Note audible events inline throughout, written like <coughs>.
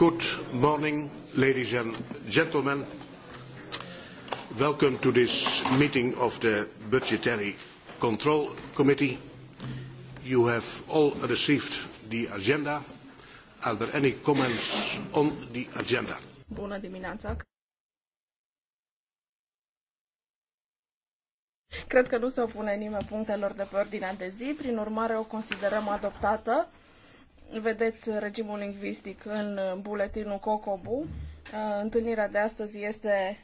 Good morning, ladies and gentlemen. Welcome to this meeting of the Budgetary Control Committee. You have all received the agenda. Are there any comments on the agenda? Bună dimineața! Cred că nu se opune nimeni punctelor de pe ordinea de zi, prin urmare o considerăm adoptată. Vedeți regimul lingvistic în buletinul COCOBU. Uh, întâlnirea de astăzi este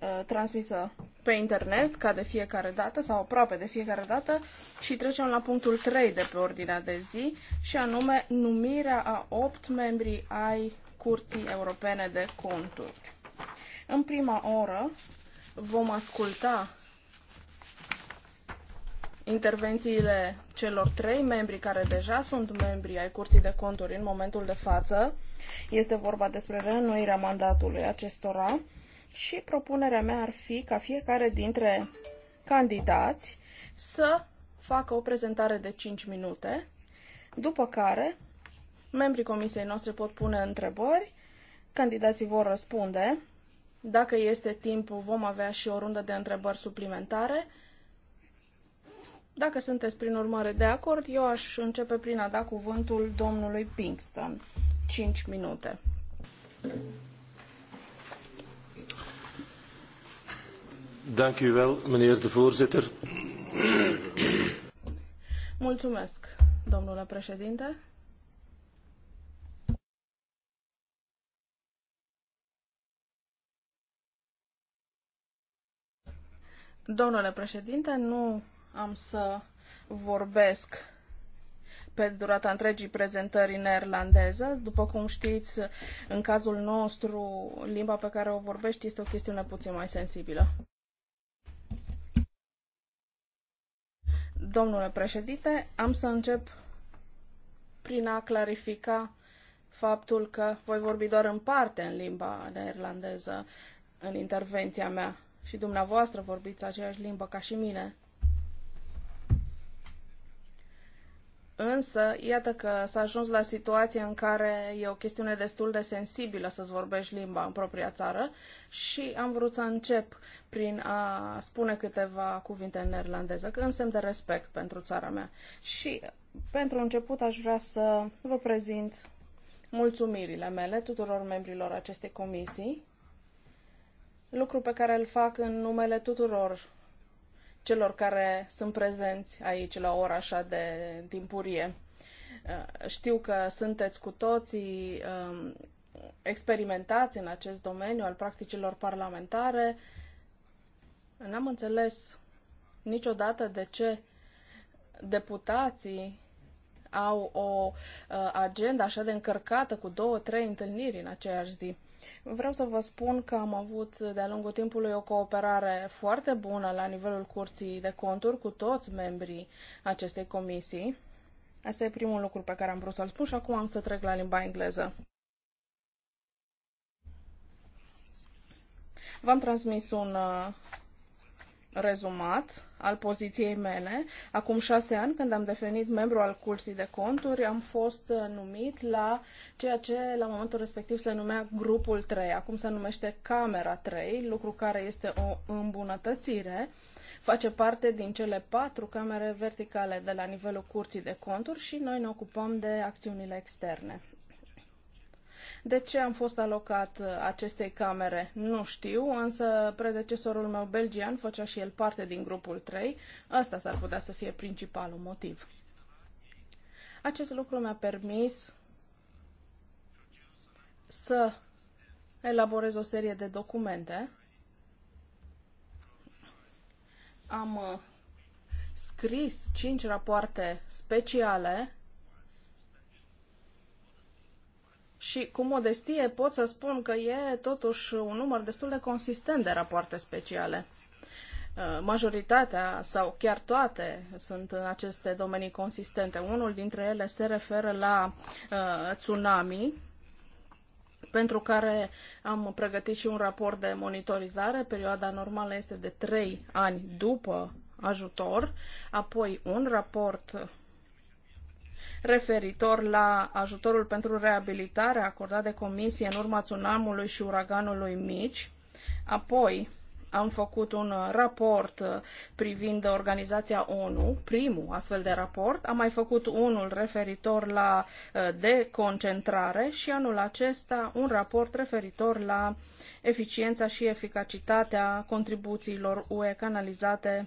uh, transmisă pe internet, ca de fiecare dată, sau aproape de fiecare dată, și trecem la punctul 3 de pe ordinea de zi, și anume numirea a 8 membri ai Curții Europene de Conturi. În prima oră vom asculta intervențiile celor trei membri care deja sunt membri ai Curții de Conturi în momentul de față. Este vorba despre reînnoirea mandatului acestora și propunerea mea ar fi ca fiecare dintre candidați să facă o prezentare de 5 minute, după care membrii comisiei noastre pot pune întrebări, candidații vor răspunde. Dacă este timp, vom avea și o rundă de întrebări suplimentare dacă sunteți prin urmare de acord, eu aș începe prin a da cuvântul domnului Pinkston. 5 minute. Dank u wel, meneer de voorzitter. Mulțumesc, domnule președinte. Domnule președinte, nu am să vorbesc pe durata întregii prezentări neerlandeză. După cum știți, în cazul nostru, limba pe care o vorbești este o chestiune puțin mai sensibilă. Domnule președinte, am să încep prin a clarifica faptul că voi vorbi doar în parte în limba neerlandeză în intervenția mea și dumneavoastră vorbiți aceeași limbă ca și mine. Însă, iată că s-a ajuns la situația în care e o chestiune destul de sensibilă să-ți vorbești limba în propria țară și am vrut să încep prin a spune câteva cuvinte în neerlandeză, că în semn de respect pentru țara mea. Și pentru început aș vrea să vă prezint mulțumirile mele tuturor membrilor acestei comisii, lucru pe care îl fac în numele tuturor celor care sunt prezenți aici la ora așa de timpurie. Uh, știu că sunteți cu toții um, experimentați în acest domeniu al practicilor parlamentare. N-am înțeles niciodată de ce deputații au o uh, agenda așa de încărcată cu două, trei întâlniri în aceeași zi. Vreau să vă spun că am avut de-a lungul timpului o cooperare foarte bună la nivelul Curții de Conturi cu toți membrii acestei comisii. Asta e primul lucru pe care am vrut să-l spun și acum am să trec la limba engleză. V-am transmis un uh, rezumat al poziției mele. Acum șase ani, când am devenit membru al cursii de Conturi, am fost uh, numit la ceea ce la momentul respectiv se numea Grupul 3, acum se numește Camera 3, lucru care este o îmbunătățire. Face parte din cele patru camere verticale de la nivelul Curții de Conturi și noi ne ocupăm de acțiunile externe. De ce am fost alocat uh, acestei camere? Nu știu, însă predecesorul meu belgian făcea și el parte din grupul 3. Asta s-ar putea să fie principalul motiv. Acest lucru mi-a permis să elaborez o serie de documente. Am uh, scris cinci rapoarte speciale și cu modestie pot să spun că e totuși un număr destul de consistent de rapoarte speciale. Uh, majoritatea sau chiar toate sunt în aceste domenii consistente. Unul dintre ele se referă la uh, tsunami, pentru care am pregătit și un raport de monitorizare. Perioada normală este de 3 ani după ajutor, apoi un raport referitor la ajutorul pentru reabilitare acordat de comisie în urma tsunamului și uraganului mici. Apoi am făcut un raport privind organizația ONU, primul astfel de raport. Am mai făcut unul referitor la uh, deconcentrare și anul acesta un raport referitor la eficiența și eficacitatea contribuțiilor UE canalizate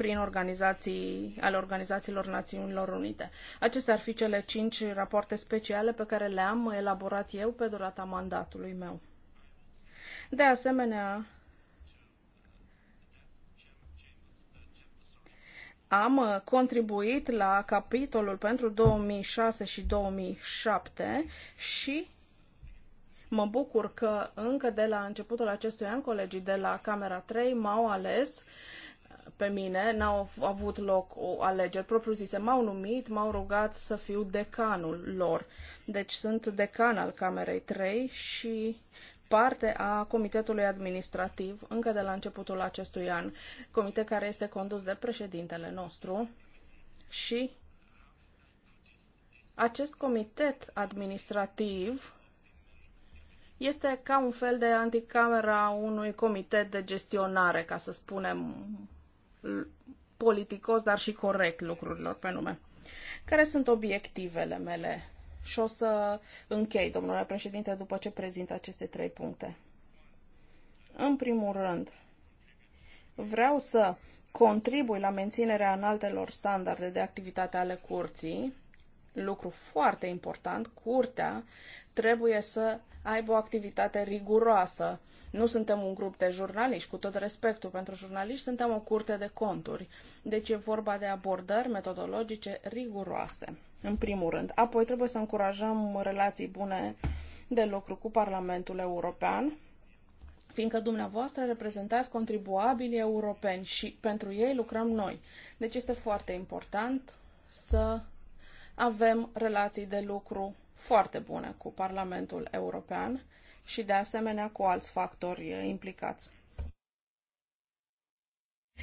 prin organizații ale organizațiilor Națiunilor Unite. Acestea ar fi cele cinci rapoarte speciale pe care le-am elaborat eu pe durata mandatului meu. De asemenea, am contribuit la capitolul pentru 2006 și 2007 și mă bucur că încă de la începutul acestui an colegii de la Camera 3 m-au ales pe mine, n-au avut loc o alegeri propriu-zise. M-au numit, m-au rugat să fiu decanul lor. Deci sunt decan al Camerei 3 și parte a Comitetului Administrativ încă de la începutul acestui an, comitet care este condus de președintele nostru și acest comitet administrativ este ca un fel de anticamera unui comitet de gestionare, ca să spunem politicos, dar și corect lucrurilor pe nume. Care sunt obiectivele mele? Și o să închei, domnule președinte, după ce prezint aceste trei puncte. În primul rând, vreau să contribui la menținerea înaltelor standarde de activitate ale curții, lucru foarte important, curtea trebuie să aibă o activitate riguroasă. Nu suntem un grup de jurnaliști, cu tot respectul pentru jurnaliști, suntem o curte de conturi. Deci e vorba de abordări metodologice riguroase, în primul rând. Apoi trebuie să încurajăm relații bune de lucru cu Parlamentul European, fiindcă dumneavoastră reprezentați contribuabilii europeni și pentru ei lucrăm noi. Deci este foarte important să avem relații de lucru foarte bune cu Parlamentul European și de asemenea cu alți factori eh, implicați.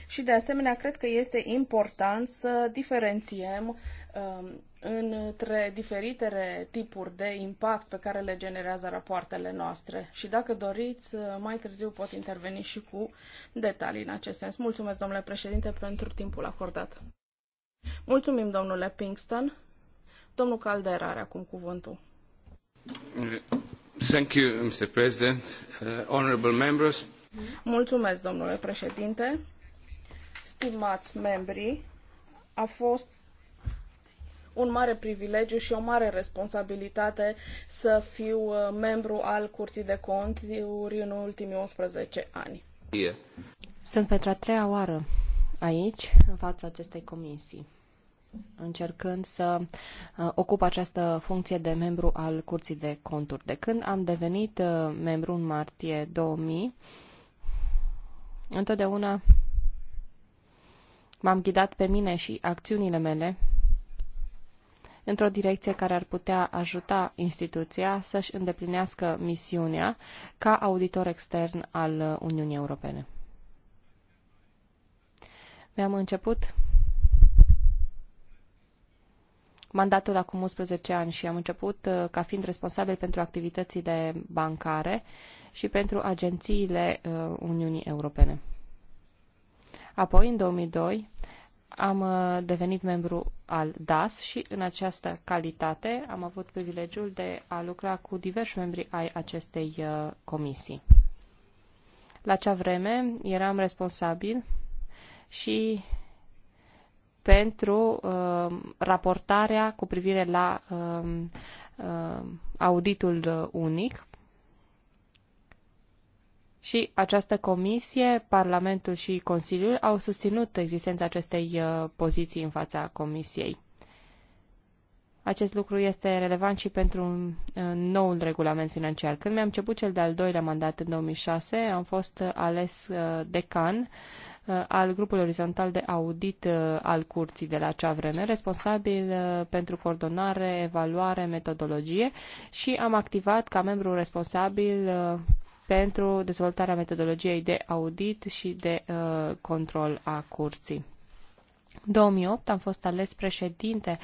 Și de asemenea, cred că este important să diferențiem um, între diferitele tipuri de impact pe care le generează rapoartele noastre. Și dacă doriți, eh, mai târziu pot interveni și cu detalii în acest sens. Mulțumesc, domnule președinte, pentru timpul acordat. Mulțumim, domnule Pinkston. Domnul Caldera are acum cuvântul. Thank you, Mr. President. Uh, honorable members. Mulțumesc, domnule președinte. Stimați membri, a fost un mare privilegiu și o mare responsabilitate să fiu uh, membru al Curții de Conturi în ultimii 11 ani. Sunt pentru a treia oară aici, în fața acestei comisii încercând să uh, ocup această funcție de membru al Curții de Conturi. De când am devenit uh, membru în martie 2000, întotdeauna m-am ghidat pe mine și acțiunile mele într-o direcție care ar putea ajuta instituția să-și îndeplinească misiunea ca auditor extern al uh, Uniunii Europene. Mi-am început mandatul acum 11 ani și am început uh, ca fiind responsabil pentru activitățile bancare și pentru agențiile uh, Uniunii Europene. Apoi, în 2002, am uh, devenit membru al DAS și în această calitate am avut privilegiul de a lucra cu diversi membri ai acestei comisii. La acea vreme eram responsabil și pentru uh, raportarea cu privire la uh, uh, auditul unic. Și această comisie, Parlamentul și Consiliul au susținut existența acestei uh, poziții în fața comisiei. Acest lucru este relevant și pentru un uh, noul regulament financiar. Când mi-am început cel de-al doilea mandat în 2006, am fost uh, ales uh, decan uh, Uh, al grupului orizontal de audit uh, al curții de la acea vreme, responsabil uh, pentru coordonare, evaluare, metodologie și am activat ca membru responsabil pentru dezvoltarea metodologiei de audit și de uh, control a curții. 2008 am fost ales președinte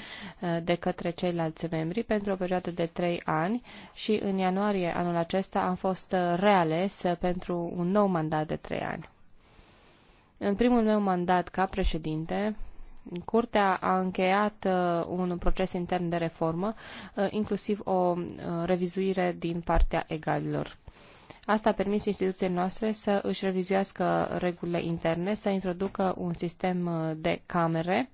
de către ceilalți membri pentru o perioadă de trei ani și în ianuarie anul acesta am fost reales pentru un nou mandat de trei ani. În primul meu mandat ca președinte, Curtea a încheiat uh, un proces intern de reformă, uh, inclusiv o uh, revizuire din partea egalilor. Asta a permis instituției noastre să își revizuiască regulile interne, să introducă un sistem de camere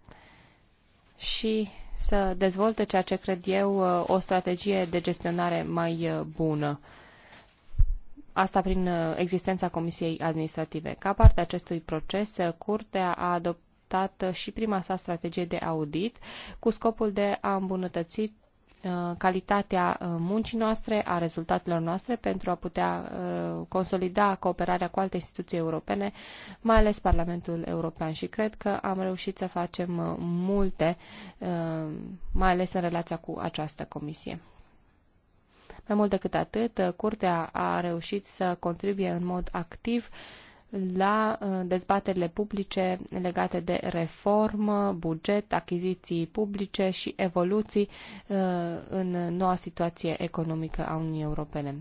și să dezvolte ceea ce cred eu o strategie de gestionare mai bună. Asta prin uh, existența Comisiei Administrative. Ca parte a acestui proces, uh, Curtea a adoptat uh, și prima sa strategie de audit cu scopul de a îmbunătăți calitatea muncii noastre, a rezultatelor noastre pentru a putea consolida cooperarea cu alte instituții europene, mai ales Parlamentul European și cred că am reușit să facem multe, mai ales în relația cu această comisie. Mai mult decât atât, Curtea a reușit să contribuie în mod activ la uh, dezbaterile publice legate de reformă, buget, achiziții publice și evoluții uh, în noua situație economică a Uniunii Europene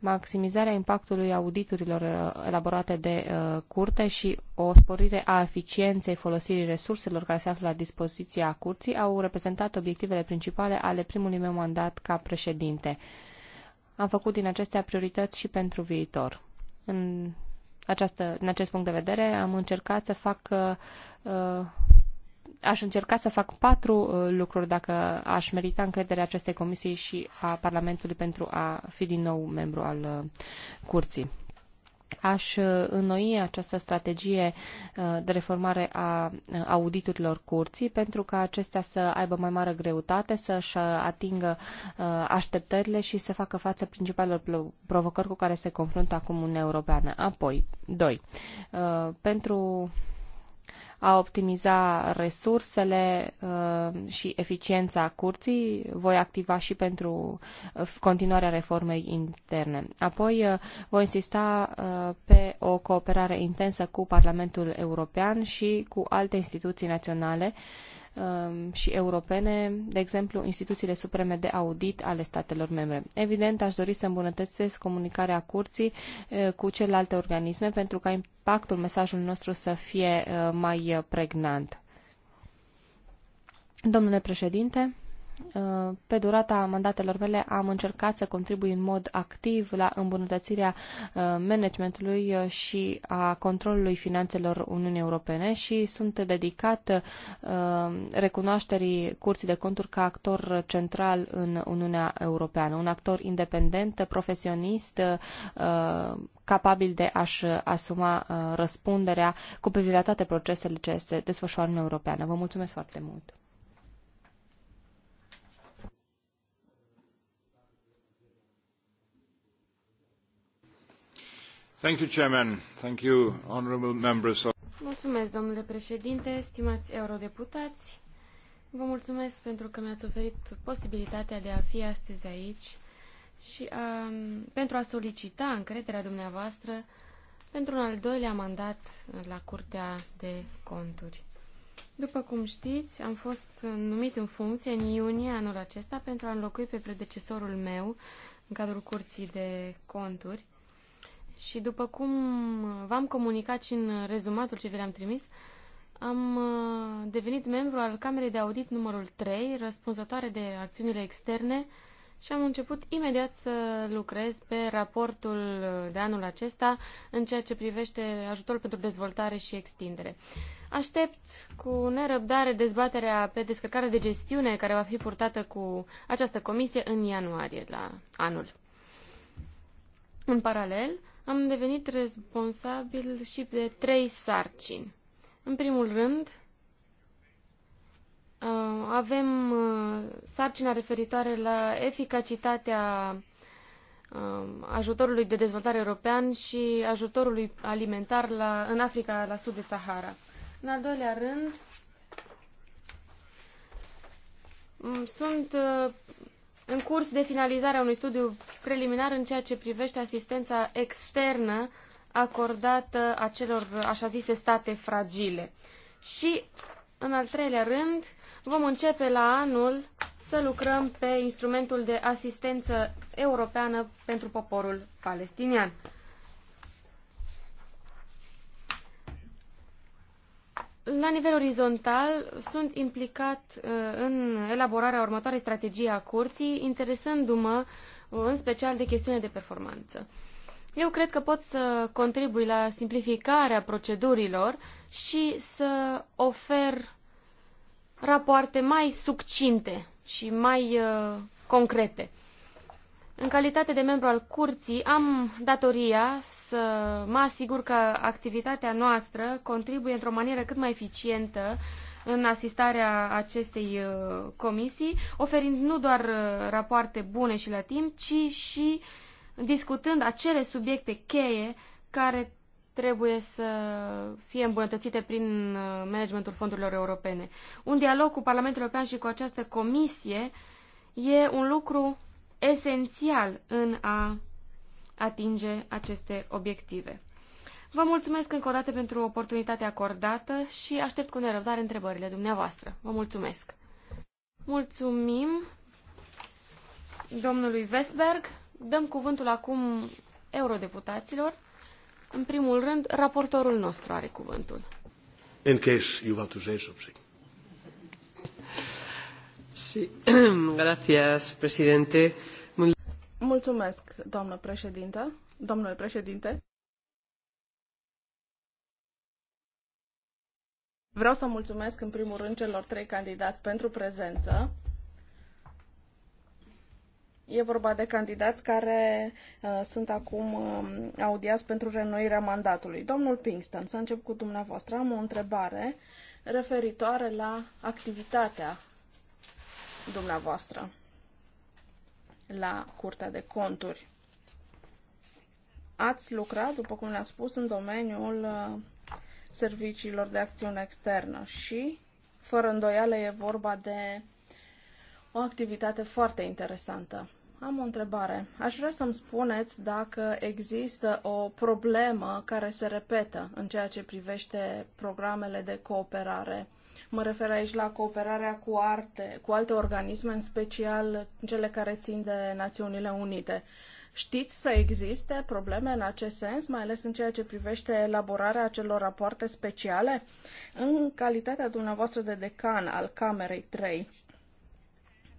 maximizarea impactului auditurilor uh, elaborate de uh, curte și o sporire a eficienței folosirii resurselor care se află la dispoziția curții au reprezentat obiectivele principale ale primului meu mandat ca președinte. Am făcut din acestea priorități și pentru viitor. În, această, în acest punct de vedere am încercat să fac uh, uh aș încerca să fac patru uh, lucruri dacă aș merita încrederea acestei comisii și a Parlamentului pentru a fi din nou membru al uh, curții. Aș uh, înnoi această strategie de reformare a auditurilor curții pentru ca acestea să aibă mai mare greutate, să-și atingă așteptările și să facă față principalelor provocări cu care se confruntă acum Uniunea Europeană. Apoi, doi, pentru a optimiza resursele uh, și eficiența curții. Voi activa și pentru uh, continuarea reformei interne. Apoi uh, voi insista pe o cooperare intensă cu Parlamentul European și cu alte instituții naționale uh, Um, și europene, de exemplu instituțiile supreme de audit ale statelor membre. Evident, aș dori să îmbunătățesc comunicarea curții uh, cu celelalte organisme pentru ca impactul mesajului nostru să fie uh, mai pregnant. Domnule președinte, Uh, pe durata mandatelor mele am încercat să contribui în mod activ la îmbunătățirea uh, managementului uh, și a controlului finanțelor Uniunii Europene și sunt dedicat recunoașterii Curții de Conturi ca actor central în Uniunea Europeană, un actor independent, profesionist, capabil de a-și asuma răspunderea cu privire la toate procesele ce se desfășoară în Europeană. Vă mulțumesc foarte mult! Mulțumesc, domnule președinte, stimați eurodeputați. Vă mulțumesc pentru că mi-ați oferit posibilitatea de a fi astăzi aici și pentru a solicita încrederea dumneavoastră pentru un al doilea mandat la Curtea de Conturi. După cum știți, am fost numit în funcție în iunie anul acesta pentru a înlocui pe predecesorul meu în cadrul Curții de Conturi și după cum v-am comunicat și în rezumatul ce vi l-am trimis, am uh, devenit membru al Camerei de Audit numărul 3, răspunzătoare de acțiunile externe, și am început imediat să lucrez pe raportul uh, de anul acesta în ceea ce privește ajutorul pentru dezvoltare și extindere. Aștept cu nerăbdare dezbaterea pe descărcarea de gestiune care va fi purtată cu această comisie în ianuarie la anul. În paralel, am devenit responsabil și de trei sarcini. În primul rând, uh, avem uh, sarcina referitoare la eficacitatea uh, ajutorului de dezvoltare european și ajutorului alimentar la, în Africa, la sud de Sahara. În al doilea rând, mm, sunt în curs de finalizare a unui studiu preliminar în ceea ce privește asistența externă acordată acelor așa zise state fragile. Și, în al treilea rând, vom începe la anul să lucrăm pe instrumentul de asistență europeană pentru poporul palestinian. La nivel orizontal, sunt implicat uh, în elaborarea următoarei strategii a curții, interesându-mă uh, în special de chestiune de performanță. Eu cred că pot să contribui la simplificarea procedurilor și să ofer rapoarte mai succinte și mai uh, concrete. În calitate de membru al curții, am datoria să mă asigur că activitatea noastră contribuie într-o manieră cât mai eficientă în asistarea acestei uh, comisii, oferind nu doar uh, rapoarte bune și la timp, ci și discutând acele subiecte cheie care trebuie să fie îmbunătățite prin uh, managementul fondurilor europene. Un dialog cu Parlamentul European și cu această comisie e un lucru esențial în a atinge aceste obiective. Vă mulțumesc încă o dată pentru oportunitatea acordată și aștept cu nerăbdare întrebările dumneavoastră. Vă mulțumesc! Mulțumim domnului Vesberg. Dăm cuvântul acum eurodeputaților. În primul rând, raportorul nostru are cuvântul. In case you want to say something. <clears throat> Mulțumesc, doamnă președintă. Domnule președinte. Vreau să mulțumesc în primul rând celor trei candidați pentru prezență. E vorba de candidați care uh, sunt acum uh, audiați pentru renoirea mandatului. Domnul Pinkston, să încep cu dumneavoastră. Am o întrebare referitoare la activitatea dumneavoastră la Curtea de Conturi. Ați lucrat, după cum ne-ați spus, în domeniul uh, serviciilor de acțiune externă și, fără îndoială, e vorba de o activitate foarte interesantă. Am o întrebare. Aș vrea să-mi spuneți dacă există o problemă care se repetă în ceea ce privește programele de cooperare Mă refer aici la cooperarea cu, arte, cu alte organisme, în special cele care țin de Națiunile Unite. Știți să existe probleme în acest sens, mai ales în ceea ce privește elaborarea acelor rapoarte speciale? În calitatea dumneavoastră de decan al Camerei 3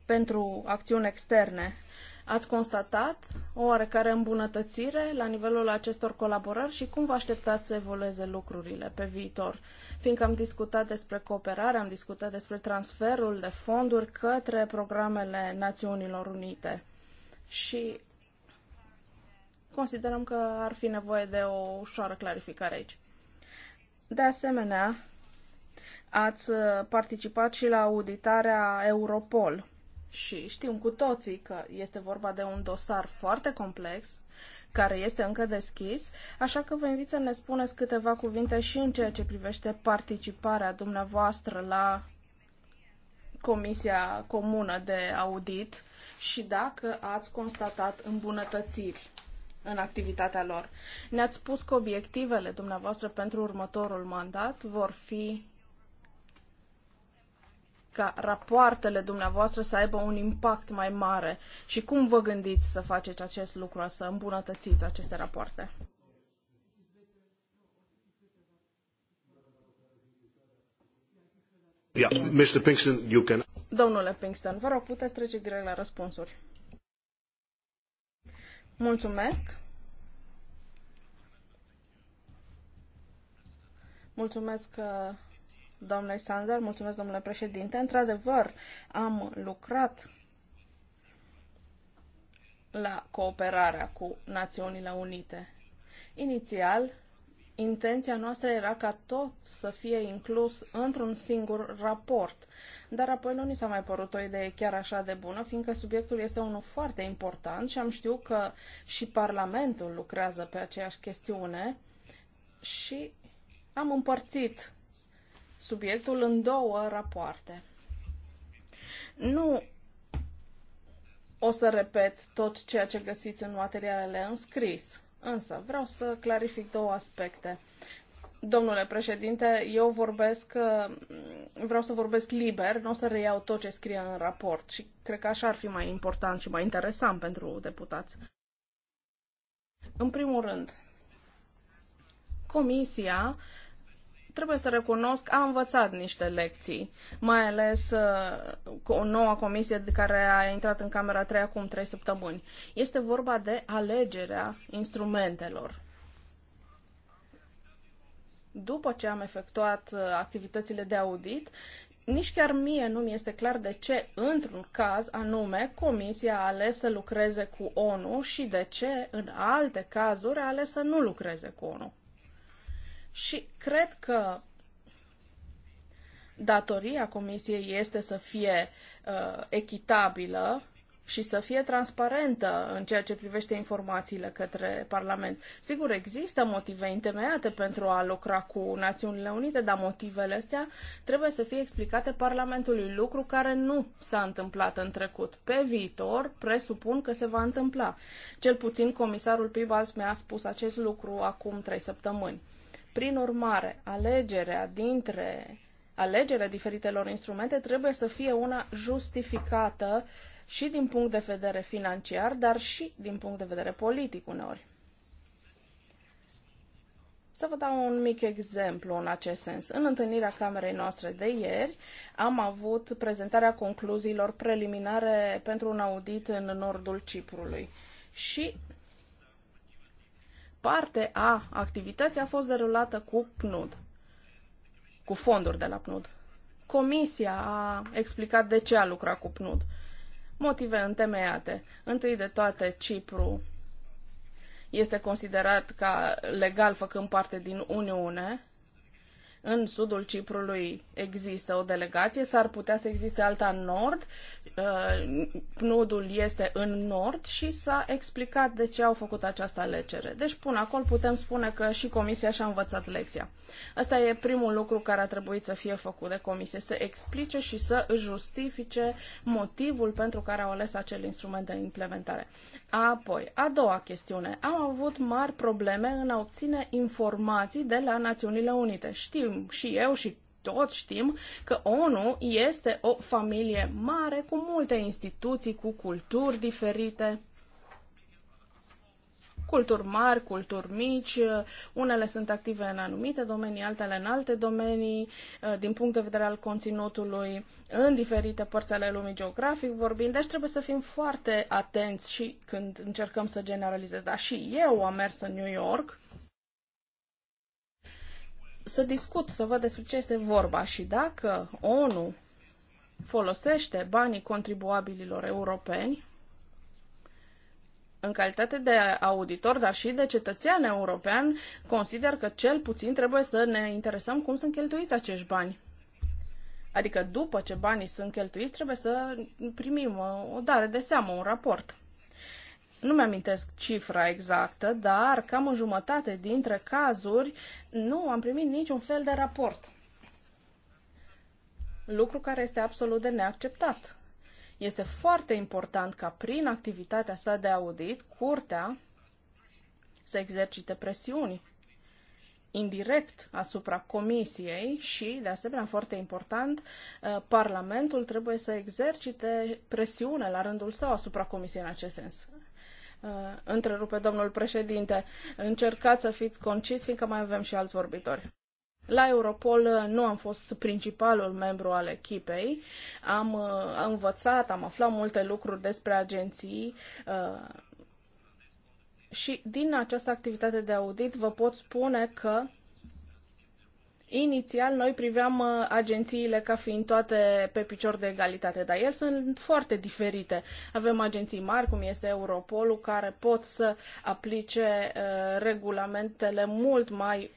pentru acțiuni externe, Ați constatat o oarecare îmbunătățire la nivelul acestor colaborări și cum vă așteptați să evolueze lucrurile pe viitor? Fiindcă am discutat despre cooperare, am discutat despre transferul de fonduri către programele Națiunilor Unite și considerăm că ar fi nevoie de o ușoară clarificare aici. De asemenea, ați participat și la auditarea Europol și știm cu toții că este vorba de un dosar foarte complex, care este încă deschis, așa că vă invit să ne spuneți câteva cuvinte și în ceea ce privește participarea dumneavoastră la Comisia Comună de Audit și dacă ați constatat îmbunătățiri în activitatea lor. Ne-ați spus că obiectivele dumneavoastră pentru următorul mandat vor fi ca rapoartele dumneavoastră să aibă un impact mai mare și cum vă gândiți să faceți acest lucru, să îmbunătățiți aceste rapoarte? Yeah, Mr. Pinkston, you can... Domnule Pinkston, vă rog, puteți trece direct la răspunsuri. Mulțumesc. Mulțumesc, uh, Domnule Sander, mulțumesc, domnule președinte. Într-adevăr, am lucrat la cooperarea cu Națiunile Unite. Inițial, intenția noastră era ca tot să fie inclus într-un singur raport, dar apoi nu ni s-a mai părut o idee chiar așa de bună, fiindcă subiectul este unul foarte important și am știut că și Parlamentul lucrează pe aceeași chestiune și am împărțit subiectul în două rapoarte. Nu o să repet tot ceea ce găsiți în materialele înscris, însă vreau să clarific două aspecte. Domnule președinte, eu vorbesc, uh, vreau să vorbesc liber, nu o să reiau tot ce scrie în raport și cred că așa ar fi mai important și mai interesant pentru deputați. În primul rând, Comisia uh, trebuie să recunosc, a învățat niște lecții, mai ales uh, cu o nouă comisie de care a intrat în camera 3 acum 3 săptămâni. Este vorba de alegerea instrumentelor. După ce am efectuat uh, activitățile de audit, nici chiar mie nu mi este clar de ce, într-un caz anume, Comisia a ales să lucreze cu ONU și de ce, în alte cazuri, a ales să nu lucreze cu ONU. Și cred că datoria Comisiei este să fie uh, echitabilă și să fie transparentă în ceea ce privește informațiile către Parlament. Sigur, există motive întemeiate pentru a lucra cu Națiunile Unite, dar motivele astea trebuie să fie explicate Parlamentului, lucru care nu s-a întâmplat în trecut. Pe viitor, presupun că se va întâmpla. Cel puțin comisarul Pibas mi-a spus acest lucru acum trei săptămâni. Prin urmare, alegerea dintre alegerea diferitelor instrumente trebuie să fie una justificată și din punct de vedere financiar, dar și din punct de vedere politic uneori. Să vă dau un mic exemplu în acest sens. În întâlnirea camerei noastre de ieri am avut prezentarea concluziilor preliminare pentru un audit în nordul Ciprului. Și parte a activității a fost derulată cu PNUD, cu fonduri de la PNUD. Comisia a explicat de ce a lucrat cu PNUD. Motive întemeiate. Întâi de toate, Cipru este considerat ca legal făcând parte din Uniune, în sudul Ciprului există o delegație, s-ar putea să existe alta în nord, uh, nudul este în nord și s-a explicat de ce au făcut această alegere. Deci până acolo putem spune că și comisia și-a învățat lecția. Asta e primul lucru care a trebuit să fie făcut de comisie, să explice și să justifice motivul pentru care au ales acel instrument de implementare. Apoi, a doua chestiune. Am avut mari probleme în a obține informații de la Națiunile Unite. Știm știm și eu și toți știm că ONU este o familie mare cu multe instituții, cu culturi diferite culturi mari, culturi mici, unele sunt active în anumite domenii, altele în alte domenii, uh, din punct de vedere al conținutului, în diferite părți ale lumii geografic vorbind, deci trebuie să fim foarte atenți și când încercăm să generalizez. Dar și eu am mers în New York să discut, să văd despre ce este vorba și dacă ONU folosește banii contribuabililor europeni în calitate de auditor, dar și de cetățean european, consider că cel puțin trebuie să ne interesăm cum sunt cheltuiți acești bani. Adică după ce banii sunt cheltuiți, trebuie să primim uh, o dare de seamă, un raport nu mi-amintesc cifra exactă, dar cam o jumătate dintre cazuri nu am primit niciun fel de raport. Lucru care este absolut de neacceptat. Este foarte important ca prin activitatea sa de audit, curtea să exercite presiuni indirect asupra Comisiei și, de asemenea, foarte important, uh, Parlamentul trebuie să exercite presiune la rândul său asupra Comisiei în acest sens. Uh, întrerupe domnul președinte. Încercați să fiți concis, fiindcă mai avem și alți vorbitori. La Europol uh, nu am fost principalul membru al echipei, am uh, învățat, am aflat multe lucruri despre agenții și din această activitate de audit vă pot spune că Inițial, noi priveam uh, agențiile ca fiind toate pe picior de egalitate, dar ele sunt foarte diferite. Avem agenții mari, cum este Europolul, care pot să aplice uh, regulamentele mult mai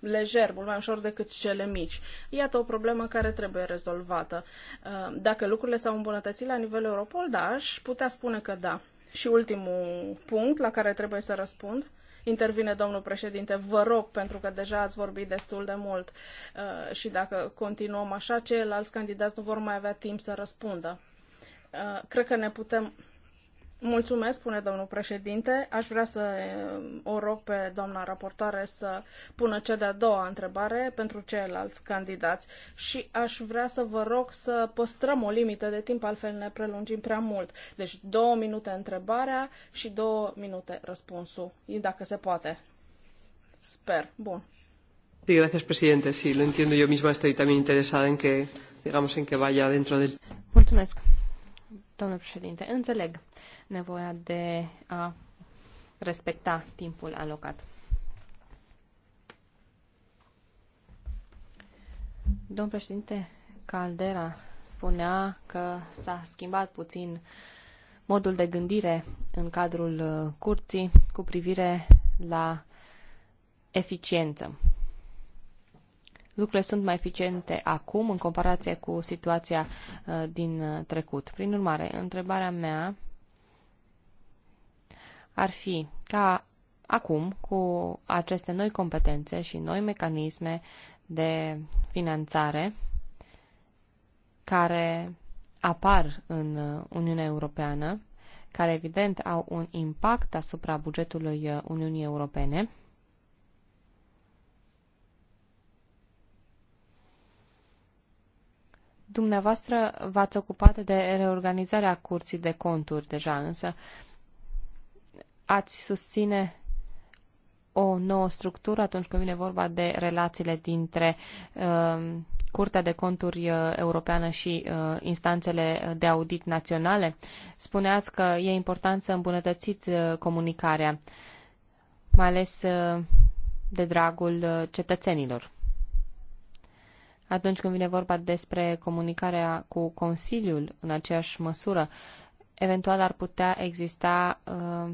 lejer, mult mai ușor decât cele mici. Iată o problemă care trebuie rezolvată. Uh, dacă lucrurile s-au îmbunătățit la nivel Europol, da, aș putea spune că da. Și ultimul punct la care trebuie să răspund. Uh, Intervine domnul președinte, vă rog, pentru că deja ați vorbit destul de mult uh, și dacă continuăm așa, ceilalți candidați nu vor mai avea timp să răspundă. Uh, cred că ne putem Mulțumesc, spune domnul președinte. Aș vrea să eh, o rog pe doamna raportoare să pună cea de-a doua întrebare pentru ceilalți candidați și aș vrea să vă rog să păstrăm o limită de timp, altfel ne prelungim prea mult. Deci două minute întrebarea și două minute răspunsul, dacă se poate. Sper. Bun. Sí, gracias, presidente. Sí, lo entiendo. Yo misma estoy también interesada en que, digamos, en que vaya dentro del... Mulțumesc, domnule președinte. Înțeleg nevoia de a respecta timpul alocat. Domn președinte Caldera spunea că s-a schimbat puțin modul de gândire în cadrul uh, curții cu privire la eficiență. Lucrurile sunt mai eficiente acum în comparație cu situația uh, din uh, trecut. Prin urmare, întrebarea mea ar fi ca acum, cu aceste noi competențe și noi mecanisme de finanțare care apar în Uniunea Europeană, care evident au un impact asupra bugetului Uniunii Europene, Dumneavoastră v-ați ocupat de reorganizarea curții de conturi deja, însă ați susține o nouă structură atunci când vine vorba de relațiile dintre uh, Curtea de Conturi uh, Europeană și uh, instanțele de audit naționale? Spuneați că e important să îmbunătățiți comunicarea, mai ales de dragul cetățenilor. Atunci când vine vorba despre comunicarea cu Consiliul în aceeași măsură, eventual ar putea exista uh,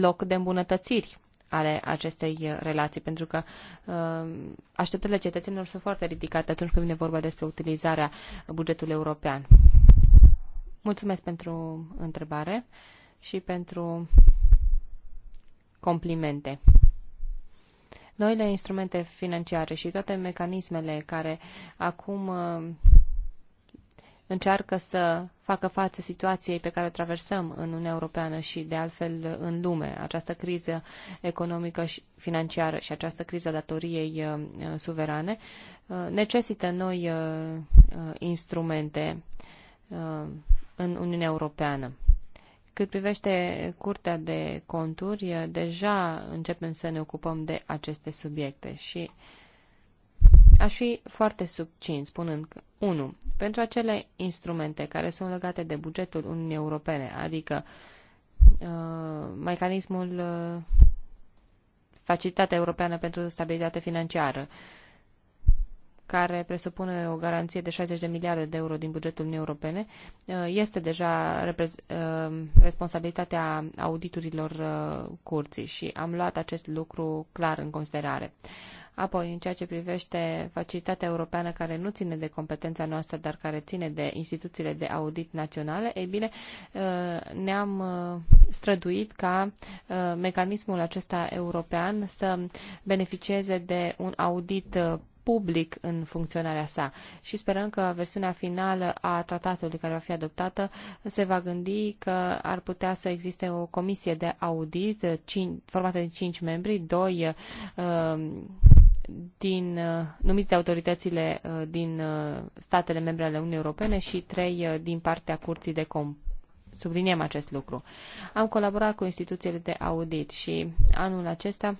loc de îmbunătățiri ale acestei relații, pentru că uh, așteptările cetățenilor sunt foarte ridicate atunci când vine vorba despre utilizarea bugetului european. Mulțumesc pentru întrebare și pentru complimente. Noile instrumente financiare și toate mecanismele care acum uh, încearcă să facă față situației pe care o traversăm în Uniunea Europeană și, de altfel, în lume. Această criză economică și financiară și această criză a datoriei uh, suverane uh, necesită noi uh, instrumente în Uniunea Europeană. Cât privește Curtea de Conturi, deja începem să ne ocupăm de aceste subiecte și aș fi foarte subțin spunând 1. Pentru acele instrumente care sunt legate de bugetul Uniunii Europene, adică uh, mecanismul uh, Facilitatea Europeană pentru Stabilitate Financiară, care presupune o garanție de 60 de miliarde de euro din bugetul Uniunii Europene, uh, este deja uh, responsabilitatea auditurilor uh, curții și am luat acest lucru clar în considerare. Apoi, în ceea ce privește facilitatea europeană care nu ține de competența noastră, dar care ține de instituțiile de audit naționale, ei bine, uh, ne-am uh, străduit ca uh, mecanismul acesta european să beneficieze de un audit public în funcționarea sa și sperăm că versiunea finală a tratatului care va fi adoptată se va gândi că ar putea să existe o comisie de audit formată din cinci membri, doi. uh, din, uh, numiți de autoritățile uh, din uh, statele membre ale Uniunii Europene și trei din partea Curții de comp Subliniem acest lucru. Am colaborat cu instituțiile de audit și anul acesta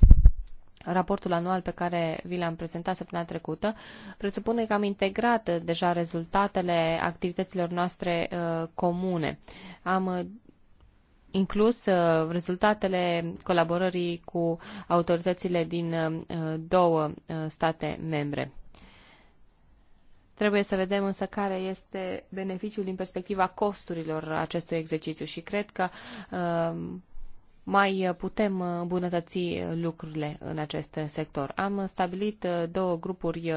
Raportul anual pe care vi l-am prezentat săptămâna trecută presupune că am integrat deja rezultatele activităților noastre uh, comune. Am inclus uh, rezultatele colaborării cu autoritățile din uh, două uh, state membre. Trebuie să vedem însă care este beneficiul din perspectiva costurilor acestui exercițiu și cred că mai putem îmbunătăți lucrurile în acest sector. Am stabilit două grupuri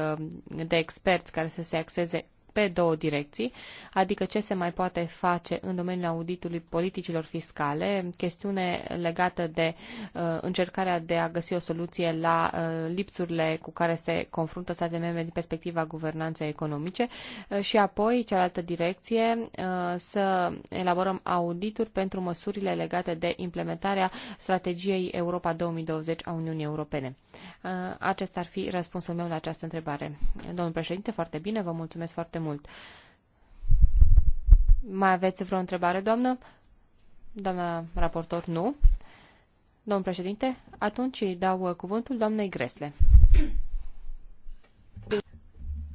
de experți care să se axeze pe două direcții, adică ce se mai poate face în domeniul auditului politicilor fiscale, chestiune legată de uh, încercarea de a găsi o soluție la uh, lipsurile cu care se confruntă statele membre din perspectiva guvernanței economice uh, și apoi cealaltă direcție uh, să elaborăm audituri pentru măsurile legate de implementarea strategiei Europa 2020 a Uniunii Europene. Uh, acesta ar fi răspunsul meu la această întrebare. Domnul președinte, foarte bine, vă mulțumesc foarte mult mult. Mai aveți vreo întrebare, doamnă? Doamna raportor, nu. Domn președinte, atunci îi dau uh, cuvântul doamnei Gresle.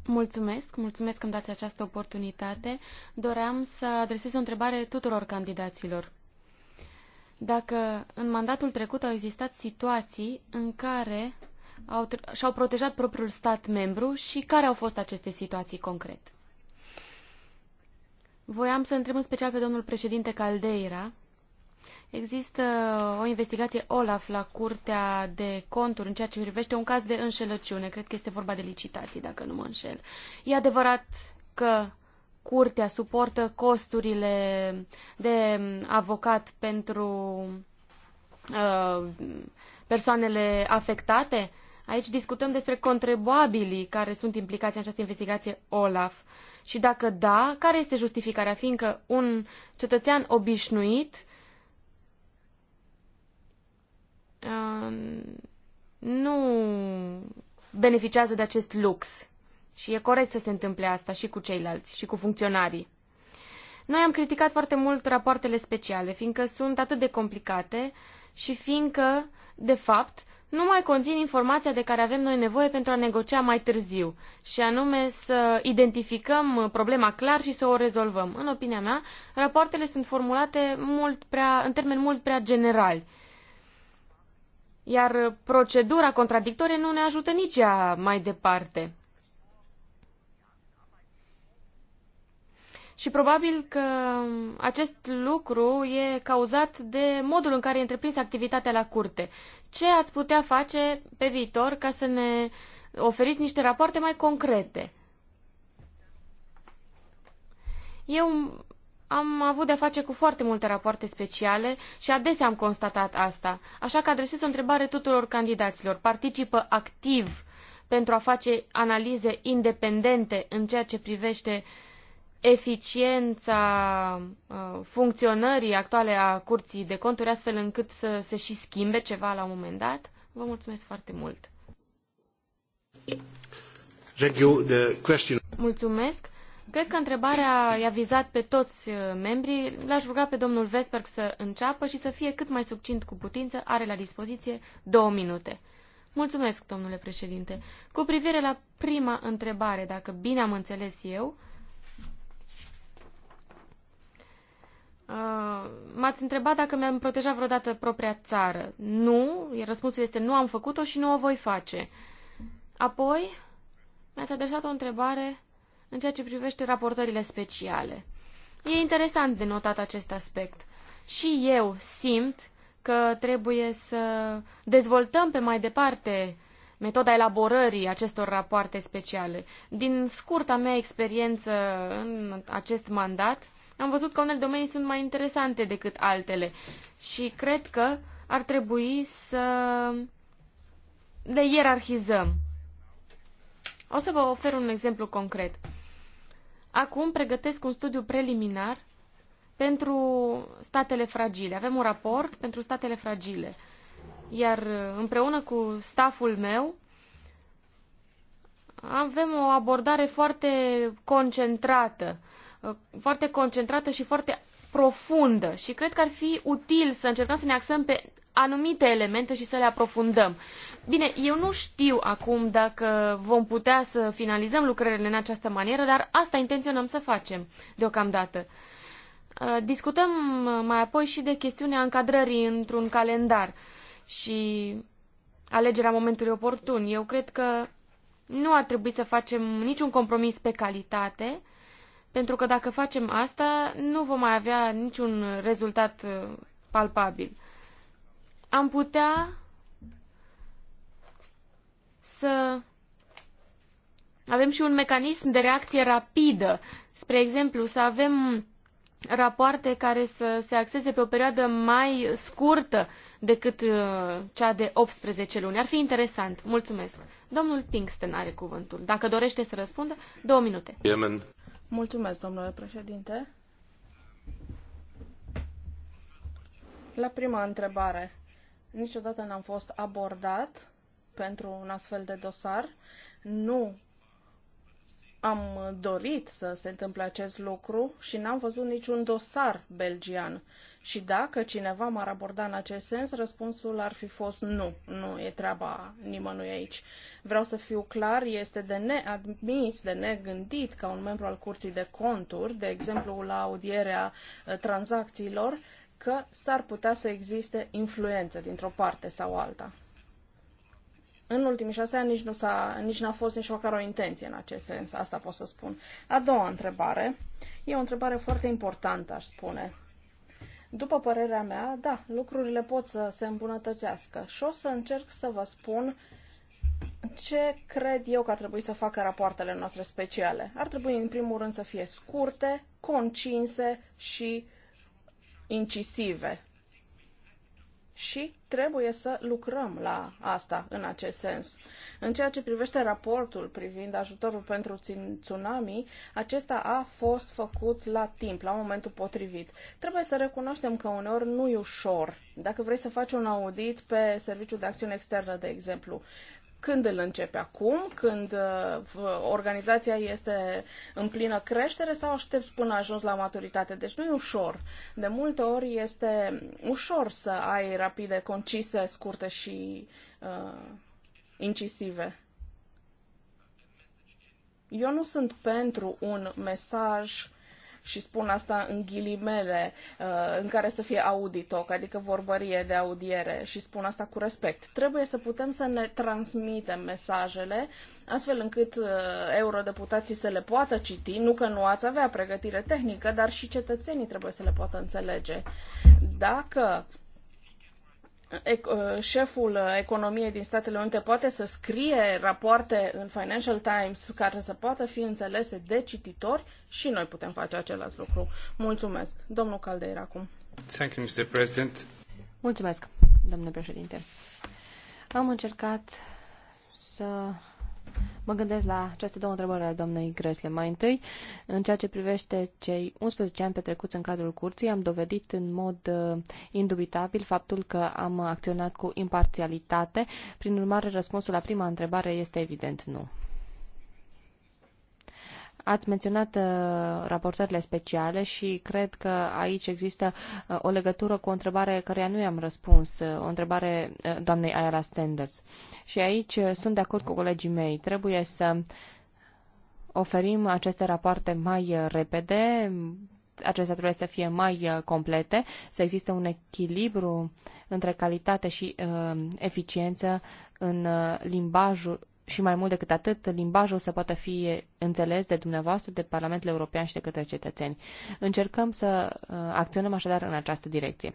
Mulțumesc, mulțumesc că îmi dați această oportunitate. Doream să adresez o întrebare tuturor candidaților. Dacă în mandatul trecut au existat situații în care au, și-au protejat propriul stat membru și care au fost aceste situații concret? Voiam să întreb în special pe domnul președinte Caldeira. Există o investigație OLAF la Curtea de Conturi în ceea ce privește un caz de înșelăciune. Cred că este vorba de licitații, dacă nu mă înșel. E adevărat că Curtea suportă costurile de avocat pentru uh, persoanele afectate? Aici discutăm despre contribuabilii care sunt implicați în această investigație OLAF. Uh, și dacă da, care este justificarea? Fiindcă un cetățean obișnuit uh, nu beneficiază de acest lux. Și e corect să se întâmple asta și cu ceilalți, și cu funcționarii. Noi am criticat foarte mult rapoartele speciale, fiindcă sunt atât de complicate și fiindcă, de fapt, nu mai conțin informația de care avem noi nevoie pentru a negocia mai târziu, și anume să identificăm problema clar și să o rezolvăm. În opinia mea, rapoartele sunt formulate mult prea, în termeni mult prea generali. Iar procedura contradictorie nu ne ajută nici ea mai departe. Și probabil că acest lucru e cauzat de modul în care e întreprins activitatea la curte. Ce ați putea face pe viitor ca să ne oferiți niște rapoarte mai concrete? Eu am avut de-a face cu foarte multe rapoarte speciale și adesea am constatat asta. Așa că adresez o întrebare tuturor candidaților. Participă activ pentru a face analize independente în ceea ce privește uh, eficiența uh, funcționării actuale a Curții de Conturi, astfel încât să se și schimbe ceva la un moment dat? Vă mulțumesc foarte mult! Thank you. The question. Mulțumesc! Cred că întrebarea i-a vizat pe toți uh, membrii. L-aș ruga pe domnul Vesperg să înceapă și să fie cât mai succint cu putință. Are la dispoziție două minute. Mulțumesc, domnule președinte. Cu privire la prima întrebare, dacă bine am înțeles eu, uh, Uh, m-ați întrebat dacă mi-am protejat vreodată propria țară. Nu, răspunsul este nu am făcut-o și nu o voi face. Apoi, mi-ați adresat o întrebare în ceea ce privește raportările speciale. E interesant de notat acest aspect. Și eu simt că trebuie să dezvoltăm pe mai departe metoda elaborării acestor rapoarte speciale. Din scurta mea experiență în acest mandat, am văzut că unele domenii sunt mai interesante decât altele și cred că ar trebui să le ierarhizăm. O să vă ofer un exemplu concret. Acum pregătesc un studiu preliminar pentru statele fragile. Avem un raport pentru statele fragile. Iar uh, împreună cu staful meu avem o abordare foarte concentrată Uh, foarte concentrată și foarte profundă și cred că ar fi util să încercăm să ne axăm pe anumite elemente și să le aprofundăm. Bine, eu nu știu acum dacă vom putea să finalizăm lucrările în această manieră, dar asta intenționăm să facem deocamdată. Uh, discutăm uh, mai apoi și de chestiunea încadrării într-un calendar și alegerea momentului oportun. Eu cred că nu ar trebui să facem niciun compromis pe calitate, pentru că dacă facem asta, nu vom mai avea niciun rezultat uh, palpabil. Am putea să avem și un mecanism de reacție rapidă. Spre exemplu, să avem rapoarte care să se axeze pe o perioadă mai scurtă decât uh, cea de 18 luni. Ar fi interesant. Mulțumesc. Domnul Pinkston are cuvântul. Dacă dorește să răspundă, două minute. Yemen. Mulțumesc, domnule președinte. La prima întrebare, niciodată n-am fost abordat pentru un astfel de dosar. Nu am dorit să se întâmple acest lucru și n-am văzut niciun dosar belgian și dacă cineva m-ar aborda în acest sens, răspunsul ar fi fost nu. Nu e treaba nimănui aici. Vreau să fiu clar, este de neadmis, de negândit ca un membru al Curții de Conturi, de exemplu la audierea ă, tranzacțiilor, că s-ar putea să existe influență dintr-o parte sau alta. În ultimii șase ani nici nu s-a, nici n-a fost nici măcar o intenție în acest sens, asta pot să spun. A doua întrebare, e o întrebare foarte importantă, aș spune. După părerea mea, da, lucrurile pot să se îmbunătățească și o să încerc să vă spun ce cred eu că ar trebui să facă rapoartele noastre speciale. Ar trebui, în primul rând, să fie scurte, concise și incisive și trebuie să lucrăm la asta în acest sens. În ceea ce privește raportul privind ajutorul pentru tsunami, acesta a fost făcut la timp, la momentul potrivit. Trebuie să recunoaștem că uneori nu e ușor. Dacă vrei să faci un audit pe Serviciul de Acțiune Externă, de exemplu, când îl începe acum? Când uh, organizația este în plină creștere sau aștepți până ajuns la maturitate? Deci nu e ușor. De multe ori este ușor să ai rapide, concise, scurte și uh, incisive. Eu nu sunt pentru un mesaj uh, și spun asta în ghilimele, uh, în care să fie auditoc, adică vorbărie de audiere și spun asta cu respect. Trebuie să putem să ne transmitem mesajele astfel încât uh, eurodeputații să le poată citi, nu că nu ați avea pregătire tehnică, dar și cetățenii trebuie să le poată înțelege. Dacă Uh, șeful economiei din Statele Unite poate să scrie rapoarte în Financial Times care să poată fi înțelese de cititori și noi putem face același lucru. Mulțumesc. Domnul Caldeira acum. Thank you, Mr. President. Mulțumesc, domnule președinte. Am încercat să Mă gândesc la aceste două întrebări ale doamnei Gresle. Mai întâi, în ceea ce privește cei 11 ani petrecuți în cadrul curții, am dovedit în mod uh, indubitabil faptul că am acționat cu imparțialitate. Prin urmare, răspunsul la prima întrebare este evident nu. Ați menționat uh, raportările speciale și cred că aici există uh, o legătură cu o întrebare care nu i-am răspuns, uh, o întrebare doamnei Ayala Sanders. Și aici sunt de acord cu colegii mei. Trebuie să oferim aceste rapoarte mai repede, acestea trebuie să fie mai complete, să existe un echilibru între calitate și uh, eficiență în limbajul, și mai mult decât atât, limbajul să poată fi înțeles de dumneavoastră, de Parlamentul European și de către cetățeni. Încercăm să uh, acționăm așadar în această direcție.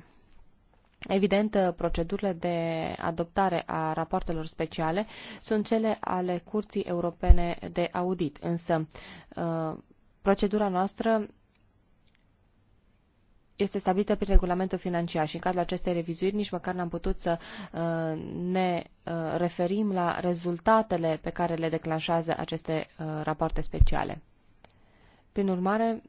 Evident, uh, procedurile de adoptare a rapoartelor speciale sunt cele ale Curții Europene de Audit, însă uh, procedura noastră este stabilită prin regulamentul financiar și în cadrul acestei revizuiri nici măcar n-am putut să uh, ne uh, referim la rezultatele pe care le declanșează aceste uh, rapoarte speciale. Prin urmare,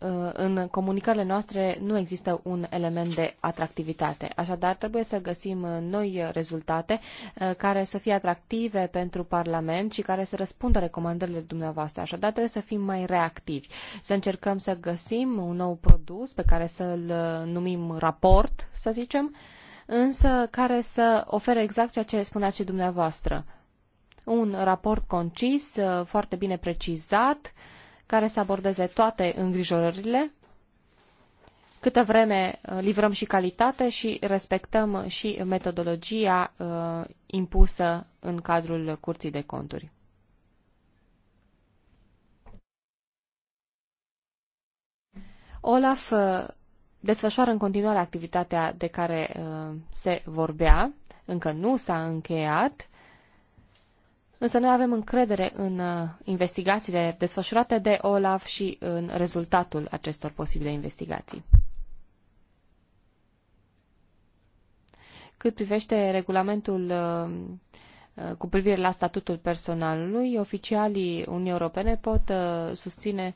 Uh, în comunicările noastre nu există un element de atractivitate. Așadar, trebuie să găsim uh, noi rezultate uh, care să fie atractive pentru Parlament și care să răspundă recomandările dumneavoastră. Așadar, trebuie să fim mai reactivi, să încercăm să găsim un nou produs pe care să-l numim raport, să zicem, însă care să ofere exact ceea ce spunea și dumneavoastră. Un raport concis, foarte bine precizat, care să abordeze toate îngrijorările, câtă vreme uh, livrăm și calitate și respectăm și metodologia uh, impusă în cadrul Curții de Conturi. Olaf uh, desfășoară în continuare activitatea de care se vorbea, încă nu s-a încheiat, Însă noi avem încredere în uh, investigațiile desfășurate de OLAF și în rezultatul acestor posibile investigații. Cât privește regulamentul uh, uh, cu privire la statutul personalului, oficialii Uniunii Europene pot susține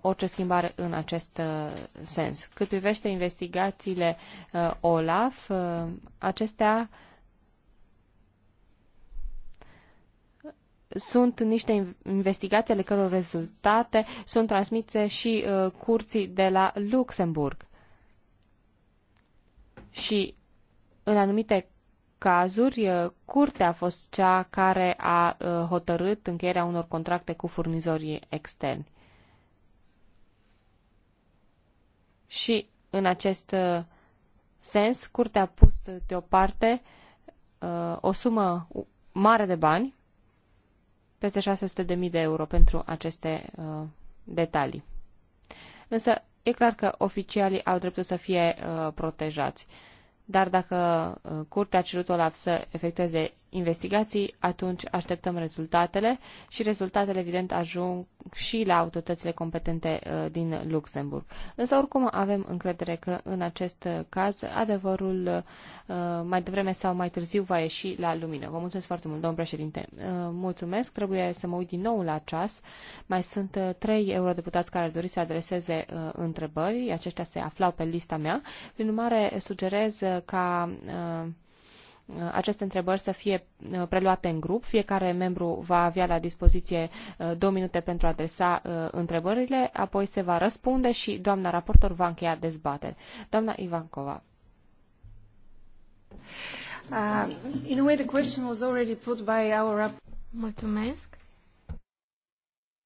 orice schimbare în acest sens. Cât privește investigațiile OLAF, acestea sunt niște investigații ale căror rezultate sunt transmise și uh, curții de la Luxemburg. Și în anumite cazuri, uh, curtea a fost cea care a uh, hotărât încheierea unor contracte cu furnizorii externi. Și în acest uh, sens, curtea a pus deoparte o sumă mare de bani peste 600.000 de euro pentru aceste uh, detalii. Însă e clar că oficialii au dreptul să fie uh, protejați. Dar dacă uh, curtea a cerut Olaf să efectueze investigații, atunci așteptăm rezultatele și rezultatele, evident, ajung și la autoritățile competente uh, din Luxemburg. Însă, oricum, avem încredere că, în acest uh, caz, adevărul uh, mai devreme sau mai târziu va ieși la lumină. Vă mulțumesc foarte mult, domn președinte. Mulțumesc, trebuie să mă uit din nou la ceas. Mai sunt trei eurodeputați care dori să adreseze întrebări. Aceștia se aflau pe lista mea. Prin urmare, sugerez ca Uh, aceste întrebări să fie uh, preluate în grup. Fiecare membru va avea la dispoziție uh, două minute pentru a adresa întrebările, apoi se va răspunde și doamna raportor va încheia dezbateri. Doamna Ivancova. Uh, in a way, the question was already put by our... Mulțumesc.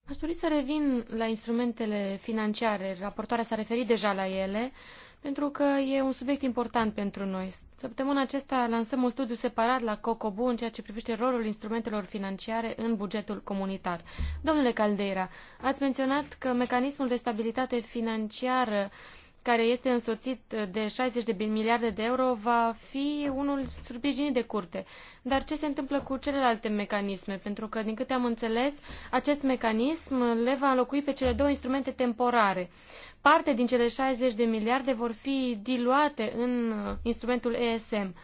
Aș dori să revin la instrumentele financiare. Raportoarea s-a referit deja la ele. Uh, pentru că e un subiect important pentru noi. Săptămâna acesta lansăm un studiu separat la COCOBU în ceea ce privește rolul instrumentelor financiare în bugetul comunitar. Domnule Caldeira, ați menționat că mecanismul de stabilitate financiară care este însoțit de 60 de miliarde de euro, va fi unul surprijinit de curte. Dar ce se întâmplă cu celelalte mecanisme? Pentru că, din câte am înțeles, acest mecanism le va înlocui pe cele două instrumente temporare parte din cele 60 de miliarde vor fi diluate în uh, instrumentul ESM.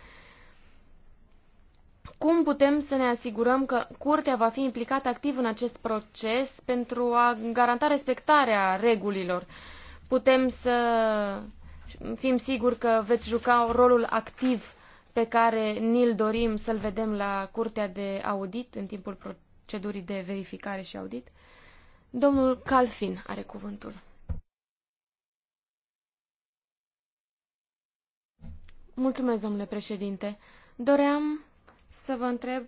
Cum putem să ne asigurăm că curtea va fi implicată activ în acest proces pentru a garanta respectarea regulilor? Putem să fim siguri că veți juca rolul activ pe care ni-l dorim să-l vedem la curtea de audit în timpul procedurii de verificare și audit? Domnul Calfin are cuvântul. Mulțumesc, domnule președinte. Doream să vă întreb,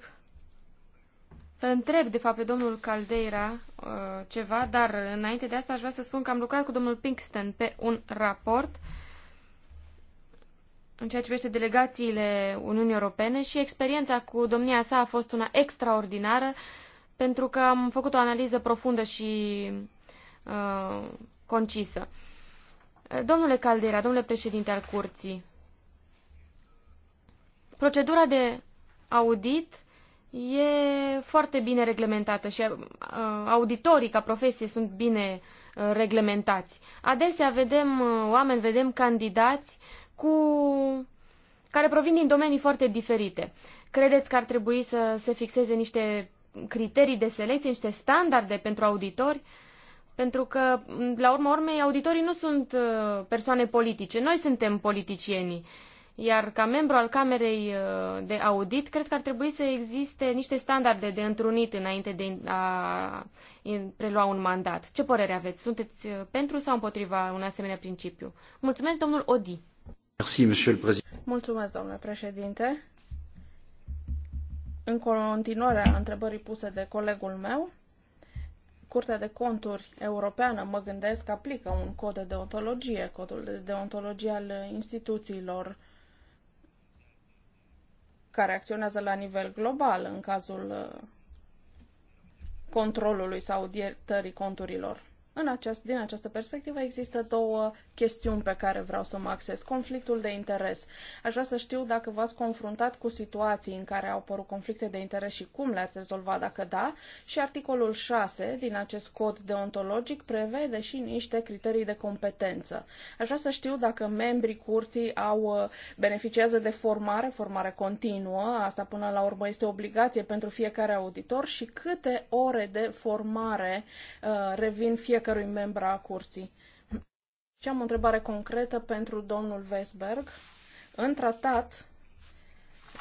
să întreb, de fapt, pe domnul Caldeira uh, ceva, dar înainte de asta aș vrea să spun că am lucrat cu domnul Pinkston pe un raport în ceea ce privește delegațiile Uniunii Europene și experiența cu domnia sa a fost una extraordinară pentru că am făcut o analiză profundă și uh, concisă. Domnule Caldera, domnule președinte al curții, Procedura de audit e foarte bine reglementată și uh, auditorii ca profesie sunt bine uh, reglementați. Adesea vedem uh, oameni, vedem candidați cu care provin din domenii foarte diferite. Credeți că ar trebui să se fixeze niște criterii de selecție, niște standarde pentru auditori? Pentru că, la urma urmei, auditorii nu sunt persoane politice. Noi suntem politicienii iar ca membru al Camerei uh, de Audit, cred că ar trebui să existe niște standarde de întrunit înainte de a prelua un mandat. Ce părere aveți? Sunteți uh, pentru sau împotriva un asemenea principiu? Mulțumesc, domnul Odi. Mulțumesc, domnule președinte. În continuare a întrebării puse de colegul meu, Curtea de Conturi Europeană, mă gândesc, aplică un cod de deontologie, codul de deontologie al instituțiilor care acționează la nivel global în cazul uh, controlului sau dietării conturilor. În această din această perspectivă există două chestiuni pe care vreau să mă acces. Conflictul de interes. Aș vrea să știu dacă v-ați confruntat cu situații în care au apărut conflicte de interes și cum le-ați rezolvat, dacă da. Și articolul 6 din acest cod deontologic prevede și niște criterii de competență. Aș vrea să știu dacă membrii curții au uh, beneficiază de formare, formare continuă, asta până la urmă este obligație pentru fiecare auditor și câte ore de formare uh, revin fiecărui membru a curții. Și am o întrebare concretă pentru domnul Vesberg. În tratat,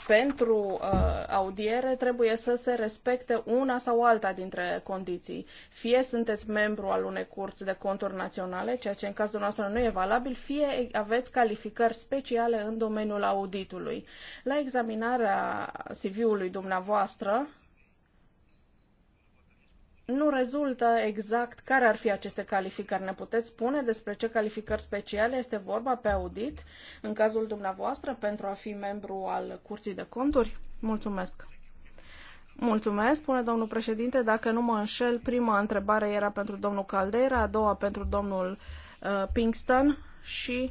pentru uh, audiere trebuie să se respecte una sau alta dintre condiții. Fie sunteți membru al unei curți de conturi naționale, ceea ce în cazul nostru nu e valabil, fie aveți calificări speciale în domeniul auditului. La examinarea CV-ului dumneavoastră, nu rezultă exact care ar fi aceste calificări. Ne puteți spune despre ce calificări speciale este vorba pe audit, în cazul dumneavoastră, pentru a fi membru al Curții de Conturi? Mulțumesc! Mulțumesc, spune domnul președinte. Dacă nu mă înșel, prima întrebare era pentru domnul Caldera, a doua pentru domnul uh, Pinkston și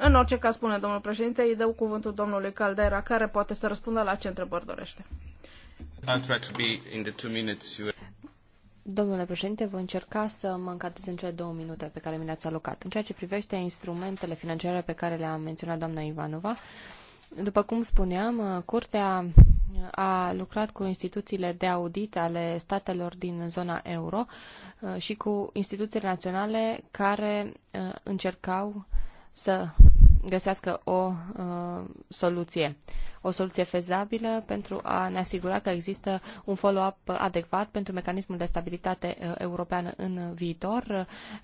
În orice caz, spune domnul președinte, îi dau cuvântul domnului Caldera, care poate să răspundă la ce întrebări dorește. Domnule președinte, voi încerca să mă încadrez în cele două minute pe care mi le-ați alocat. În ceea ce privește instrumentele financiare pe care le-a menționat doamna Ivanova, după cum spuneam, Curtea a lucrat cu instituțiile de audit ale statelor din zona euro eh, și cu instituțiile naționale care eh, încercau să găsească o uh, soluție. O soluție fezabilă pentru a ne asigura că există un follow-up adecvat pentru mecanismul de stabilitate uh, europeană în viitor,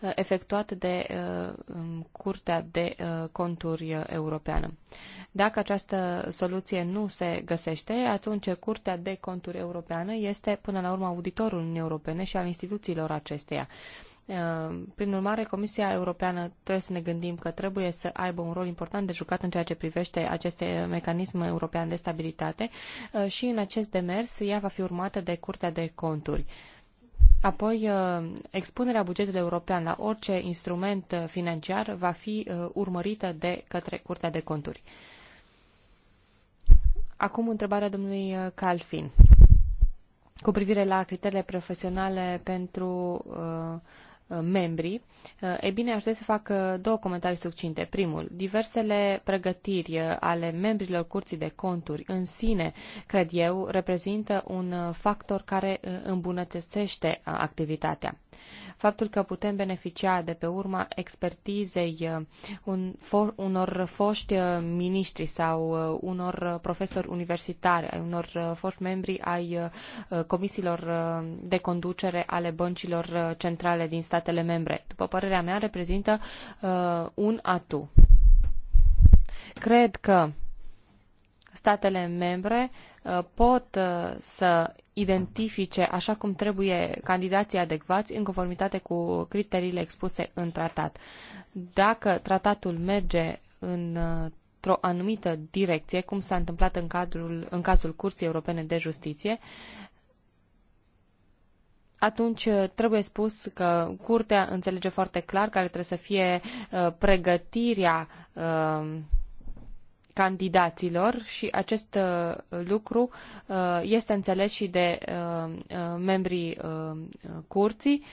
uh, efectuat de uh, Curtea de uh, Conturi Europeană. Dacă această soluție nu se găsește, atunci Curtea de Conturi Europeană este până la urmă auditorul Uniunii Europene și al instituțiilor acesteia. Uh, Ehm, prin urmare, Comisia Europeană trebuie să ne gândim că trebuie să aibă un rol important de jucat în ceea ce privește acest mecanism european de stabilitate eh, și în acest demers ea va fi urmată de Curtea de Conturi. Apoi, eh, expunerea bugetului european la orice instrument eh, financiar va fi urmărită de către Curtea de Conturi. Acum, întrebarea domnului Calfin cu privire la criteriile profesionale pentru uh, Uh, membri, uh, e bine, aș trebui să fac uh, două comentarii succinte. Primul, diversele pregătiri ale membrilor Curții de Conturi în sine, cred eu, reprezintă un factor care îmbunătățește activitatea faptul că putem beneficia de pe urma expertizei uh, un, for, unor foști uh, miniștri sau uh, unor profesori universitari, unor foști membri ai comisiilor de conducere ale băncilor centrale din statele membre. După părerea mea, reprezintă un atu. Cred că statele membre uh, Uh, pot uh, să identifice așa cum trebuie candidații adecvați în conformitate cu criteriile expuse în tratat. Dacă tratatul merge în într-o uh, anumită direcție, cum s-a întâmplat în, cadrul, în cazul Curții Europene de Justiție, atunci trebuie spus că curtea înțelege foarte clar care trebuie să fie uh, pregătirea uh, candidaților și acest uh, lucru uh, este înțeles și de uh, membrii curții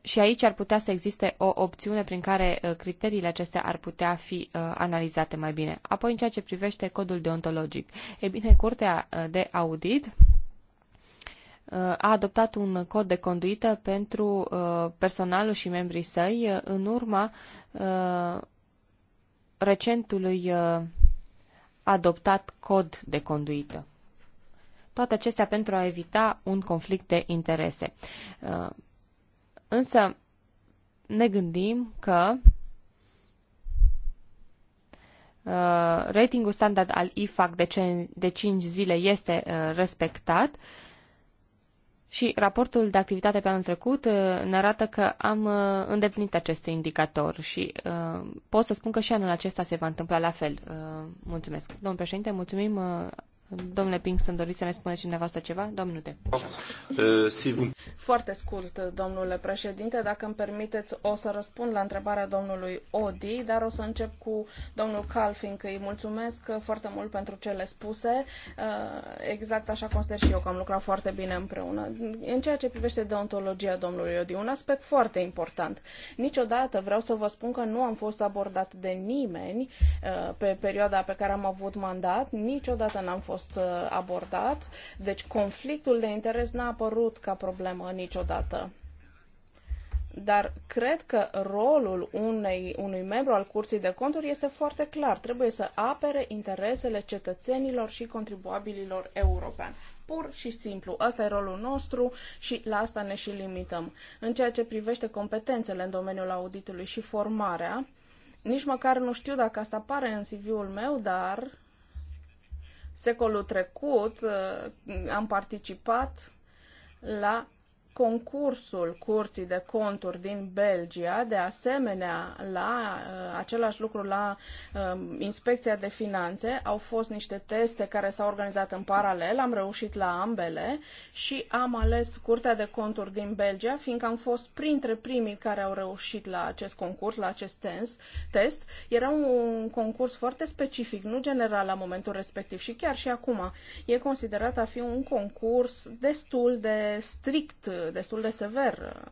și aici ar putea să existe o opțiune prin care criteriile acestea ar putea fi analizate mai bine. Apoi, în ceea ce privește codul deontologic, e bine, Curtea de Audit a adoptat un cod de conduită pentru personalul și membrii săi în urma recentului uh, adoptat cod de conduită. Toate acestea pentru a evita un conflict de interese. Uh, însă ne gândim că uh, ratingul standard al IFAC de 5 zile este respectat și raportul de activitate pe anul trecut uh, ne arată că am uh, îndeplinit acest indicator și uh, pot să spun că și anul acesta se va întâmpla la fel. Mulțumesc. Domnul președinte, mulțumim. Domnule Pinkston, doriți să ne spuneți dumneavoastră ceva? Două minute. Foarte scurt, domnule președinte. Dacă îmi permiteți, o să răspund la întrebarea domnului Odi, dar o să încep cu domnul Calfin, că îi mulțumesc foarte mult pentru cele spuse. Uh, exact așa consider și eu că am lucrat foarte bine împreună. În ceea ce privește deontologia domnului Odi, un aspect foarte important. Niciodată vreau să vă spun că nu am fost abordat de nimeni uh, pe perioada pe care am avut mandat, niciodată n-am fost fost uh, abordat, deci conflictul de interes n-a apărut ca problemă niciodată dar cred că rolul unei, unui membru al Curții de Conturi este foarte clar. Trebuie să apere interesele cetățenilor și contribuabililor europeni. Pur și simplu, ăsta e rolul nostru și la asta ne și limităm. În ceea ce privește competențele în domeniul auditului și formarea, nici măcar nu știu dacă asta apare în CV-ul meu, dar Secolul trecut uh, am participat la concursul Curții de Conturi din Belgia, de asemenea la uh, același lucru la uh, Inspecția de Finanțe, au fost niște teste care s-au organizat în paralel, am reușit la ambele și am ales Curtea de Conturi din Belgia, fiindcă am fost printre primii care au reușit la acest concurs, la acest tens, test. Era un concurs foarte specific, nu general la momentul respectiv și chiar și acum e considerat a fi un concurs destul de strict destul de sever, uh,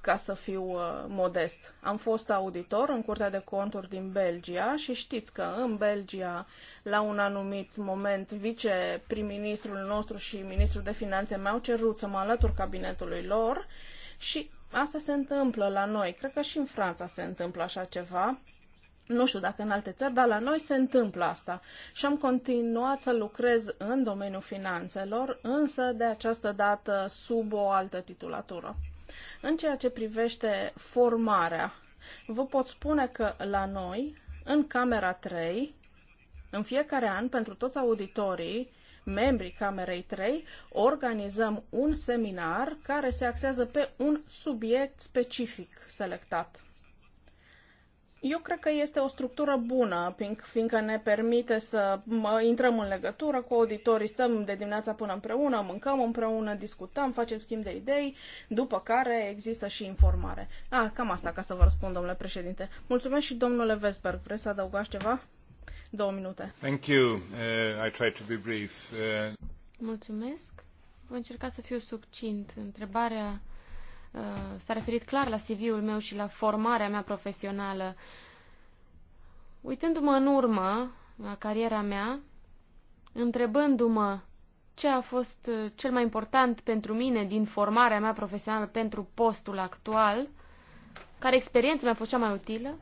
ca să fiu uh, modest. Am fost auditor în Curtea de Conturi din Belgia și știți că în Belgia, la un anumit moment, vice prim ministrul nostru și ministrul de finanțe mi-au cerut să mă alătur cabinetului lor și asta se întâmplă la noi. Cred că și în Franța se întâmplă așa ceva. Nu știu dacă în alte țări, dar la noi se întâmplă asta. Și am continuat să lucrez în domeniul finanțelor, însă de această dată sub o altă titulatură. În ceea ce privește formarea, vă pot spune că la noi, în Camera 3, în fiecare an, pentru toți auditorii, membrii Camerei 3, organizăm un seminar care se axează pe un subiect specific selectat. Eu cred că este o structură bună, fiindcă ne permite să intrăm în legătură cu auditorii, stăm de dimineața până împreună, mâncăm împreună, discutăm, facem schimb de idei, după care există și informare. Ah, cam asta ca să vă răspund, domnule președinte. Mulțumesc și domnule Vesberg. Vreți să adăugați ceva? Două minute. Thank you. Uh, I try to be brief. Uh... Mulțumesc. Voi încerca să fiu succint. Întrebarea Uh, s-a referit clar la CV-ul meu și la formarea mea profesională. Uitându-mă în urmă la cariera mea, întrebându-mă ce a fost uh, cel mai important pentru mine din formarea mea profesională pentru postul actual, care experiență mi-a fost cea mai utilă,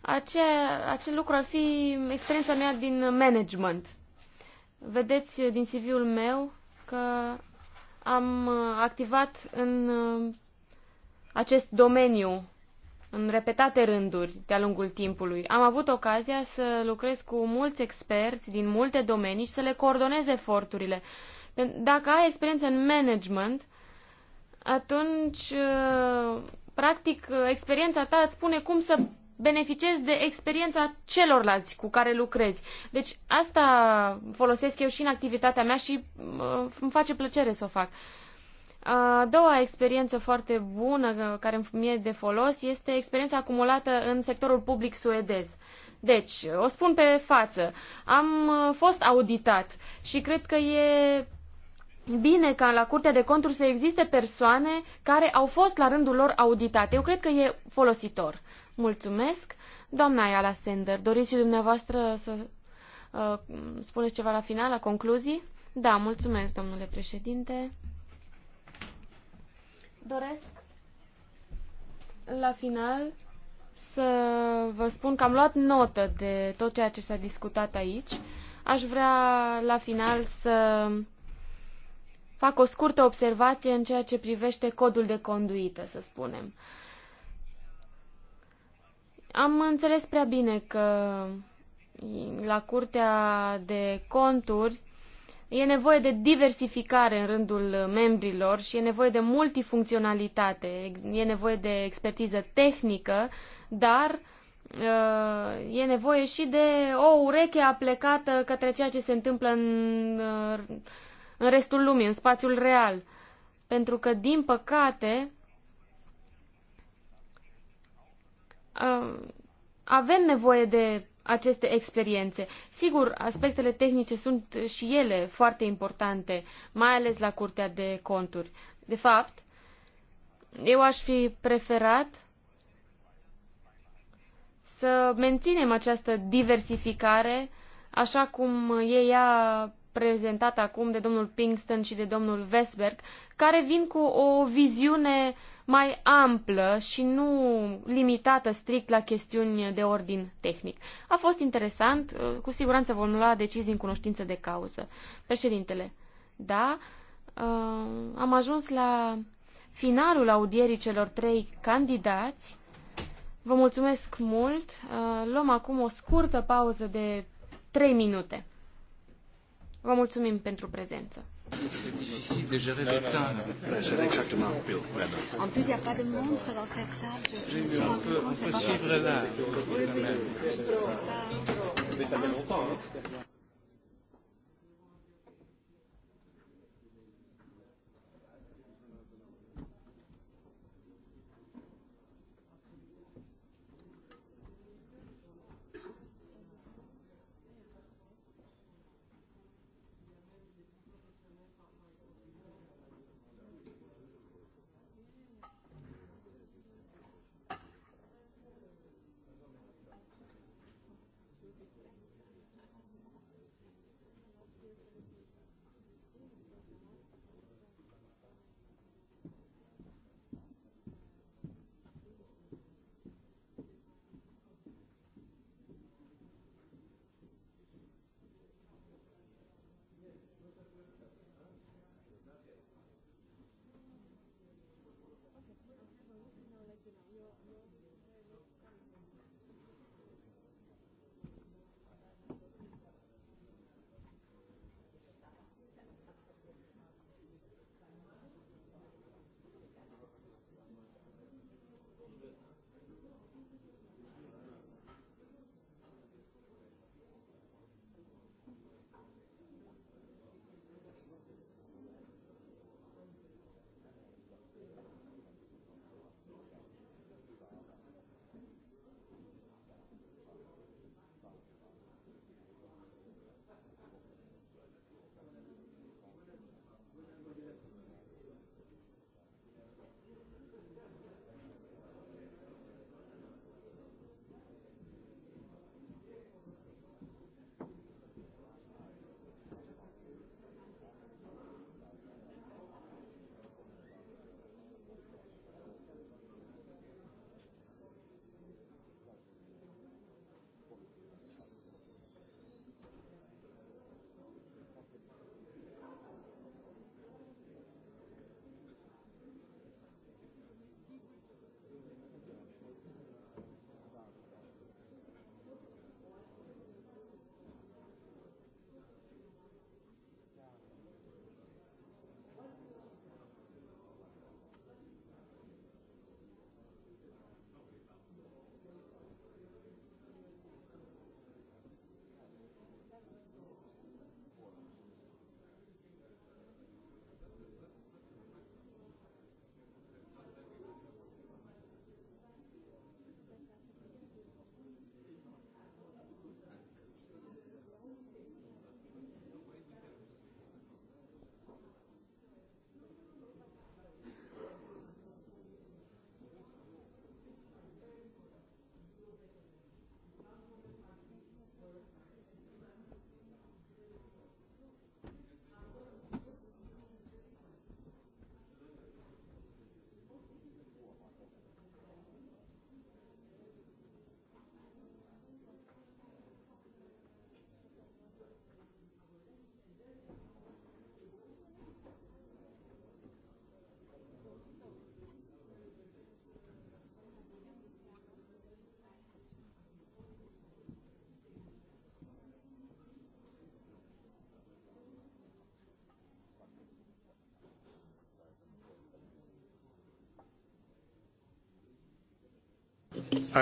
acea, acel lucru ar fi experiența mea din management. Vedeți din CV-ul meu că am uh, activat în uh, acest domeniu în repetate rânduri de-a lungul timpului. Am avut ocazia să lucrez cu mulți experți din multe domenii și să le coordonez eforturile. Dacă ai experiență în management, atunci, uh, practic, experiența ta îți spune cum să beneficiezi de experiența celorlalți cu care lucrezi. Deci asta folosesc eu și în activitatea mea și uh, îmi face plăcere să o fac. A doua experiență foarte bună uh, care mi-e de folos este experiența acumulată în sectorul public suedez. Deci, o spun pe față, am uh, fost auditat și cred că e bine ca la Curtea de Conturi să existe persoane care au fost la rândul lor auditate. Eu cred că e folositor. Mulțumesc. Doamna Ayala Sender, doriți și dumneavoastră să uh, spuneți ceva la final, la concluzii? Da, mulțumesc, domnule președinte. Doresc la final să vă spun că am luat notă de tot ceea ce s-a discutat aici. Aș vrea la final să fac o scurtă observație în ceea ce privește codul de conduită, să spunem. Uh, am înțeles prea bine că la Curtea de Conturi e nevoie de diversificare în rândul membrilor și e nevoie de multifuncționalitate, e nevoie de expertiză tehnică, dar uh, e nevoie și de o ureche aplecată către ceea ce se întâmplă în, uh, în restul lumii, în spațiul real. Pentru că, din păcate, Uh, avem nevoie de aceste experiențe. Sigur, aspectele tehnice sunt și ele foarte importante, mai ales la Curtea de Conturi. De fapt, eu aș fi preferat să menținem această diversificare așa cum e ea prezentată acum de domnul Pinkston și de domnul Vesberg, care vin cu o viziune uh, mai amplă și nu limitată strict la chestiuni de ordin tehnic. A fost interesant, uh, cu siguranță vom lua decizii în cunoștință de cauză. Președintele, da, uh, am ajuns la finalul audierii celor trei candidați. Vă mulțumesc mult. Uh, luăm acum o scurtă pauză de 3 minute. Vă mulțumim pentru prezență difficile de gérer le temps. C'est exactement pile. En plus, il n'y a pas de montre dans cette salle. Je, je suis on, on peut, on peut suivre là. Oui, oui. Ah. Ça fait longtemps.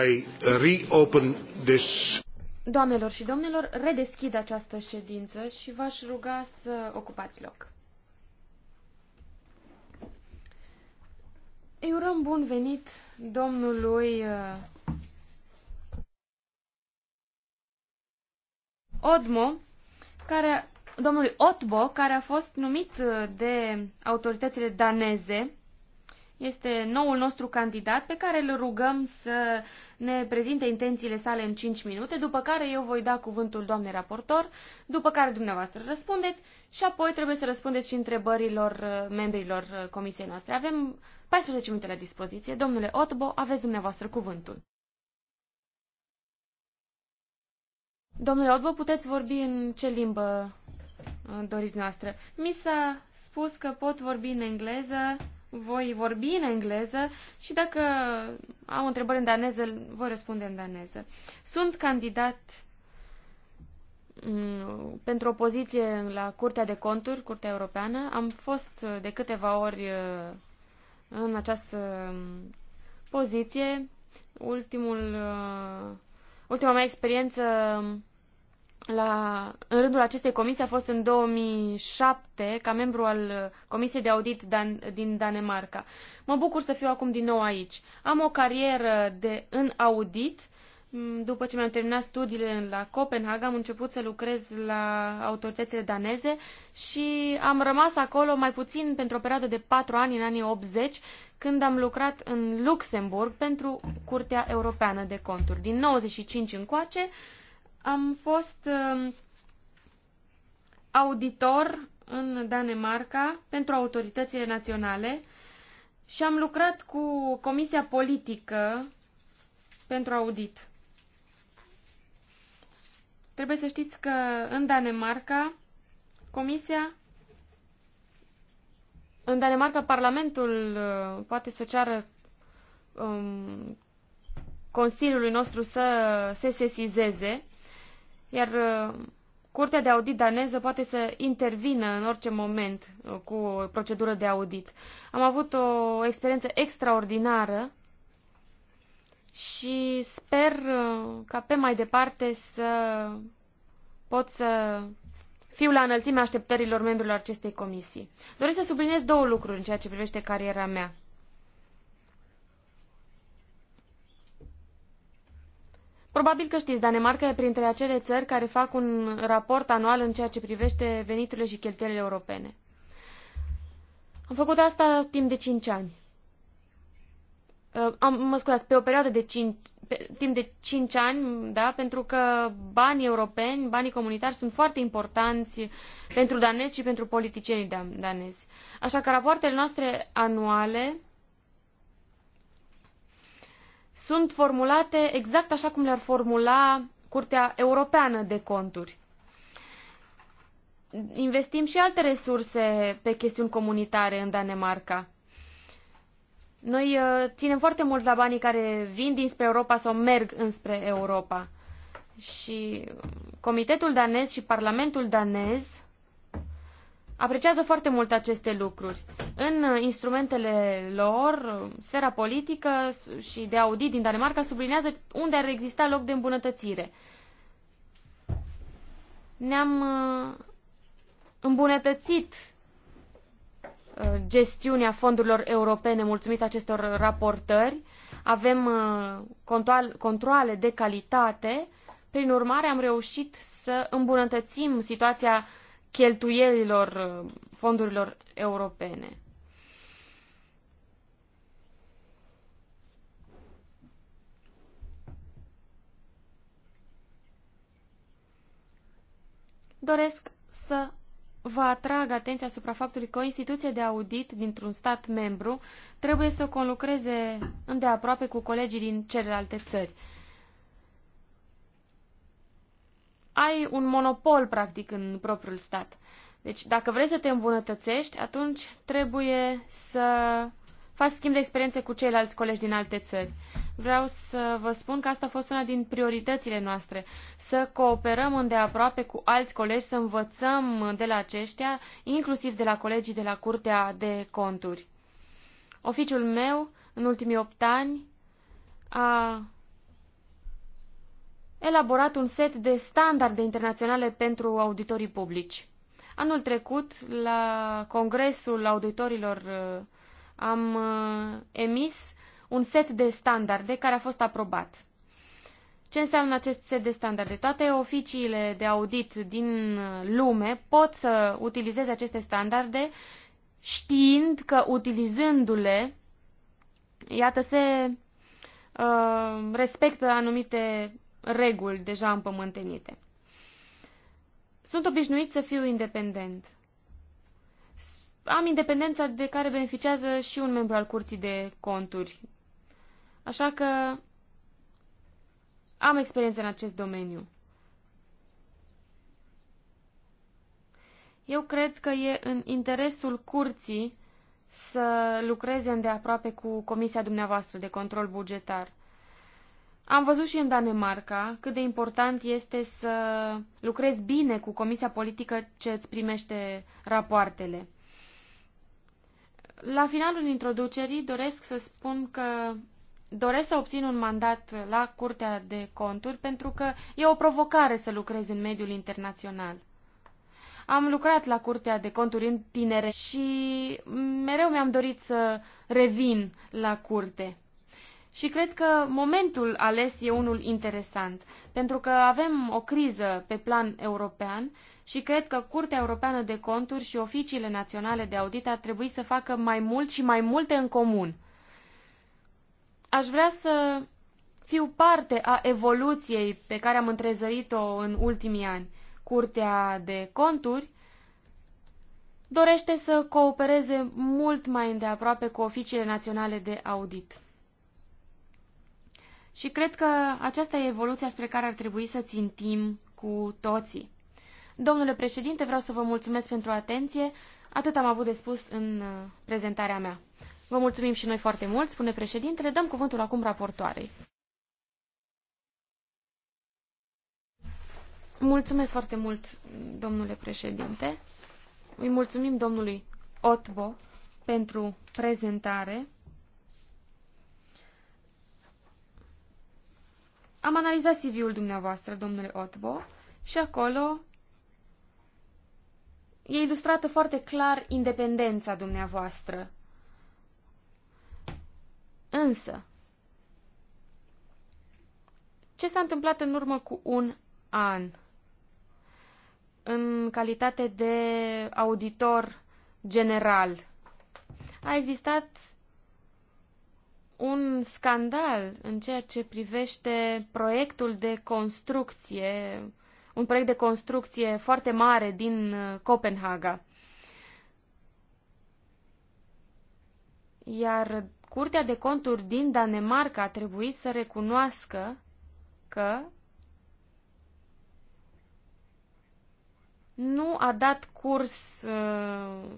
I reopen this. Doamnelor și domnilor, redeschid această ședință și v-aș ruga să ocupați loc. Îi urăm bun venit domnului uh, Odmo, care, domnului Otbo, care a fost numit uh, de autoritățile daneze este noul nostru candidat pe care îl rugăm să ne prezinte intențiile sale în 5 minute, după care eu voi da cuvântul doamnei raportor, după care dumneavoastră răspundeți și apoi trebuie să răspundeți și întrebărilor uh, membrilor uh, comisiei noastre. Avem 14 minute la dispoziție. Domnule Otbo, aveți dumneavoastră cuvântul. Domnule Otbo, puteți vorbi în ce limbă uh, doriți noastră. Mi s-a spus că pot vorbi în engleză, voi vorbi în engleză și dacă au întrebări în daneză, voi răspunde în daneză. Sunt candidat mm, pentru o poziție la Curtea de Conturi, Curtea Europeană. Am fost de câteva ori uh, în această mm, poziție. Ultimul, uh, ultima mea experiență mm, la, în rândul acestei comisii a fost în 2007 ca membru al Comisiei de Audit Dan, din Danemarca. Mă bucur să fiu acum din nou aici. Am o carieră de, în audit. Mm, după ce mi-am terminat studiile la Copenhaga, am început să lucrez la autoritățile daneze și am rămas acolo mai puțin pentru o perioadă de 4 ani, în anii 80, când am lucrat în Luxemburg pentru Curtea Europeană de Conturi. Din 95 încoace, am fost um, auditor în Danemarca pentru autoritățile naționale și am lucrat cu Comisia Politică pentru audit. Trebuie să știți că în Danemarca Comisia în Danemarca Parlamentul uh, poate să ceară um, Consiliului nostru să se sesizeze iar uh, Curtea de audit daneză poate să intervină în orice moment uh, cu o procedură de audit. Am avut o experiență extraordinară și sper uh, ca pe mai departe să pot să fiu la înălțimea așteptărilor membrilor acestei comisii. Doresc să subliniez două lucruri în ceea ce privește cariera mea. Probabil că știți, Danemarca e printre acele țări care fac un raport anual în ceea ce privește veniturile și cheltuielile europene. Am făcut asta timp de 5 ani. Am, mă scuzați, pe o perioadă de 5, pe, timp de 5 ani, da, pentru că banii europeni, banii comunitari sunt foarte importanți pentru danezi și pentru politicienii danezi. Așa că rapoartele noastre anuale sunt formulate exact așa cum le-ar formula Curtea Europeană de Conturi. Investim și alte resurse pe chestiuni comunitare în Danemarca. Noi uh, ținem foarte mult la banii care vin dinspre Europa sau merg înspre Europa. Și Comitetul danez și Parlamentul danez apreciază foarte mult aceste lucruri. În uh, instrumentele lor, uh, sfera politică și de audit din Danemarca sublinează unde ar exista loc de îmbunătățire. Ne-am uh, îmbunătățit gestiunea fondurilor europene mulțumit acestor raportări. Avem controle de calitate. Prin urmare, am reușit să îmbunătățim situația cheltuielilor fondurilor europene. Doresc să vă atrag atenția asupra faptului că o instituție de audit dintr-un stat membru trebuie să conlucreze îndeaproape cu colegii din celelalte țări. ai un monopol, practic, în propriul stat. Deci, dacă vrei să te îmbunătățești, atunci trebuie să faci schimb de experiențe cu ceilalți colegi din alte țări. Vreau să vă spun că asta a fost una din prioritățile noastre, să cooperăm îndeaproape cu alți colegi, să învățăm de la aceștia, inclusiv de la colegii de la Curtea de Conturi. Oficiul meu, în ultimii opt ani, a elaborat un set de standarde internaționale pentru auditorii publici. Anul trecut, la Congresul Auditorilor, uh, am uh, emis un set de standarde care a fost aprobat. Ce înseamnă acest set de standarde? Toate oficiile de audit din uh, lume pot să utilizeze aceste standarde știind că utilizându-le, iată, se uh, respectă anumite reguli deja împământenite. Sunt obișnuit să fiu independent. Am independența de care beneficiază și un membru al curții de conturi. Așa că am experiență în acest domeniu. Eu cred că e în interesul curții să lucreze îndeaproape cu comisia dumneavoastră de control bugetar. Am văzut și în Danemarca cât de important este să lucrezi bine cu comisia politică ce îți primește rapoartele. La finalul introducerii doresc să spun că doresc să obțin un mandat la Curtea de Conturi pentru că e o provocare să lucrezi în mediul internațional. Am lucrat la Curtea de Conturi în tinere și mereu mi-am dorit să revin la curte. Și cred că momentul ales e unul interesant, pentru că avem o criză pe plan european și cred că Curtea Europeană de Conturi și oficiile naționale de audit ar trebui să facă mai mult și mai multe în comun. Aș vrea să fiu parte a evoluției pe care am întrezărit-o în ultimii ani. Curtea de Conturi dorește să coopereze mult mai îndeaproape cu oficiile naționale de audit. Și cred că aceasta e evoluția spre care ar trebui să țintim cu toții. Domnule președinte, vreau să vă mulțumesc pentru atenție. Atât am avut de spus în uh, prezentarea mea. Vă mulțumim și noi foarte mult, spune președintele. Dăm cuvântul acum raportoarei. Mulțumesc foarte mult, domnule președinte. Îi mulțumim domnului Otbo pentru prezentare. Am analizat CV-ul dumneavoastră, domnule Otbo, și acolo e ilustrată foarte clar independența dumneavoastră. Însă, ce s-a întâmplat în urmă cu un an? În calitate de auditor general, a existat un scandal în ceea ce privește proiectul de construcție, un proiect de construcție foarte mare din uh, Copenhaga. Iar Curtea de Conturi din Danemarca a trebuit să recunoască că nu a dat curs uh,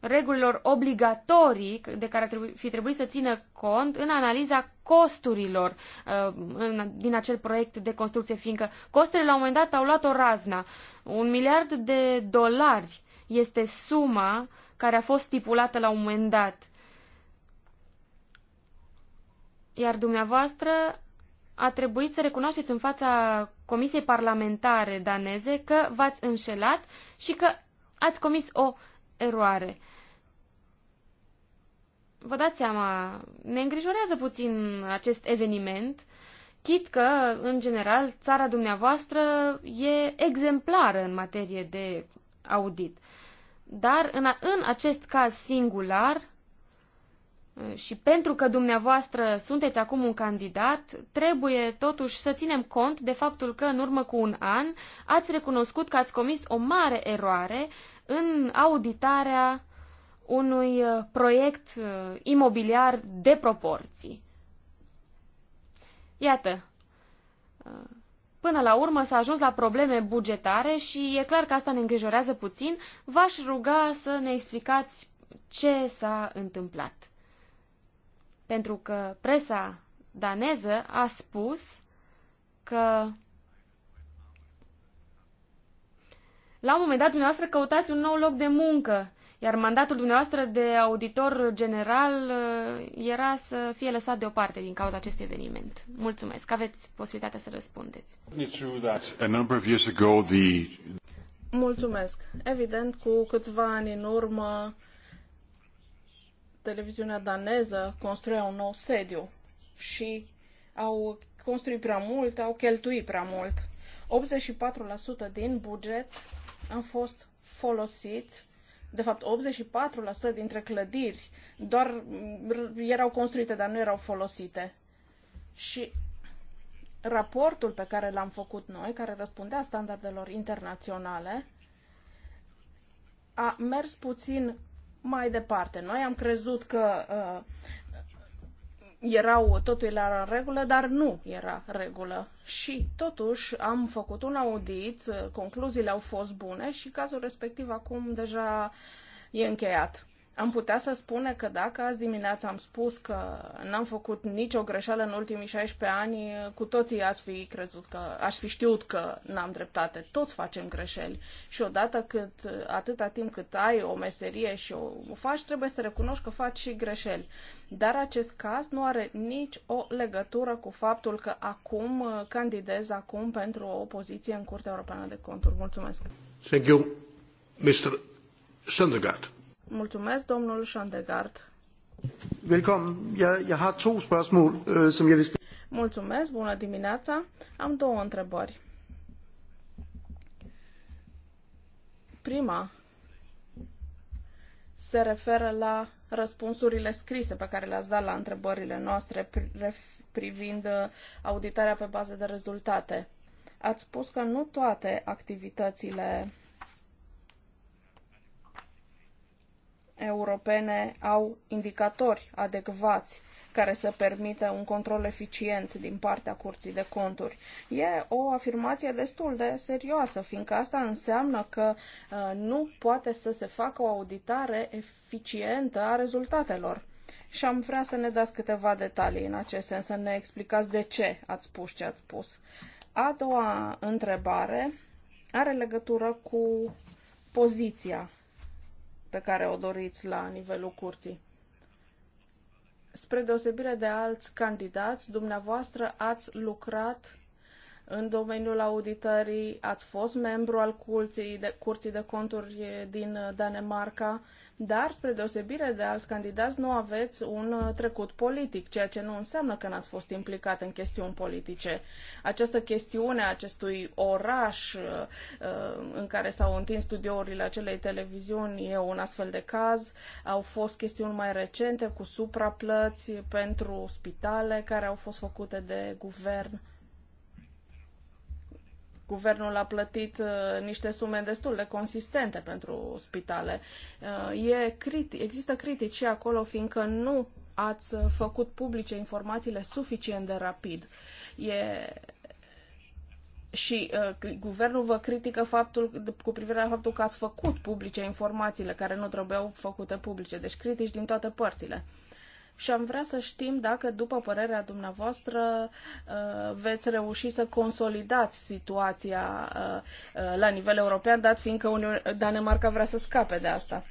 regulilor obligatorii de care ar fi trebuit să țină cont în analiza costurilor uh, în, din acel proiect de construcție, fiindcă costurile la un moment dat au luat o razna. Un miliard de dolari este suma care a fost stipulată la un moment dat. Iar dumneavoastră a trebuit să recunoașteți în fața Comisiei Parlamentare daneze că v-ați înșelat și că ați comis o eroare. Vă dați seama, ne îngrijorează puțin acest eveniment, chit că, în general, țara dumneavoastră e exemplară în materie de audit. Dar, în, a, în acest caz singular, și pentru că dumneavoastră sunteți acum un candidat, trebuie totuși să ținem cont de faptul că în urmă cu un an ați recunoscut că ați comis o mare eroare în auditarea unui uh, proiect uh, imobiliar de proporții. Iată, uh, până la urmă s-a ajuns la probleme bugetare și e clar că asta ne îngrijorează puțin. V-aș ruga să ne explicați ce s-a întâmplat. Pentru că presa daneză a spus că La un moment dat, dumneavoastră căutați un nou loc de muncă, iar mandatul dumneavoastră de auditor general uh, era să fie lăsat deoparte din cauza acestui eveniment. Mulțumesc. Aveți posibilitatea să răspundeți. Mulțumesc. Evident, cu câțiva ani în urmă, televiziunea daneză construia un nou sediu și au construit prea mult, au cheltuit prea mult. 84% din buget a fost folosit de fapt, 84% dintre clădiri doar erau construite, dar nu erau folosite. Și raportul pe care l-am făcut noi, care răspundea standardelor internaționale, a mers puțin mai departe. Noi am crezut că uh, erau totul la regulă, dar nu era regulă. Și totuși am făcut un audit, concluziile au fost bune și cazul respectiv acum deja e încheiat am putea să spune că dacă azi dimineața am spus că n-am făcut nicio greșeală în ultimii 16 ani, cu toții ați fi crezut că, aș fi știut că n-am dreptate. Toți facem greșeli și odată cât, atâta timp cât ai o meserie și o, o faci, trebuie să recunoști că faci și greșeli. Dar acest caz nu are nici o legătură cu faptul că acum uh, candidez acum pentru o poziție în Curtea Europeană de Conturi. Mulțumesc! Thank you, Mr. Sundergaard. Mulțumesc, domnul Șondegard. Øh, Mulțumesc, bună dimineața. Am două întrebări. Prima se referă la răspunsurile scrise pe care le-ați dat la întrebările noastre privind uh, auditarea pe bază de rezultate. Ați spus că nu toate activitățile europene au indicatori adecvați care să permită un control eficient din partea Curții de Conturi. E o afirmație destul de serioasă, fiindcă asta înseamnă că uh, nu poate să se facă o auditare eficientă a rezultatelor. Și am vrea să ne dați câteva detalii în acest sens, să ne explicați de ce ați spus ce ați spus. A doua întrebare are legătură cu poziția pe care o doriți la nivelul curții. Spre deosebire de alți candidați, dumneavoastră ați lucrat în domeniul auditării, ați fost membru al curții de, curții de conturi din Danemarca, dar, spre deosebire de alți candidați, nu aveți un uh, trecut politic, ceea ce nu înseamnă că n-ați fost implicat în chestiuni politice. Această chestiune a acestui oraș uh, uh, în care s-au întins studiourile acelei televiziuni e un astfel de caz. Au fost chestiuni mai recente cu supraplăți pentru spitale care au fost făcute de guvern. Guvernul a plătit uh, niște sume destul de consistente pentru spitale. Uh, e critic, există critici și acolo, fiindcă nu ați făcut publice informațiile suficient de rapid. E și uh, guvernul vă critică faptul, cu privire la faptul că ați făcut publice informațiile care nu trebuiau făcute publice, deci critici din toate părțile. Uh, și am vrea să știm dacă, după părerea dumneavoastră, uh, veți reuși să consolidați situația uh, uh, la nivel european, dat fiindcă Danemarca vrea să scape de asta.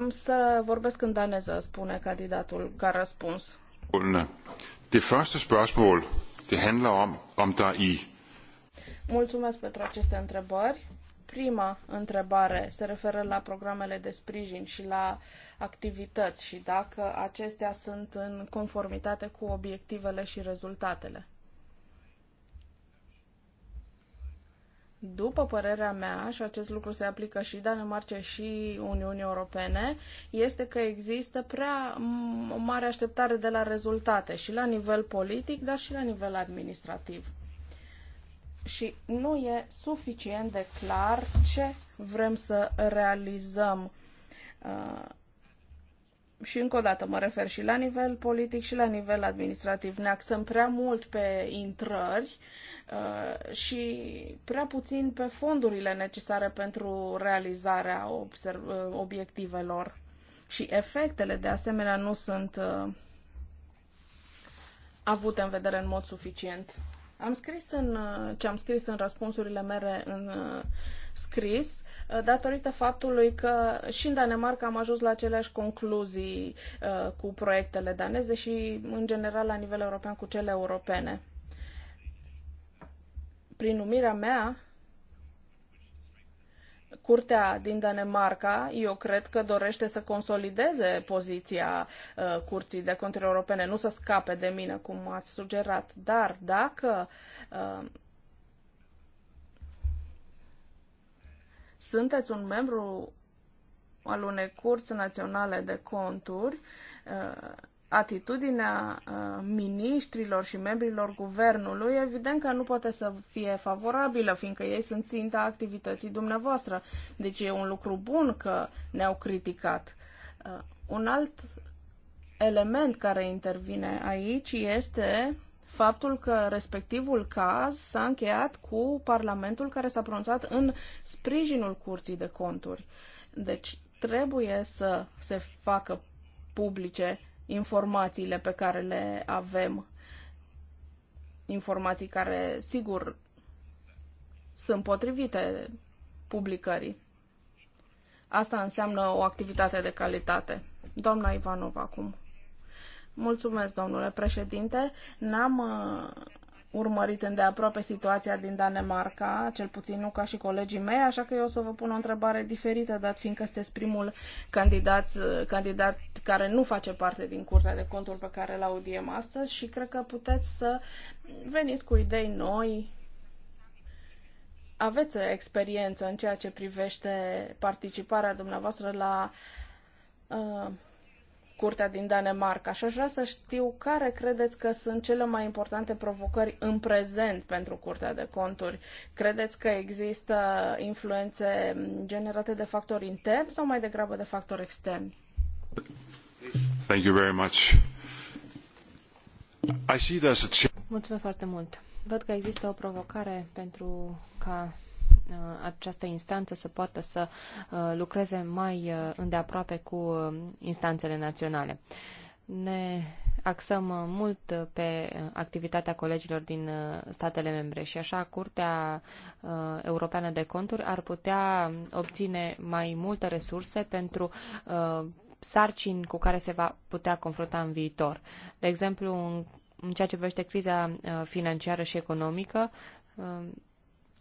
Am să vorbesc în daneză, spune candidatul ca răspuns. De første spørgsmål, det handler om, om der i... Mulțumesc pentru aceste întrebări. Prima întrebare se referă la programele de sprijin și la activități și dacă acestea sunt în conformitate cu obiectivele și rezultatele. după părerea mea, și acest lucru se aplică și Danemarcei și Uniunii Europene, este că există prea o mare așteptare de la rezultate și la nivel politic, dar și la nivel administrativ și nu e suficient de clar ce vrem să realizăm. Uh, și încă o dată mă refer și la nivel politic și la nivel administrativ. Ne axăm prea mult pe intrări uh, și prea puțin pe fondurile necesare pentru realizarea uh, obiectivelor. Și efectele, de asemenea, nu sunt avute în vedere în mod suficient. Am scris în uh, ce am scris în răspunsurile mele în uh, scris, uh, datorită faptului că și în Danemarca am ajuns la aceleași concluzii cu proiectele daneze și, în general, la nivel european cu cele europene. Prin numirea mea, Curtea din Danemarca, eu cred că dorește să consolideze poziția uh, Curții de Conturi Europene, nu să scape de mine, cum ați sugerat, dar dacă uh, sunteți un membru al unei curți naționale de conturi, uh, atitudinea uh, miniștrilor și membrilor guvernului, evident că nu poate să fie favorabilă, fiindcă ei sunt ținta activității dumneavoastră. Deci e un lucru bun că ne-au criticat. Uh, un alt element care intervine aici este faptul că respectivul caz s-a încheiat cu Parlamentul care s-a pronunțat în sprijinul Curții de Conturi. Deci trebuie să se facă publice informațiile pe care le avem. Informații care, sigur, sunt potrivite publicării. Asta înseamnă o activitate de calitate. Doamna Ivanova, acum. Mulțumesc, domnule președinte. N-am uh, urmărit îndeaproape situația din Danemarca, cel puțin nu ca și colegii mei, așa că eu o să vă pun o întrebare diferită, dat fiindcă sunteți primul candidat, candidat care nu face parte din Curtea de Conturi pe care îl audiem astăzi și cred că puteți să veniți cu idei noi, aveți experiență în ceea ce privește participarea dumneavoastră la uh, Curtea din Danemarca și aș vrea să știu care credeți că sunt cele mai importante provocări în prezent pentru Curtea de Conturi. Credeți că există influențe generate de factori interni sau mai degrabă de factori externi? Thank you very much. I see a... Mulțumesc foarte mult. Văd că există o provocare pentru ca Uh, această instanță să poată să uh, lucreze mai uh, îndeaproape cu instanțele naționale. Ne axăm mult pe activitatea colegilor din statele membre și așa Curtea Europeană de Conturi ar putea obține mai multe resurse pentru sarcini cu care se va putea confrunta în viitor. De exemplu, în ceea ce privește criza financiară și economică,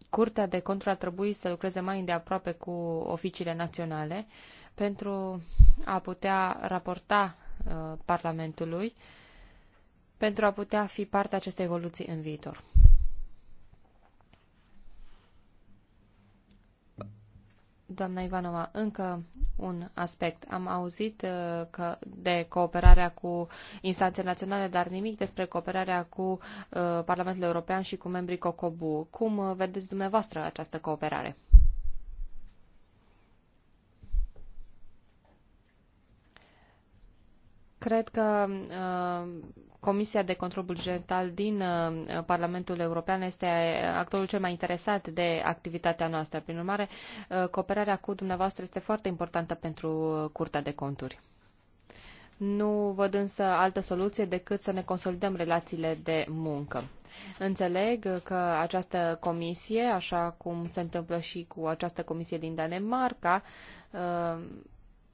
Curtea de Contru ar trebui să lucreze mai îndeaproape cu oficiile naționale pentru a putea raporta uh, Parlamentului, pentru a putea fi parte a acestei evoluții în viitor. Doamna Ivanova, încă un aspect. Am auzit uh, că de cooperarea cu instanțele naționale, dar nimic despre cooperarea cu uh, Parlamentul European și cu membrii COCOBU. Cum uh, vedeți dumneavoastră această cooperare? Cred că Comisia de Control Bugetal din uh, Parlamentul European este uh, actorul cel mai interesat de activitatea noastră. Prin urmare, uh, cooperarea cu dumneavoastră este foarte importantă pentru Curtea de Conturi. Nu văd însă altă soluție decât să ne consolidăm relațiile de muncă. Înțeleg că această comisie, așa cum se întâmplă și cu această comisie din Danemarca,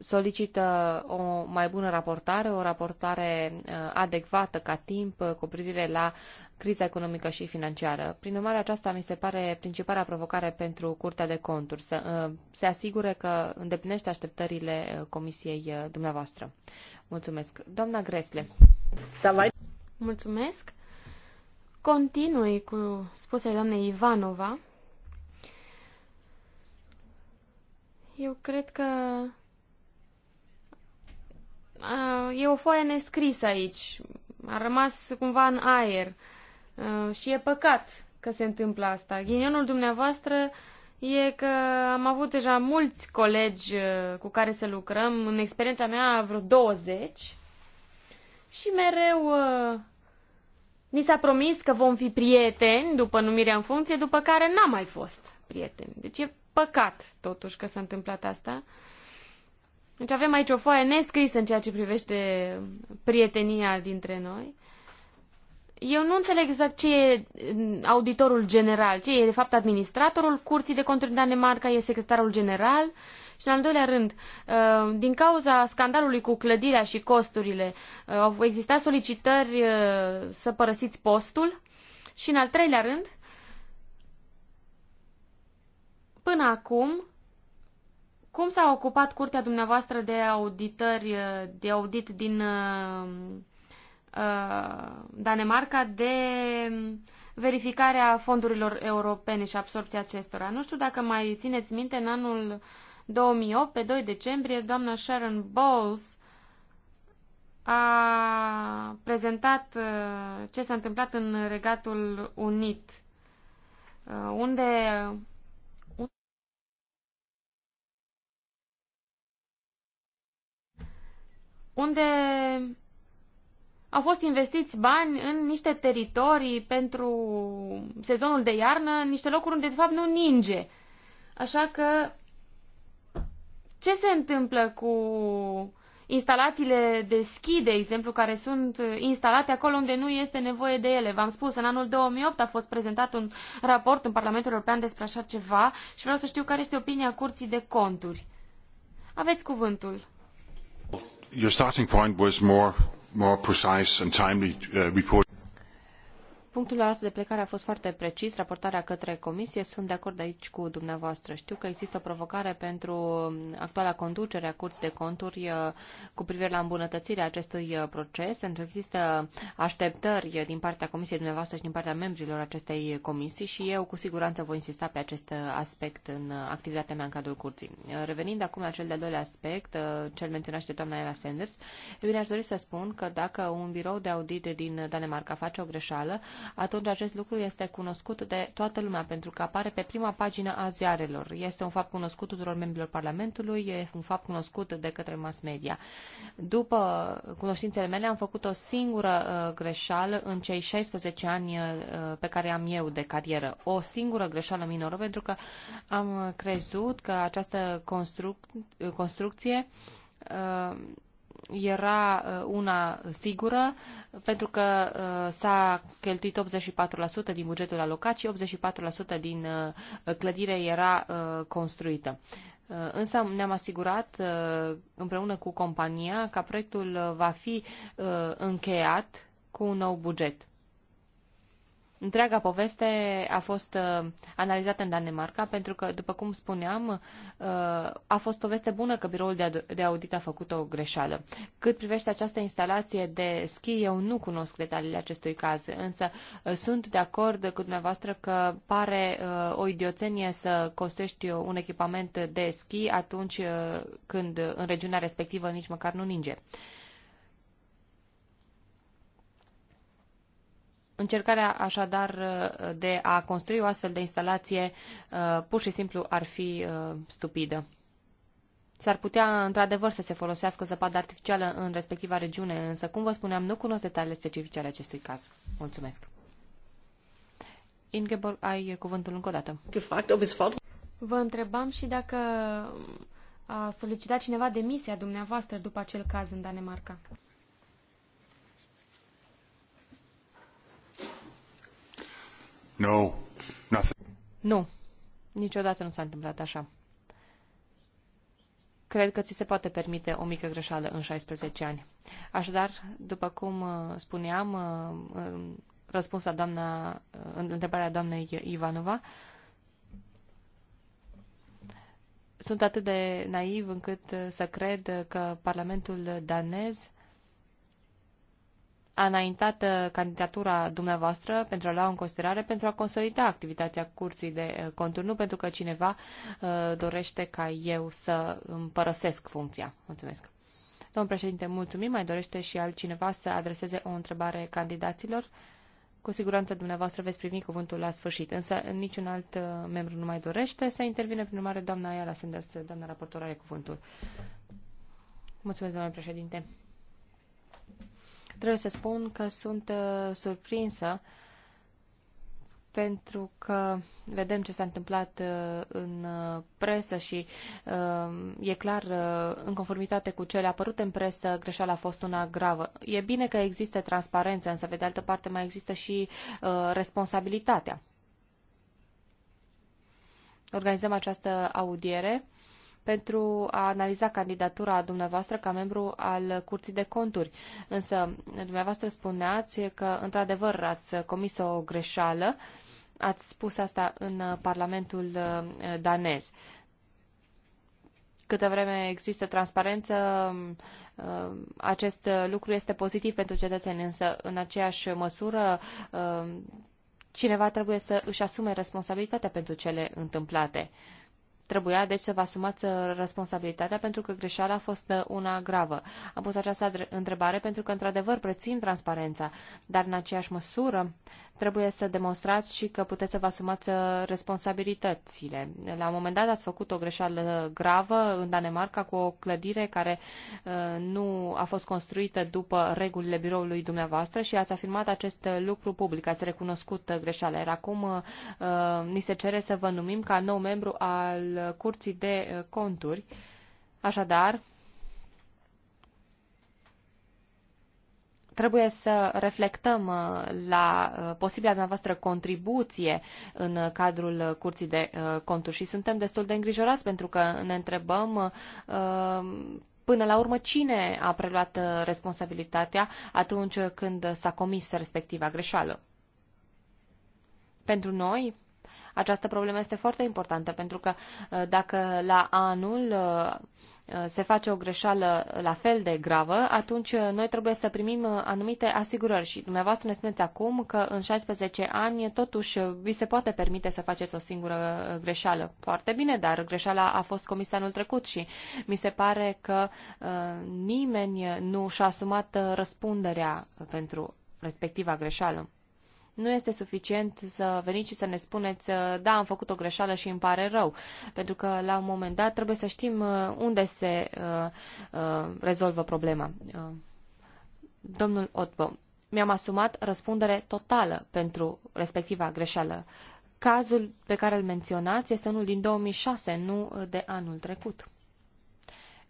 solicită o mai bună raportare, o raportare uh, adecvată ca timp uh, cu privire la criza economică și financiară. Prin urmare, aceasta mi se pare principala provocare pentru Curtea de Conturi, să uh, se asigure că îndeplinește așteptările comisiei dumneavoastră. Mulțumesc. Doamna Gresle. Mulțumesc. Continui cu spusele doamnei Ivanova. Eu cred că Ah, e o foaie nescrisă aici. A rămas cumva în aer. Ah, și e păcat că se întâmplă asta. Ghinionul dumneavoastră e că am avut deja mulți colegi ah, cu care să lucrăm, în experiența mea vreo 20, și mereu ni s-a promis că vom fi prieteni după numirea în funcție, după care n-am mai fost prieteni. Deci e păcat, totuși, că s-a întâmplat asta. Uh, deci avem aici o foaie nescrisă în ceea ce privește prietenia dintre noi. Eu nu înțeleg exact ce e mm, auditorul general, ce e de fapt administratorul curții de conturi din Danemarca, e secretarul general. Și în al doilea rând, uh, din cauza scandalului cu clădirea și costurile, uh, au existat solicitări uh, să părăsiți postul. Și în al treilea rând, până acum, cum s-a ocupat curtea dumneavoastră de auditări, uh, de audit din uh, uh, Danemarca de verificarea fondurilor europene și absorpția acestora? Nu știu dacă mai țineți minte, în anul 2008, pe 2 decembrie, doamna Sharon Bowles a prezentat uh, ce s-a întâmplat în Regatul Unit, uh, unde unde au fost investiți bani în niște teritorii pentru sezonul de iarnă, în niște locuri unde de fapt nu ninge. Așa că ce se întâmplă cu instalațiile de schi, de exemplu, care sunt instalate acolo unde nu este nevoie de ele. V-am spus, în anul 2008 a fost prezentat un raport în Parlamentul European despre așa ceva și vreau să știu care este opinia Curții de Conturi. Aveți cuvântul your starting point was more, more precise and timely uh, reporting. Punctul la de plecare a fost foarte precis, raportarea către comisie. Sunt de acord aici cu dumneavoastră. Știu că există o provocare pentru actuala conducere a Curții de Conturi uh, cu privire la îmbunătățirea acestui uh, proces, pentru că există așteptări uh, din partea comisiei dumneavoastră și din partea membrilor acestei comisii și eu cu siguranță voi insista pe acest aspect în activitatea mea în cadrul Curții. Revenind acum la cel de-al doilea aspect, cel menționat și de doamna Ela Sanders, e bine, aș dori să spun că dacă un birou de audit din Danemarca face o greșeală, atunci acest lucru este cunoscut de toată lumea, pentru că apare pe prima pagină a ziarelor. Este un fapt cunoscut tuturor membrilor Parlamentului, e un fapt cunoscut de către mass media. După cunoștințele mele, am făcut o singură uh, greșeală în cei 16 ani uh, pe care am eu de carieră. O singură greșeală minoră, pentru că am crezut că această construc- construcție uh, era uh, una sigură, pentru că uh, s-a cheltuit 84% din bugetul alocat și 84% din uh, clădire era construită. Însă ne-am asigurat împreună cu compania că proiectul va fi încheiat cu un nou buget. Întreaga poveste a fost uh, analizată în Danemarca pentru că, după cum spuneam, uh, a fost o veste bună că biroul de audit a făcut o greșeală. Cât privește această instalație de schi, eu nu cunosc detaliile acestui caz, însă uh, sunt de acord cu dumneavoastră că pare o idioțenie să costești un echipament de schi atunci când în regiunea respectivă nici măcar nu ninge. Încercarea așadar de a construi o astfel de instalație uh, pur și simplu ar fi uh, stupidă. S-ar putea, într-adevăr, să se folosească zăpadă artificială în respectiva regiune, însă, cum vă spuneam, nu cunosc detaliile specifice ale acestui caz. Mulțumesc. Ingeborg, ai cuvântul încă o dată. Vă întrebam și dacă mm, a solicitat cineva demisia dumneavoastră după acel caz în Danemarca. No, nothing. Nu. Niciodată nu s-a întâmplat așa. Cred că ți se poate permite o mică greșeală în 16 ani. Așadar, după cum uh, spuneam, uh, răspuns la doamna, întrebarea doamnei Ivanova, sunt atât de naiv încât să cred că Parlamentul danez a înaintat uh, candidatura dumneavoastră pentru a lua în considerare, pentru a consolida activitatea curții de uh, conturi, nu pentru că cineva uh, dorește ca eu să îmi părăsesc funcția. Mulțumesc. Domn președinte, mulțumim. Mai dorește și altcineva să adreseze o întrebare candidaților? Cu siguranță dumneavoastră veți primi cuvântul la sfârșit, însă niciun alt membru nu mai dorește să intervine. Prin urmare, doamna la Sanders, doamna raportor, are cuvântul. Mulțumesc, domnule președinte. Trebuie să spun că sunt uh, surprinsă pentru că vedem ce s-a întâmplat uh, în uh, presă și e clar, în conformitate cu cele apărute în presă, greșeala a fost una gravă. E bine că există transparență, însă, pe de altă parte, mai există și responsabilitatea. Organizăm această audiere pentru a analiza candidatura dumneavoastră ca membru al Curții de Conturi. Însă, dumneavoastră spuneați că, într-adevăr, ați comis o greșeală. Ați spus asta în Parlamentul uh, danez. Câte vreme există transparență, uh, acest lucru este pozitiv pentru cetățeni, însă în aceeași măsură uh, cineva trebuie să își asume responsabilitatea pentru cele întâmplate. Uh, Trebuia deci să vă asumați uh, responsabilitatea pentru că greșeala a fost uh, una gravă. Am pus această întrebare pentru că, într-adevăr, prețuim transparența, dar în aceeași măsură trebuie să demonstrați și că puteți să vă asumați uh, responsabilitățile. La un moment dat ați făcut o greșeală gravă în Danemarca cu o clădire care uh, nu a fost construită după regulile biroului dumneavoastră și ați afirmat acest lucru public, ați recunoscut uh, greșeala. Iar acum ni se cere să vă numim ca nou membru al Curții de Conturi. Așadar, trebuie să reflectăm uh, la uh, posibila dumneavoastră contribuție în uh, cadrul Curții de Conturi și suntem destul de îngrijorați pentru că ne întrebăm până la urmă cine a preluat responsabilitatea atunci când s-a comis respectiva greșeală. Pentru noi, această problemă este foarte importantă pentru că uh, dacă la anul uh, uh, se face o greșeală la fel de gravă, atunci noi trebuie să primim anumite asigurări și dumneavoastră ne spuneți acum că în 16 ani totuși vi se poate permite să faceți o singură greșeală. Foarte bine, dar greșeala a fost comisă anul trecut și mi se pare că nimeni nu și-a asumat răspunderea pentru respectiva greșeală. Nu este suficient să veniți și să ne spuneți, uh, da, am făcut o greșeală și îmi pare rău, pentru că la un moment dat trebuie să știm uh, unde se uh, rezolvă problema. Domnul Otbo, mi-am asumat răspundere totală pentru respectiva greșeală. Cazul pe care îl menționați este unul din 2006, nu de anul trecut.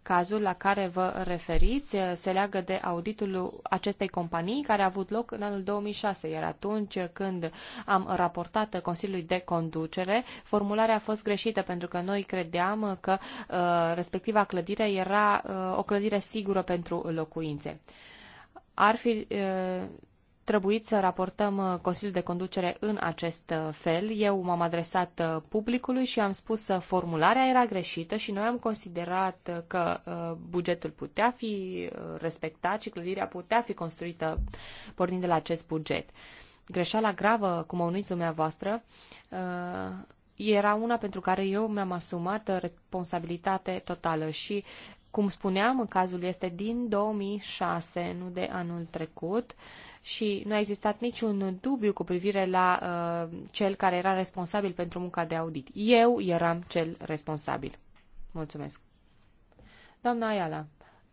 Cazul la care vă referiți se leagă de auditul acestei companii care a avut loc în anul 2006, iar atunci când am raportat Consiliului de Conducere, formularea a fost greșită pentru că noi credeam că uh, respectiva clădire era uh, o clădire sigură pentru locuințe. Ar fi uh, trebuit să raportăm uh, Consiliul de Conducere în acest uh, fel. Eu m-am adresat uh, publicului și am spus că formularea era greșită și noi am considerat că bugetul putea fi respectat și clădirea putea fi construită pornind de la acest buget. Greșeala gravă, cum o numiți dumneavoastră, era una pentru care eu mi-am asumat responsabilitate totală și cum spuneam, cazul este din 2006, nu de anul trecut. Uh, și nu a existat niciun dubiu cu privire la uh, cel care era responsabil pentru munca de audit. Eu eram cel responsabil. Mulțumesc. Doamna Ayala,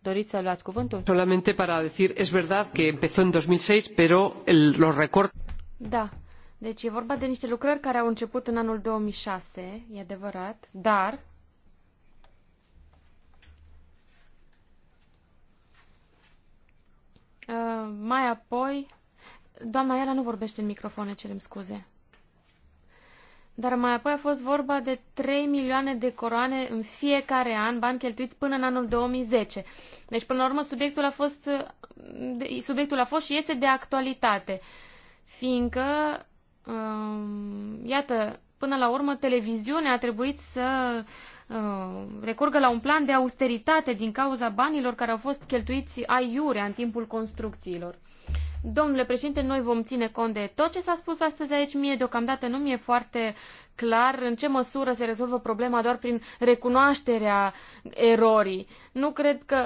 doriți să luați cuvântul? Solamente para decir, es verdad que empezó en 2006, pero el, los record... Da. Deci e vorba de niște lucrări care au început în anul 2006, e adevărat, dar Uh, mai apoi, doamna Iara nu vorbește în microfone, cerem scuze. Dar mai apoi a fost vorba de 3 milioane de coroane în fiecare an, bani cheltuiți până în anul 2010. Deci, până la urmă, subiectul a fost, uh, subiectul a fost și este de actualitate, fiindcă, um, iată, până la urmă, televiziunea a trebuit să Uh, recurgă la un plan de austeritate din cauza banilor care au fost cheltuiți aiurea în timpul construcțiilor. Domnule președinte, noi vom ține cont de tot ce s-a spus astăzi aici. Mie deocamdată nu mi-e foarte clar în ce măsură se rezolvă problema doar prin recunoașterea erorii. Nu cred că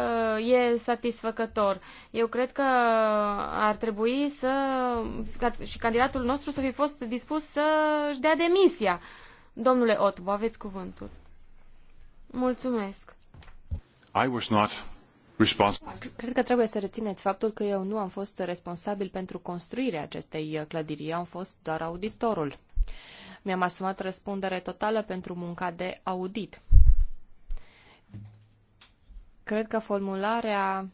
e satisfăcător. Eu cred că ar trebui să și candidatul nostru să fi fost dispus să-și dea demisia. Domnule Otbu, aveți cuvântul. Cred că trebuie să rețineți faptul că eu nu am fost responsabil pentru construirea acestei uh, clădiri, eu am fost doar auditorul. Mi-am asumat răspundere totală pentru munca de audit. Cred că formularea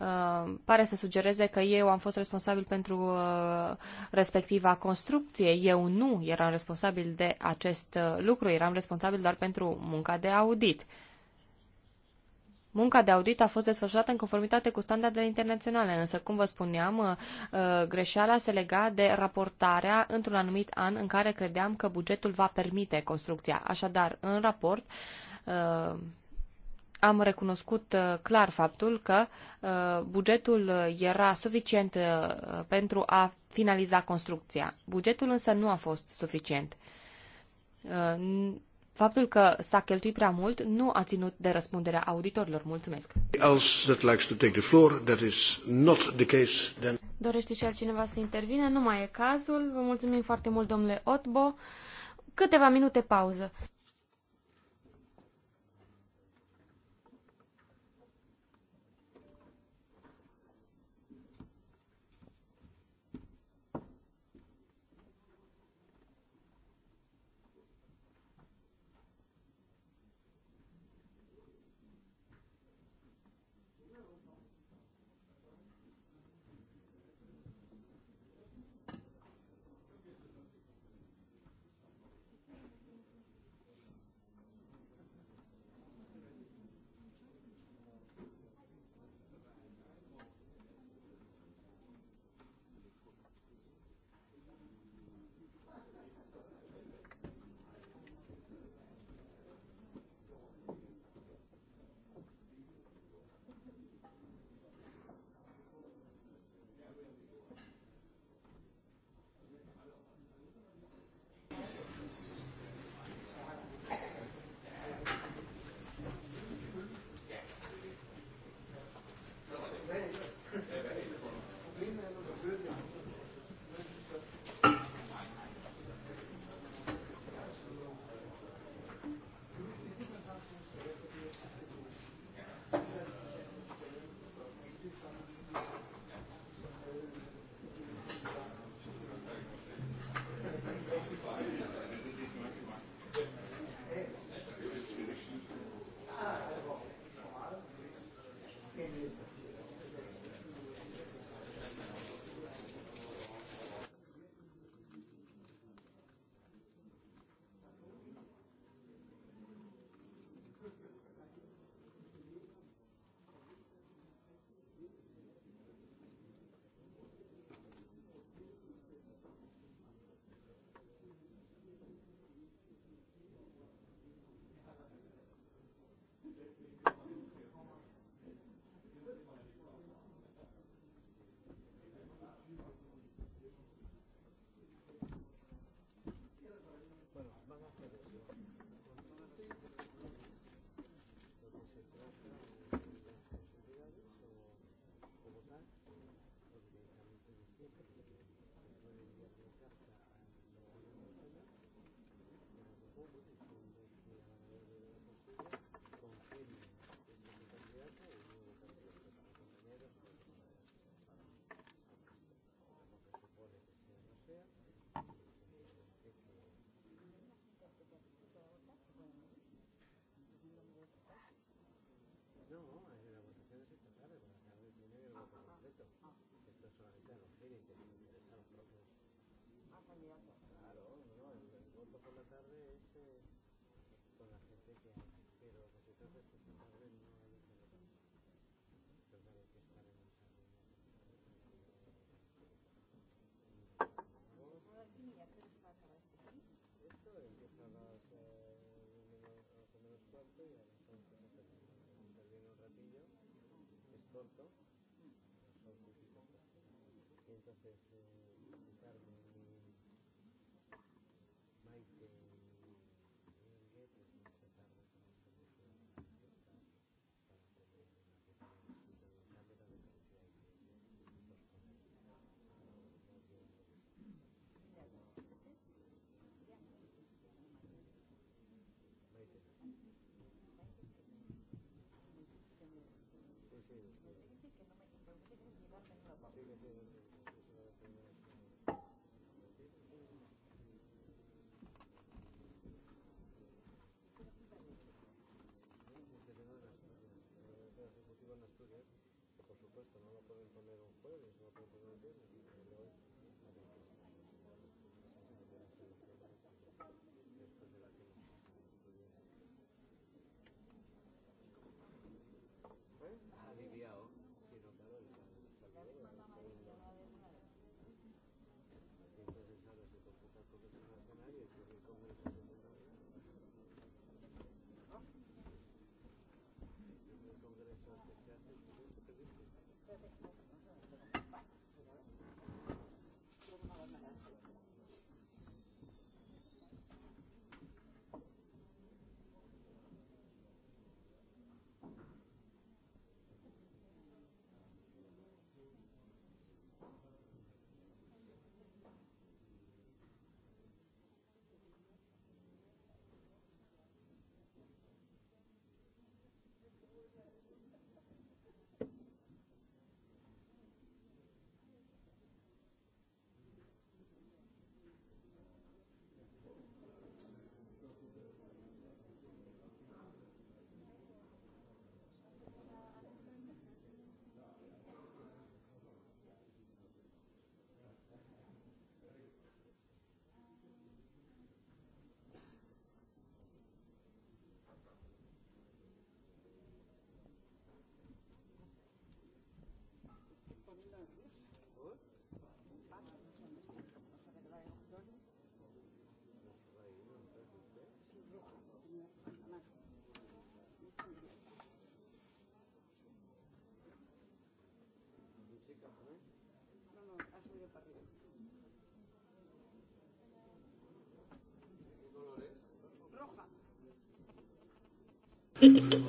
Uh, pare să sugereze că eu am fost responsabil pentru uh, respectiva construcție. Eu nu eram responsabil de acest uh, lucru, eram responsabil doar pentru munca de audit. Munca de audit a fost desfășurată în conformitate cu standardele internaționale, însă, cum vă spuneam, uh, greșeala se lega de raportarea într-un anumit an în care credeam că bugetul va permite construcția. Așadar, în raport, am recunoscut uh, clar faptul că uh, bugetul uh, era suficient pentru a finaliza construcția. Bugetul însă nu a fost suficient. Faptul că s-a cheltuit prea mult nu a ținut de răspunderea auditorilor. Mulțumesc. Dorește și altcineva să intervine? Nu mai e cazul. Vă mulțumim foarte mult, domnule Otbo. Câteva minute pauză. corto, entonces eh, Ricardo cuesta, no lo pueden poner un jueves, no lo pueden poner un viernes.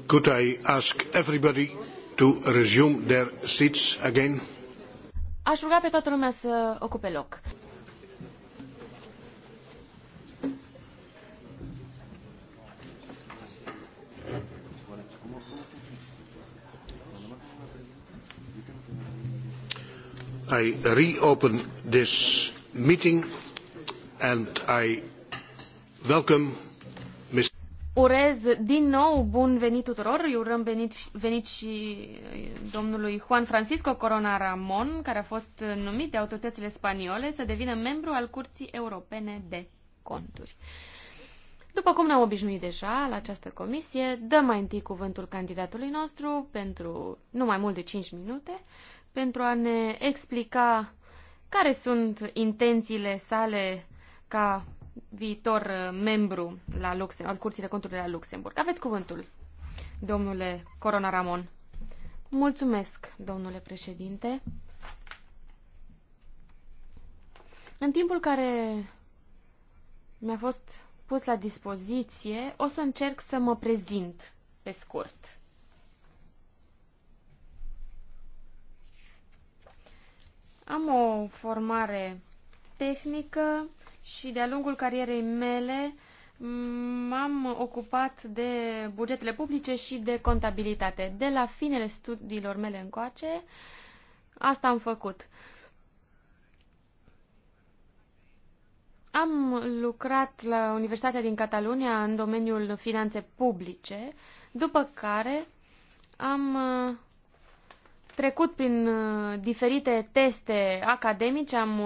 Could I ask everybody to resume their seats again? Aș ruga pe toată lumea să ocupe loc. I reopen this meeting and I welcome Mr. Urez din nou bun venit tuturor, îi urăm venit, venit și uh, domnului Juan Francisco Corona Ramon, care a fost numit de autoritățile spaniole să devină membru al Curții Europene de Conturi. După cum ne-am obișnuit deja la această comisie, dăm mai întâi cuvântul candidatului nostru pentru nu mai mult de 5 minute, pentru a ne explica care sunt intențiile sale ca viitor uh, membru la Luxem, al Curții de Conturi de la Luxemburg. Aveți cuvântul, domnule Corona Ramon. Mulțumesc, domnule președinte. În timpul care mi-a fost pus la dispoziție, o să încerc să mă prezint pe scurt. Am o formare tehnică și de-a lungul carierei mele m-am ocupat de bugetele publice și de contabilitate. De la finele studiilor mele încoace, asta am făcut. Am lucrat la Universitatea din Catalunia în domeniul finanțe publice, după care am trecut prin uh, diferite teste academice, am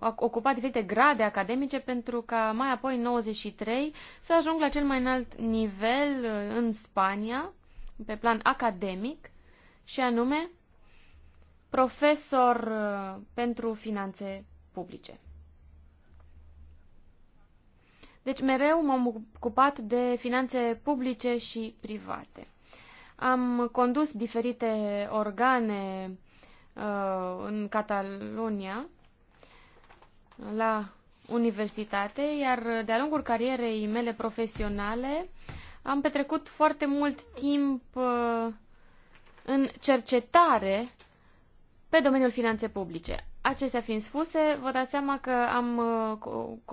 uh, ocupat diferite grade academice pentru ca mai apoi în 93 să ajung la cel mai înalt nivel uh, în Spania, pe plan academic, și anume profesor pentru finanțe publice. Deci mereu m-am ocupat de finanțe publice și private. Am condus diferite organe uh, în Catalunia la universitate, iar de-a lungul carierei mele profesionale am petrecut foarte mult timp uh, în cercetare pe domeniul finanțe publice. Acestea fiind spuse, vă dați seama că am,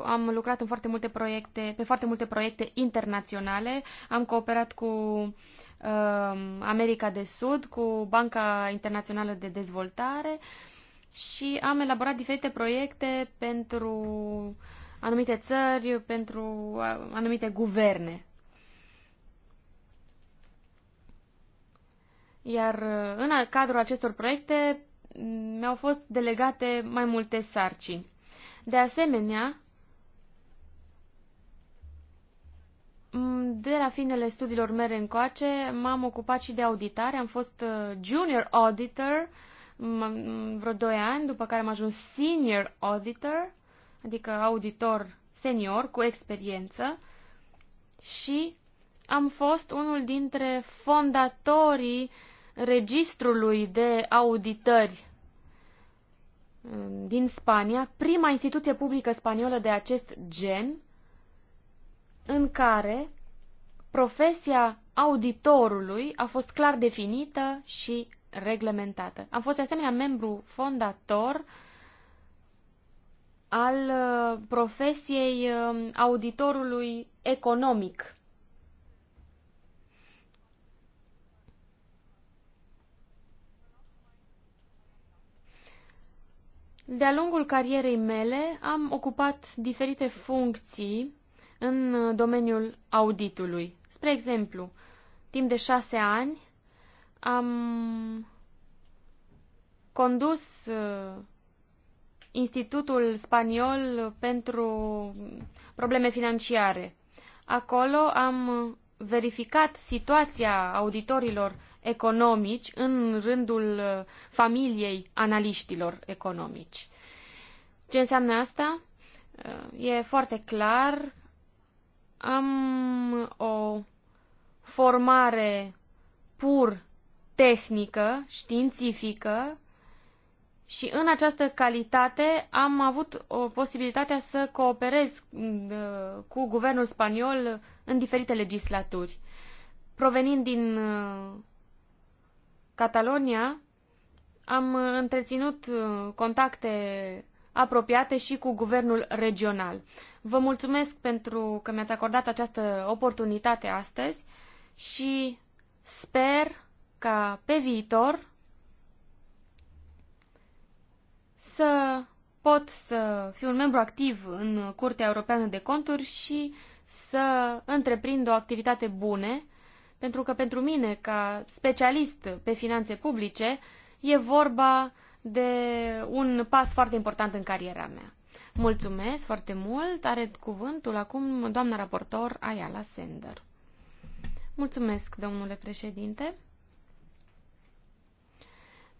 am lucrat în foarte multe proiecte, pe foarte multe proiecte internaționale. Am cooperat cu uh, America de Sud, cu Banca Internațională de Dezvoltare și am elaborat diferite proiecte pentru anumite țări, pentru anumite guverne. Iar uh, în cadrul acestor proiecte mi-au fost delegate mai multe sarcini. De asemenea, de la finele studiilor mele încoace, m-am ocupat și de auditare. Am fost uh, junior auditor vreo 2 ani, după care am ajuns senior auditor, adică auditor senior cu experiență și am fost unul dintre fondatorii uh, registrului de auditări mm, din Spania, prima instituție publică spaniolă de acest gen, în care profesia auditorului a fost clar definită și reglementată. Am fost de asemenea membru fondator al uh, profesiei um, auditorului economic. De-a lungul carierei mele am ocupat diferite funcții în domeniul auditului. Spre exemplu, timp de șase ani am condus uh, Institutul Spaniol pentru probleme financiare. Acolo am verificat situația auditorilor economici în rândul uh, familiei analiștilor economici. Ce înseamnă asta? Uh, e foarte clar. Am o formare pur tehnică, științifică și în această calitate am avut o posibilitatea să cooperez uh, cu guvernul spaniol în diferite legislaturi. Provenind din Catalonia am uh, întreținut uh, contacte apropiate și cu guvernul regional. Vă mulțumesc pentru că mi-ați acordat această oportunitate astăzi și sper ca pe viitor să pot să fiu un membru activ în Curtea Europeană de Conturi și să întreprind o activitate bune, pentru că pentru mine, ca specialist pe finanțe publice, e vorba de un pas foarte important în cariera mea. Mulțumesc foarte mult. Are cuvântul acum doamna raportor Ayala Sender. Mulțumesc, domnule președinte.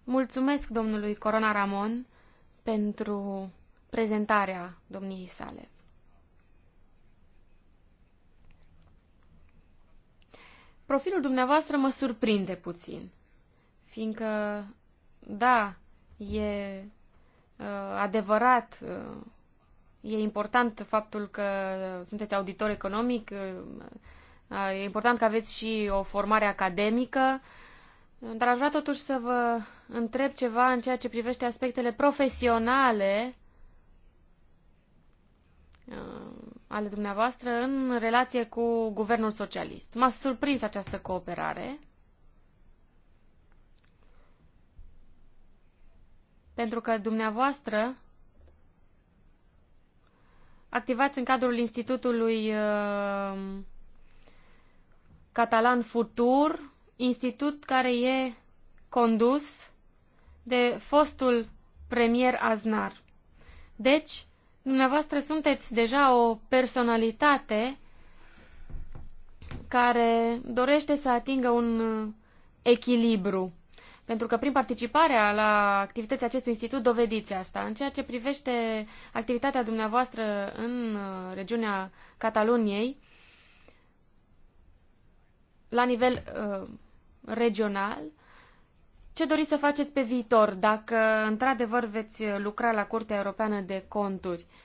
Mulțumesc domnului Corona Ramon pentru prezentarea domniei sale. Profilul dumneavoastră mă surprinde puțin, fiindcă, da, e uh, adevărat, uh, e important faptul că sunteți auditor economic, uh, uh, e important că aveți și o formare academică, dar aș vrea totuși să vă întreb ceva în ceea ce privește aspectele profesionale Uh, ale dumneavoastră în relație cu guvernul socialist. M-a surprins această cooperare pentru că dumneavoastră activați în cadrul Institutului uh, Catalan Futur, institut care e condus de fostul premier Aznar. Deci, Dumneavoastră sunteți deja o personalitate care dorește să atingă un echilibru. Pentru că prin participarea la activității acestui institut dovediți asta. În ceea ce privește activitatea dumneavoastră în uh, regiunea Cataloniei, la nivel uh, regional, ce doriți să faceți pe viitor, dacă într-adevăr veți lucra la Curtea Europeană de Conturi? Uh,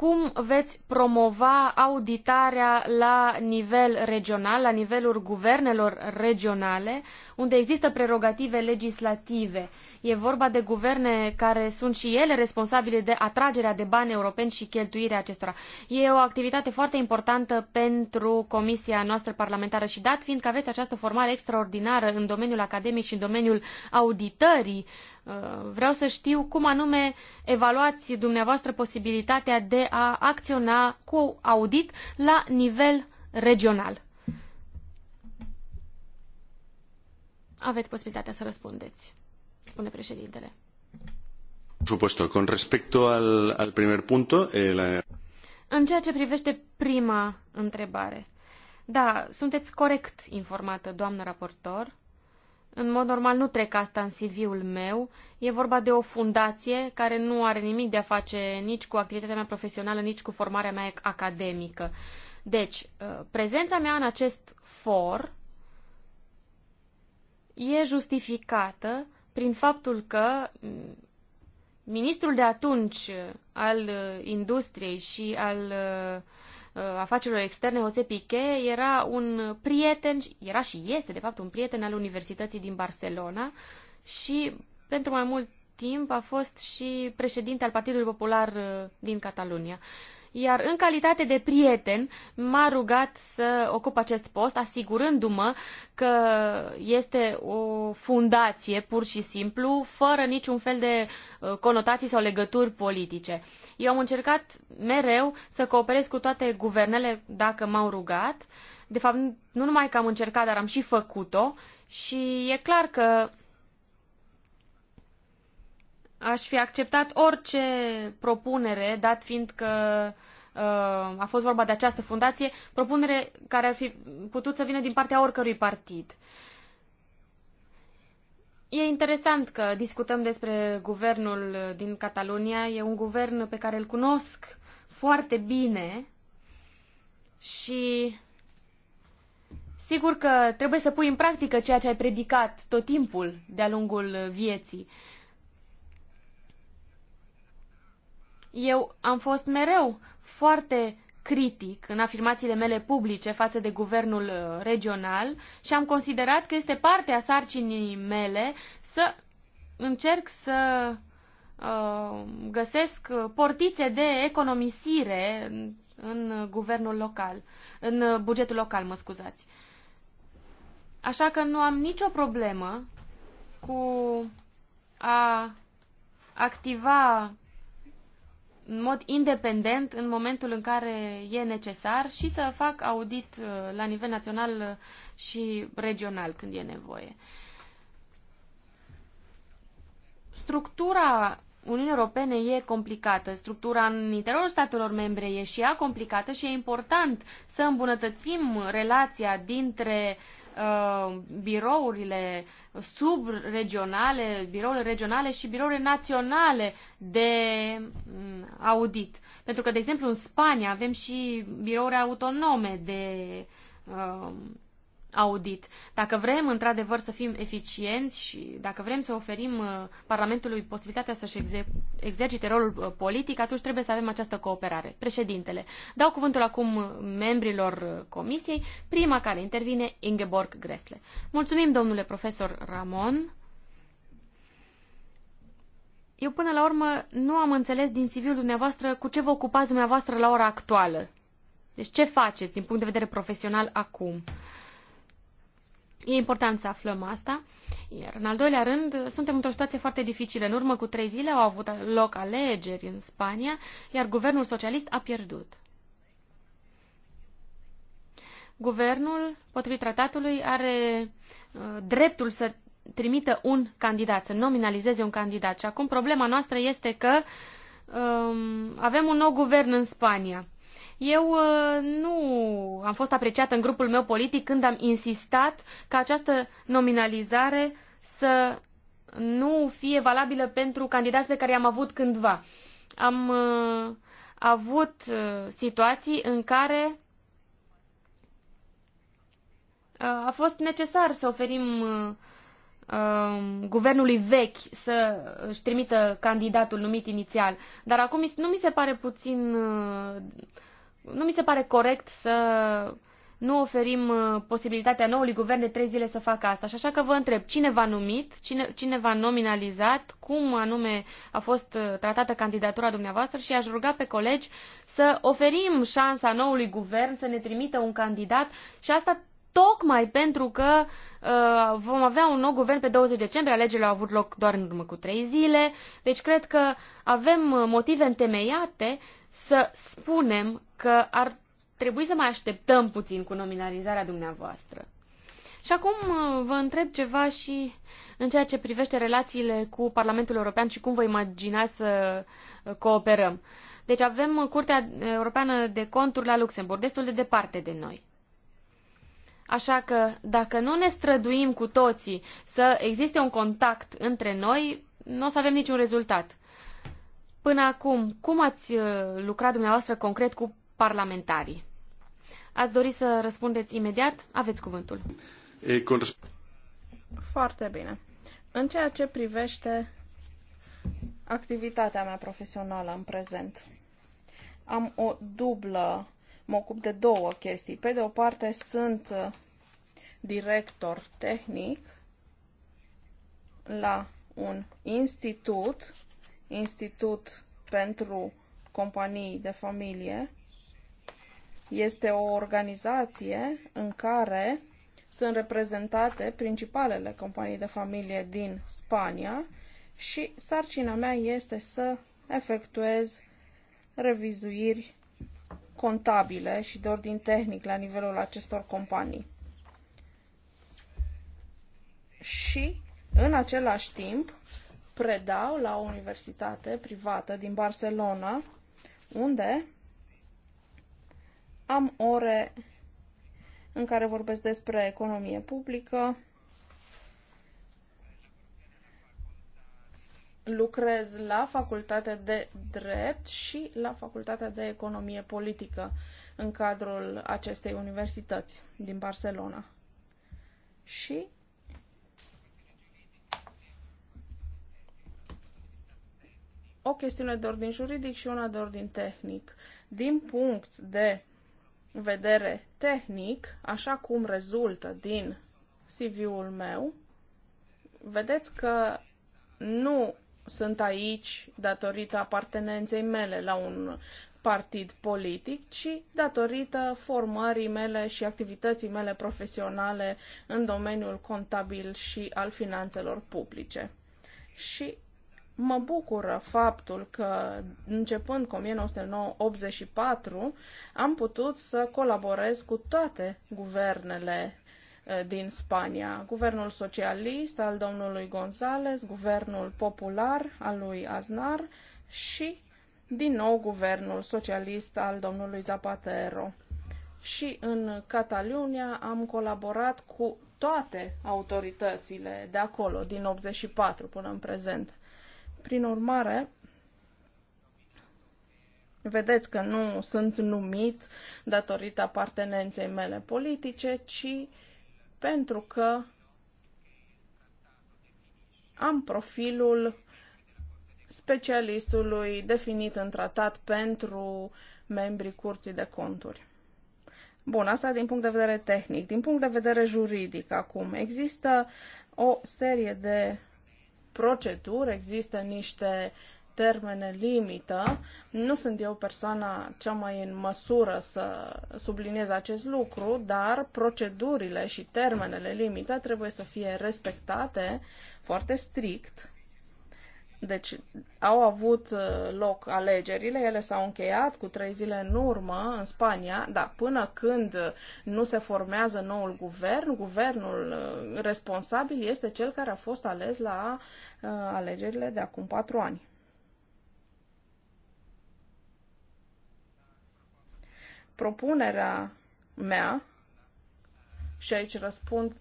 cum veți promova auditarea la nivel regional, la nivelul guvernelor regionale, unde există prerogative legislative. E vorba de guverne care sunt și ele responsabile de atragerea de bani europeni și cheltuirea acestora. E o activitate foarte importantă pentru Comisia noastră parlamentară și dat fiind că aveți această formare extraordinară în domeniul academic și în domeniul auditării uh, Uh, vreau să știu cum anume evaluați dumneavoastră posibilitatea de a acționa cu audit la nivel regional. Aveți posibilitatea să răspundeți, spune președintele. Supuesto, con respecto al, al primer punto, eh, la... În ceea ce privește prima întrebare, da, sunteți corect informată, doamnă raportor. În mod normal nu trec asta în CV-ul meu. E vorba de o fundație care nu are nimic de a face nici cu activitatea mea profesională, nici cu formarea mea academică. Deci, uh, prezența mea în acest for e justificată prin faptul că mm, ministrul de atunci al uh, industriei și al uh, Uh, afacerilor externe, Jose Piquet, era un prieten, era și este, de fapt, un prieten al Universității din Barcelona și pentru mai mult timp a fost și președinte al Partidului Popular uh, din Catalunia. Uh, iar în calitate de prieten m-a rugat să ocup acest post, asigurându-mă că este o fundație pur și simplu, fără niciun fel de uh, conotații sau legături politice. Eu am încercat mereu să cooperez cu toate guvernele dacă m-au rugat. De fapt, nu numai că am încercat, dar am și făcut-o și e clar că aș fi acceptat orice propunere, dat fiind că uh, a fost vorba de această fundație, propunere care ar fi putut să vină din partea oricărui partid. E interesant că discutăm despre guvernul din Catalonia. E un guvern pe care îl cunosc foarte bine și sigur că trebuie să pui în practică ceea ce ai predicat tot timpul de-a lungul vieții. Uh, eu am fost mereu foarte critic în afirmațiile mele publice față de guvernul uh, regional și am considerat că este parte a sarcinii mele să încerc să uh, găsesc uh, portițe de economisire în guvernul local, în uh, bugetul local, mă scuzați. Așa că nu am nicio problemă cu a activa în mod independent în momentul în care e necesar și să fac audit uh, la nivel național uh, și regional când e nevoie. Structura Uniunii Europene e complicată, structura în interiorul statelor membre e și ea complicată și e important să îmbunătățim relația dintre uh, Uh, birourile subregionale, birourile regionale și birourile naționale de mm, audit. Pentru că, de exemplu, în Spania avem și birouri autonome de uh, audit. Dacă vrem, într-adevăr, să fim eficienți și dacă vrem să oferim uh, Parlamentului posibilitatea să-și exercite rolul uh, politic, atunci trebuie să avem această cooperare. Președintele, dau cuvântul acum membrilor uh, comisiei, prima care intervine, Ingeborg Gresle. Mulțumim, domnule profesor Ramon. Eu, până la urmă, nu am înțeles din CV-ul dumneavoastră cu ce vă ocupați dumneavoastră la ora actuală. Deci ce faceți din punct de vedere profesional acum? Uh, E important să aflăm asta. Iar în al doilea rând, suntem într-o situație foarte dificilă. În urmă cu trei zile au avut loc alegeri în Spania, iar guvernul socialist a pierdut. Guvernul, potrivit tratatului, are uh, dreptul să trimită un candidat, să nominalizeze un candidat. Și acum problema noastră este că um, avem un nou guvern în Spania. Eu uh, nu am fost apreciată în grupul meu politic când am insistat ca această nominalizare să nu fie valabilă pentru candidați pe care i-am avut cândva. Am uh, avut uh, situații în care a fost necesar să oferim um, guvernului vechi să își trimită candidatul numit inițial. Dar acum nu mi se pare puțin nu mi se pare corect să nu oferim uh, posibilitatea noului guvern de trei zile să facă asta. Și așa că vă întreb, cine v-a numit, cine, cine v-a nominalizat, cum anume a fost uh, tratată candidatura dumneavoastră și aș ruga pe colegi să oferim șansa noului guvern să ne trimită un candidat și asta tocmai pentru că uh, vom avea un nou guvern pe 20 decembrie, alegerile au avut loc doar în urmă cu trei zile, deci cred că avem uh, motive întemeiate să spunem că ar trebui să mai așteptăm puțin cu nominalizarea dumneavoastră. Și acum uh, vă întreb ceva și în ceea ce privește relațiile cu Parlamentul European și cum vă imaginați să uh, cooperăm. Deci avem Curtea Europeană de Conturi la Luxemburg, destul de departe de noi. Așa că dacă nu ne străduim cu toții să existe un contact între noi, nu o să avem niciun rezultat. Până acum, cum ați uh, lucrat dumneavoastră concret cu parlamentarii? Ați dori să răspundeți imediat? Aveți cuvântul. Foarte bine. În ceea ce privește activitatea mea profesională în prezent, am o dublă, mă ocup de două chestii. Pe de o parte sunt uh, director tehnic la un institut institut pentru companii de familie este o organizație în care sunt reprezentate principalele companii de familie din Spania și sarcina mea este să efectuez revizuiri contabile și de ordin tehnic la nivelul acestor companii. Și, în același timp, predau la o universitate privată din Barcelona, unde am ore în care vorbesc despre economie publică, lucrez la facultatea de drept și la facultatea de economie politică în cadrul acestei universități din Barcelona. Și o chestiune de ordin juridic și una de ordin tehnic. Din punct de vedere tehnic, așa cum rezultă din CV-ul meu, vedeți că nu sunt aici datorită apartenenței mele la un partid politic, ci datorită formării mele și activității mele profesionale în domeniul contabil și al finanțelor publice. Și Mă bucură faptul că, începând cu 1984, am putut să colaborez cu toate guvernele eh, din Spania. Guvernul socialist al domnului González, guvernul popular al lui Aznar și, din nou, guvernul socialist al domnului Zapatero. Și în Catalunia am colaborat cu toate autoritățile de acolo, din 84 până în prezent. Prin urmare, vedeți că nu sunt numit datorită apartenenței mele politice, ci pentru că am profilul specialistului definit în tratat pentru membrii curții de conturi. Bun, asta din punct de vedere tehnic. Din punct de vedere juridic, acum, există o serie de proceduri, există niște termene limită. Nu sunt eu persoana cea mai în măsură să subliniez acest lucru, dar procedurile și termenele limită trebuie să fie respectate foarte strict deci au avut uh, loc alegerile, ele s-au încheiat cu trei zile în urmă în Spania, dar până când uh, nu se formează noul guvern, guvernul uh, responsabil este cel care a fost ales la alegerile de acum patru ani. Propunerea mea, și aici răspund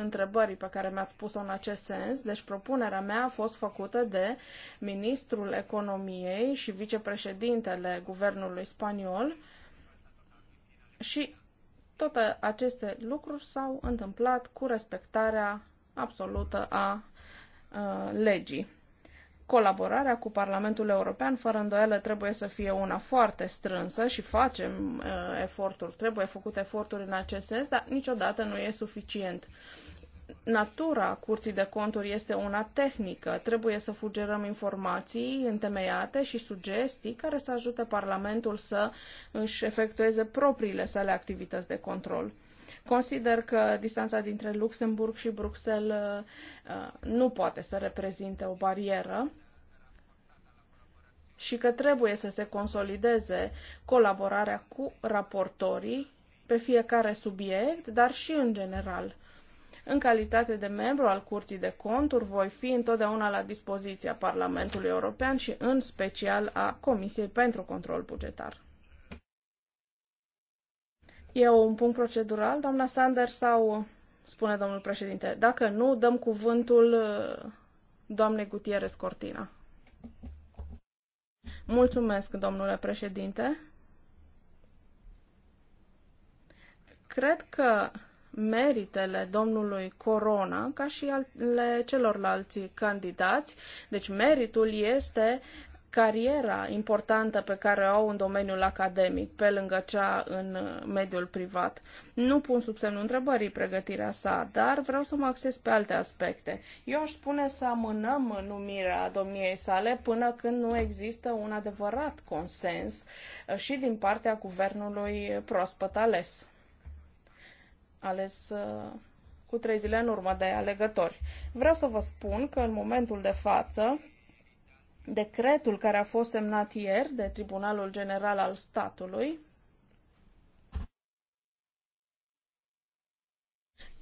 întrebării pe care mi-ați pus-o în acest sens. Deci propunerea mea a fost făcută de ministrul economiei și vicepreședintele guvernului spaniol și toate aceste lucruri s-au întâmplat cu respectarea absolută a uh, legii. Colaborarea cu Parlamentul European, fără îndoială, trebuie să fie una foarte strânsă și facem uh, eforturi, trebuie făcute eforturi în acest sens, dar niciodată nu e suficient. Natura curții de conturi este una tehnică. Trebuie să fugerăm informații întemeiate și sugestii care să ajute Parlamentul să își efectueze propriile sale activități de control. Consider că distanța dintre Luxemburg și Bruxelles uh, nu poate să reprezinte o barieră și că trebuie să se consolideze colaborarea cu raportorii pe fiecare subiect, dar și în general. În calitate de membru al Curții de Conturi, voi fi întotdeauna la dispoziția Parlamentului European și în special a Comisiei pentru Control Bugetar. E un punct procedural, doamna Sanders, sau, spune domnul președinte, dacă nu, dăm cuvântul uh, doamnei Gutierrez Cortina. Mulțumesc, domnule președinte. Cred că meritele domnului Corona, ca și ale celorlalți candidați. Deci meritul este cariera importantă pe care o au în domeniul academic, pe lângă cea în uh, mediul privat. Nu pun sub semnul întrebării pregătirea sa, dar vreau să mă acces pe alte aspecte. Eu aș spune să amânăm numirea domniei sale până când nu există un adevărat consens uh, și din partea guvernului proaspăt ales. Ales uh, cu trei zile în urmă de alegători. Vreau să vă spun că în momentul de față Decretul care a fost semnat ieri de Tribunalul General al Statului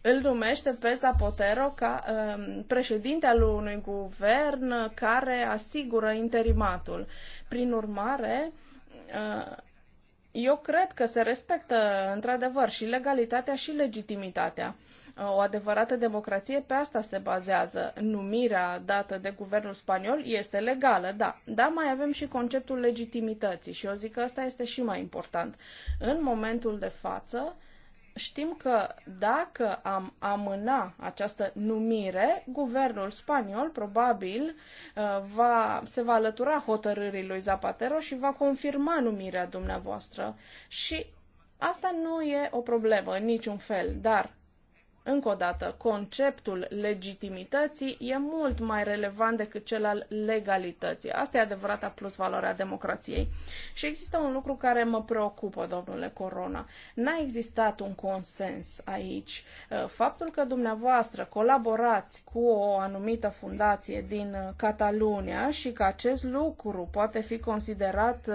îl numește pe Zapotero ca um, președinte al unui guvern care asigură interimatul. Prin urmare, uh, eu cred că se respectă într-adevăr și legalitatea și legitimitatea. O adevărată democrație pe asta se bazează. Numirea dată de guvernul spaniol este legală, da. Dar mai avem și conceptul legitimității și eu zic că asta este și mai important. În momentul de față, știm că dacă am amâna această numire, guvernul spaniol probabil uh, va, se va alătura hotărârii lui Zapatero și va confirma numirea dumneavoastră. Și asta nu e o problemă în niciun fel, dar încă o dată, conceptul legitimității e mult mai relevant decât cel al legalității. Asta e adevărata a democrației. Și există un lucru care mă preocupă, domnule Corona. N-a existat un consens aici. Uh, faptul că dumneavoastră colaborați cu o anumită fundație din uh, Catalunia și că acest lucru poate fi considerat uh,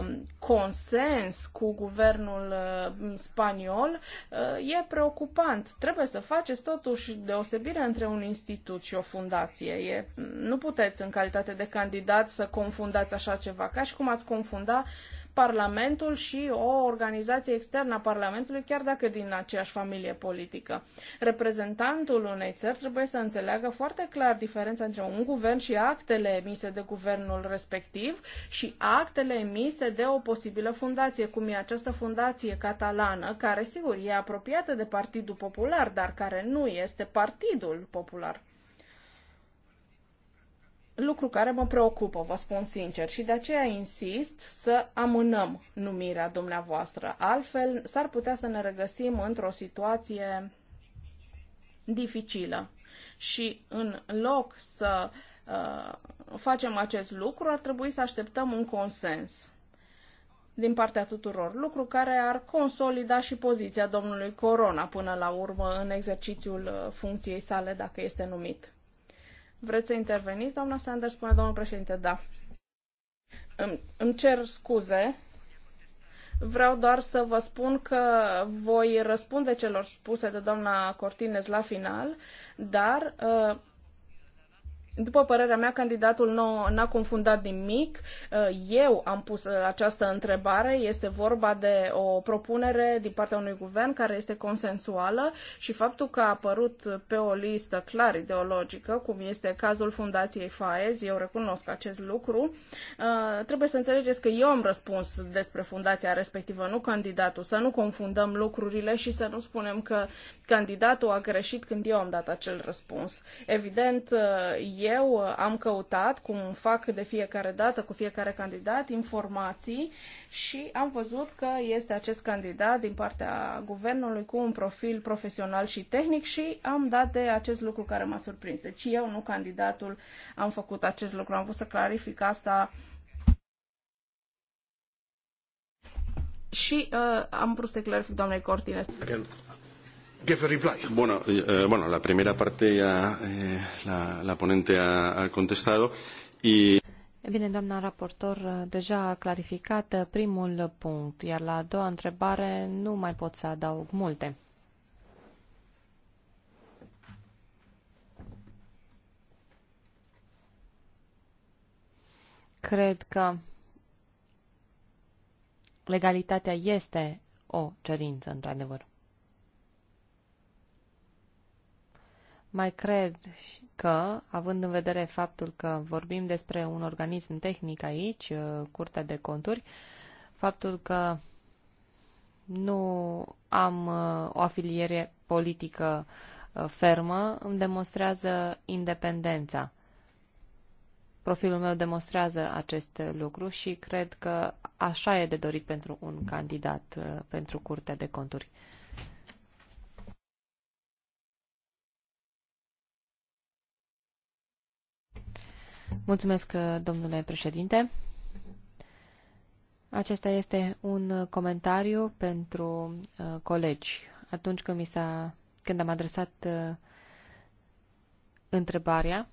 um, consens cu guvernul spaniol e preocupant moment, Trebuie să faceți totuși deosebire între un institut și o fundație. E, nu puteți, în calitate de candidat, să confundați așa ceva, ca și cum ați confunda Parlamentul și o organizație externă a Parlamentului, chiar dacă din aceeași familie politică. Reprezentantul unei țări trebuie să înțeleagă foarte clar diferența între un guvern și actele emise de guvernul respectiv și actele emise de o posibilă fundație, cum e această fundație catalană, care, sigur, e apropiată de Partidul Popular, dar care nu este Partidul Popular lucru care mă preocupă, vă spun sincer, și de aceea insist să amânăm numirea dumneavoastră. Altfel, s-ar putea să ne regăsim într-o situație dificilă. Și în loc să uh, facem acest lucru, ar trebui să așteptăm un consens din partea tuturor, lucru care ar consolida și poziția domnului Corona până la urmă în exercițiul uh, funcției sale dacă este numit. Vreți să interveniți, doamna Sanders? Spune domnul președinte, da. Îmi, îmi cer scuze. Vreau doar să vă spun că voi răspunde celor spuse de doamna Cortines la final, dar uh, după părerea mea, candidatul nu n-a confundat nimic. Uh, eu am pus uh, această întrebare. Este vorba de o propunere din partea unui guvern care este consensuală și faptul că a apărut pe o listă clar ideologică, cum este cazul Fundației FAEZ, eu recunosc acest lucru, uh, trebuie să înțelegeți că eu am răspuns despre fundația respectivă, nu candidatul. Să nu confundăm lucrurile și să nu spunem că candidatul a greșit când eu am dat acel răspuns. Evident, eu uh, am căutat, cum fac de fiecare dată cu fiecare candidat, informații și am văzut că este acest candidat din partea guvernului cu un profil profesional și tehnic și am dat de acest lucru care m-a surprins. Deci eu, nu candidatul, am făcut acest lucru. Am vrut să clarific asta și uh, am vrut să clarific doamnei Cortines reply. Bueno, eh, eh, bueno la primera parte ya eh, la, la ponente ha, ha contestado y... bine, doamna raportor eh, deja a clarificat eh, primul punct, iar la a doua întrebare nu mai pot să adaug multe. Cred că legalitatea este o cerință, într-adevăr. Mai cred că, având în vedere faptul că vorbim despre un organism tehnic aici, uh, Curtea de Conturi, faptul că nu am uh, o afiliere politică uh, fermă îmi demonstrează independența. Profilul meu demonstrează acest lucru și cred că așa e de dorit pentru un candidat pentru Curtea de Conturi. Mulțumesc, uh, domnule președinte. Acesta este un comentariu pentru uh, colegi. Atunci când, mi s-a, când am adresat uh, întrebarea,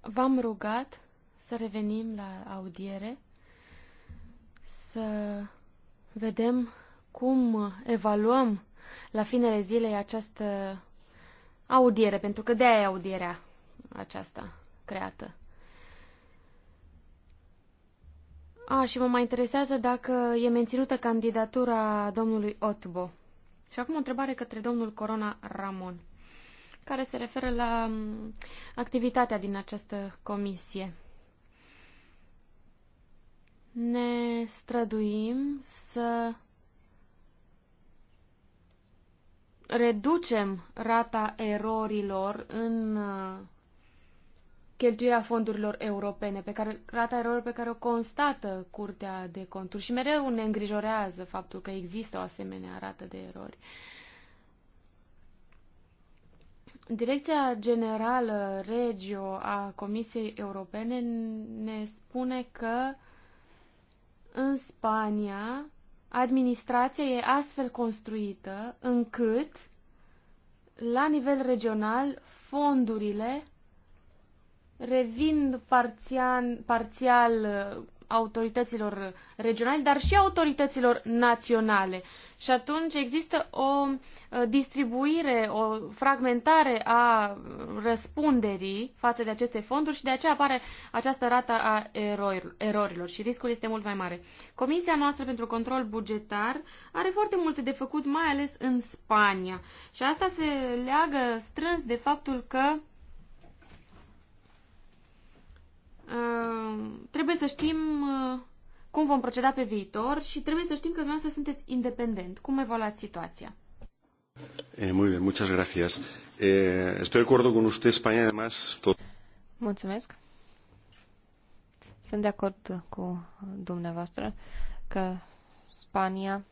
v-am rugat să revenim la audiere, să vedem cum evaluăm la finele zilei această audiere, pentru că de-aia e audierea aceasta creată. A, și mă mai interesează dacă e menținută candidatura domnului Otbo. Și acum o întrebare către domnul Corona Ramon, care se referă la activitatea din această comisie. Ne străduim să reducem rata erorilor în uh, cheltuirea fondurilor europene, pe care, rata erorilor pe care o constată Curtea de Conturi și mereu ne îngrijorează faptul că există o asemenea rată de erori. Direcția Generală Regio a Comisiei Europene ne spune că în Spania Administrația e astfel construită încât, la nivel regional, fondurile revin parțial, parțial autorităților regionale, dar și autorităților naționale. Și atunci există o uh, distribuire, o fragmentare a răspunderii față de aceste fonduri și de aceea apare această rată a erorilor și riscul este mult mai mare. Comisia noastră pentru control bugetar are foarte multe de făcut, mai ales în Spania. Și asta se leagă strâns de faptul că Ehm, trebuie să știm uh, cum vom proceda pe viitor și trebuie să știm că dumneavoastră sunteți independent. Cum evaluați situația? Eh, muy bien, muchas gracias. Eh, estoy de acuerdo con usted, España, además... Todo... Mulțumesc. Sunt de acord cu dumneavoastră că Spania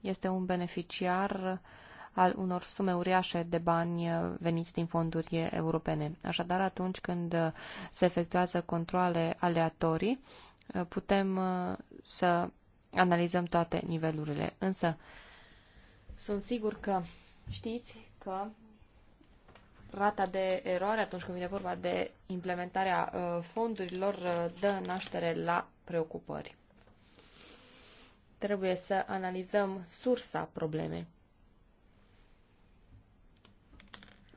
este un beneficiar uh, al unor sume uriașe de bani veniți din fonduri europene. Așadar, atunci când se efectuează controle aleatorii, putem uh, să analizăm toate nivelurile. Însă, sunt sigur că știți că rata de eroare atunci când vine vorba de implementarea uh, fondurilor uh, dă naștere la preocupări. Trebuie să analizăm sursa problemei.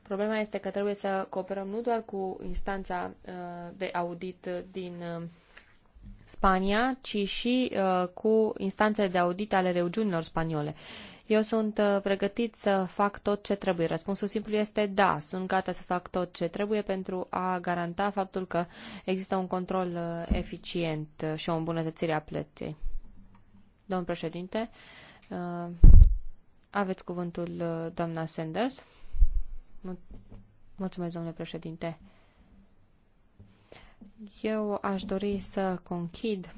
Problema este că trebuie să cooperăm nu doar cu instanța uh, de audit din uh, Spania, ci și uh, cu instanțele de audit ale regiunilor spaniole. Eu sunt pregătit să fac tot ce trebuie. Răspunsul simplu este da, sunt gata să fac tot ce trebuie pentru a garanta faptul că există un control eficient și o îmbunătățire a plății. Domnul președinte, aveți cuvântul doamna Sanders. Mulțumesc, domnule președinte. Eu aș dori să conchid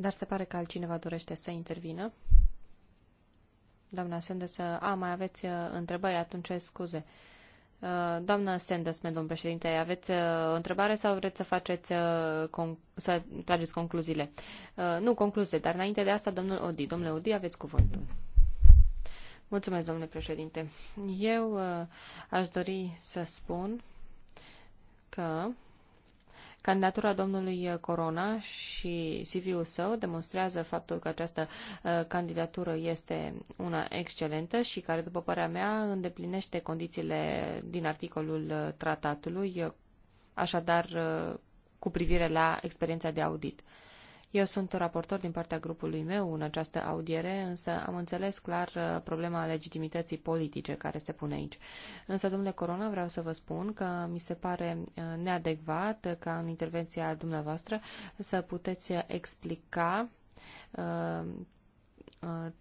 Dar se pare că altcineva dorește să intervină. Doamna Sândă, să... A, mai aveți uh, întrebări, atunci scuze. Uh, doamna Sandersman, domnul președinte, aveți uh, o întrebare sau vreți să faceți, uh, să trageți concluziile? Nu, concluzie, dar înainte de asta, domnul Odi. Domnule Odi, aveți cuvântul. Mulțumesc, domnule președinte. Eu aș dori să spun că Candidatura domnului Corona și CV-ul său demonstrează faptul că această uh, candidatură este una excelentă și care, după părerea mea, îndeplinește condițiile din articolul uh, tratatului, uh, așadar cu privire la experiența de audit. Eu sunt raportor din partea grupului meu în această audiere, însă am înțeles clar uh, problema legitimității politice care se pune aici. Însă, domnule Corona, vreau să vă spun că mi se pare uh, neadecvat ca în intervenția dumneavoastră să puteți explica uh, uh,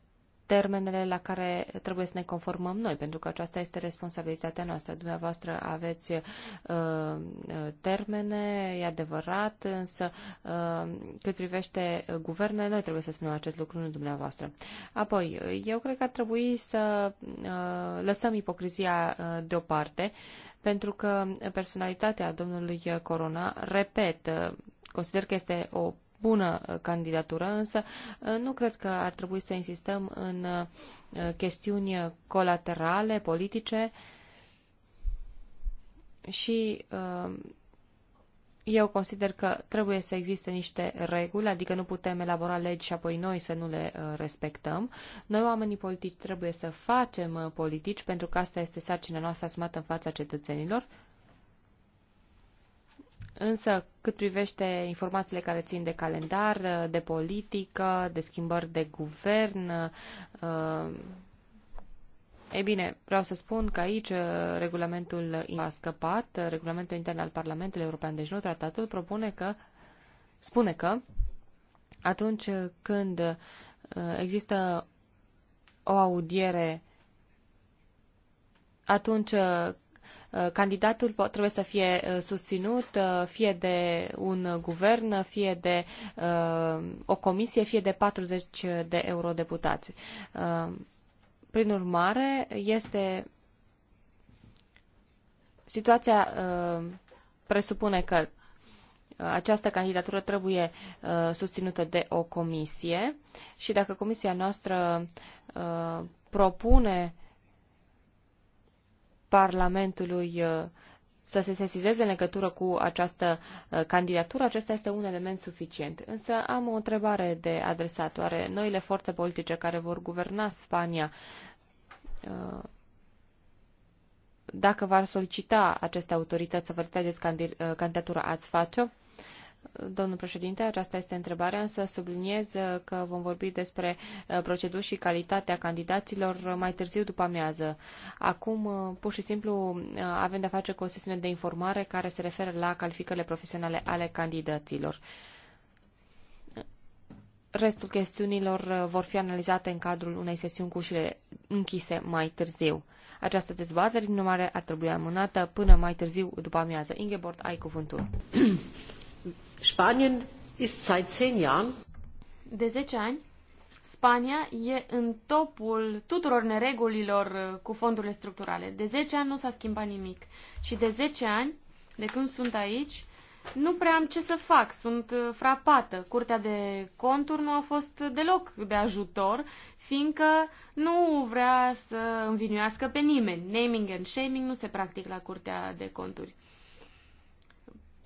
termenele la care trebuie să ne conformăm noi, pentru că aceasta este responsabilitatea noastră. Dumneavoastră aveți uh, uh, termene, e adevărat, însă uh, cât privește guvernele, noi trebuie să spunem acest lucru, nu dumneavoastră. Apoi, eu cred că ar trebui să uh, lăsăm ipocrizia uh, deoparte, pentru că personalitatea domnului Corona, repet, uh, consider că este o bună uh, candidatură, însă uh, nu cred că ar trebui să insistăm în uh, chestiuni colaterale, politice și eu consider că trebuie să existe niște reguli, adică nu putem elabora legi și apoi noi să nu le respectăm. Noi, oamenii politici, trebuie să facem politici pentru că asta este sarcina noastră asumată în fața cetățenilor Însă, cât privește informațiile care țin de calendar, de politică, de schimbări de guvern, uh, e bine, vreau să spun că aici uh, regulamentul a scăpat, regulamentul intern al Parlamentului European, deci nu tratatul, propune că, spune că atunci când uh, există o audiere, atunci Uh, candidatul trebuie să fie uh, susținut uh, fie de un guvern, fie de o comisie, fie de 40 de eurodeputați. Prin urmare, este situația presupune că această candidatură trebuie uh, susținută de o comisie și dacă comisia noastră uh, propune uh, Parlamentului uh, să se sesizeze în legătură cu această uh, candidatură, acesta este un element suficient. Însă am o întrebare de adresat. Oare noile forțe politice care vor guverna Spania, uh, dacă v-ar solicita aceste autorități să vă retrageți candidatura, ați face-o? Domnul președinte, aceasta este întrebarea, însă subliniez uh, că vom vorbi despre uh, proceduri și calitatea candidaților mai târziu după amiază. Acum, uh, pur și simplu, avem de-a face cu o sesiune de informare care se referă la calificările profesionale ale candidaților. Restul chestiunilor vor fi analizate în cadrul unei sesiuni cu ușile închise mai târziu. Această dezbatere, din urmare, ar trebui amânată până mai târziu după amiază. Ingeborg, ai cuvântul. <coughs> Spanien ist seit zehn Jahren de 10 ani, Spania e în topul tuturor neregulilor uh, cu fondurile structurale. De 10 ani nu s-a schimbat nimic. Și de 10 ani, de când sunt aici, nu prea am ce să fac, sunt uh, frapată. Curtea de conturi nu a fost deloc de ajutor, fiindcă nu vrea să învinuiască pe nimeni. Naming and shaming nu se practic la Curtea de conturi.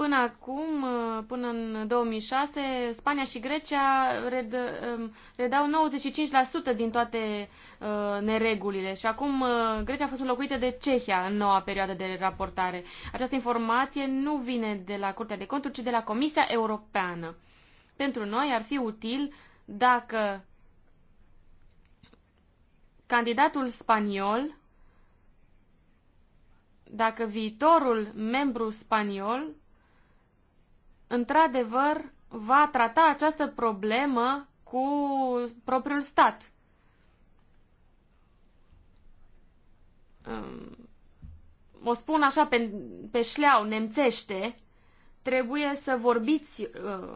Până acum, uh, până în 2006, Spania și Grecia red, um, redau 95% din toate uh, neregulile și acum uh, Grecia a fost înlocuită de Cehia în noua perioadă de raportare. Această informație nu vine de la Curtea de Conturi, ci de la Comisia Europeană. Pentru noi ar fi util dacă candidatul spaniol, dacă viitorul membru spaniol într-adevăr, va trata această problemă cu propriul stat. O spun așa pe, pe șleau, nemțește, trebuie să vorbiți uh,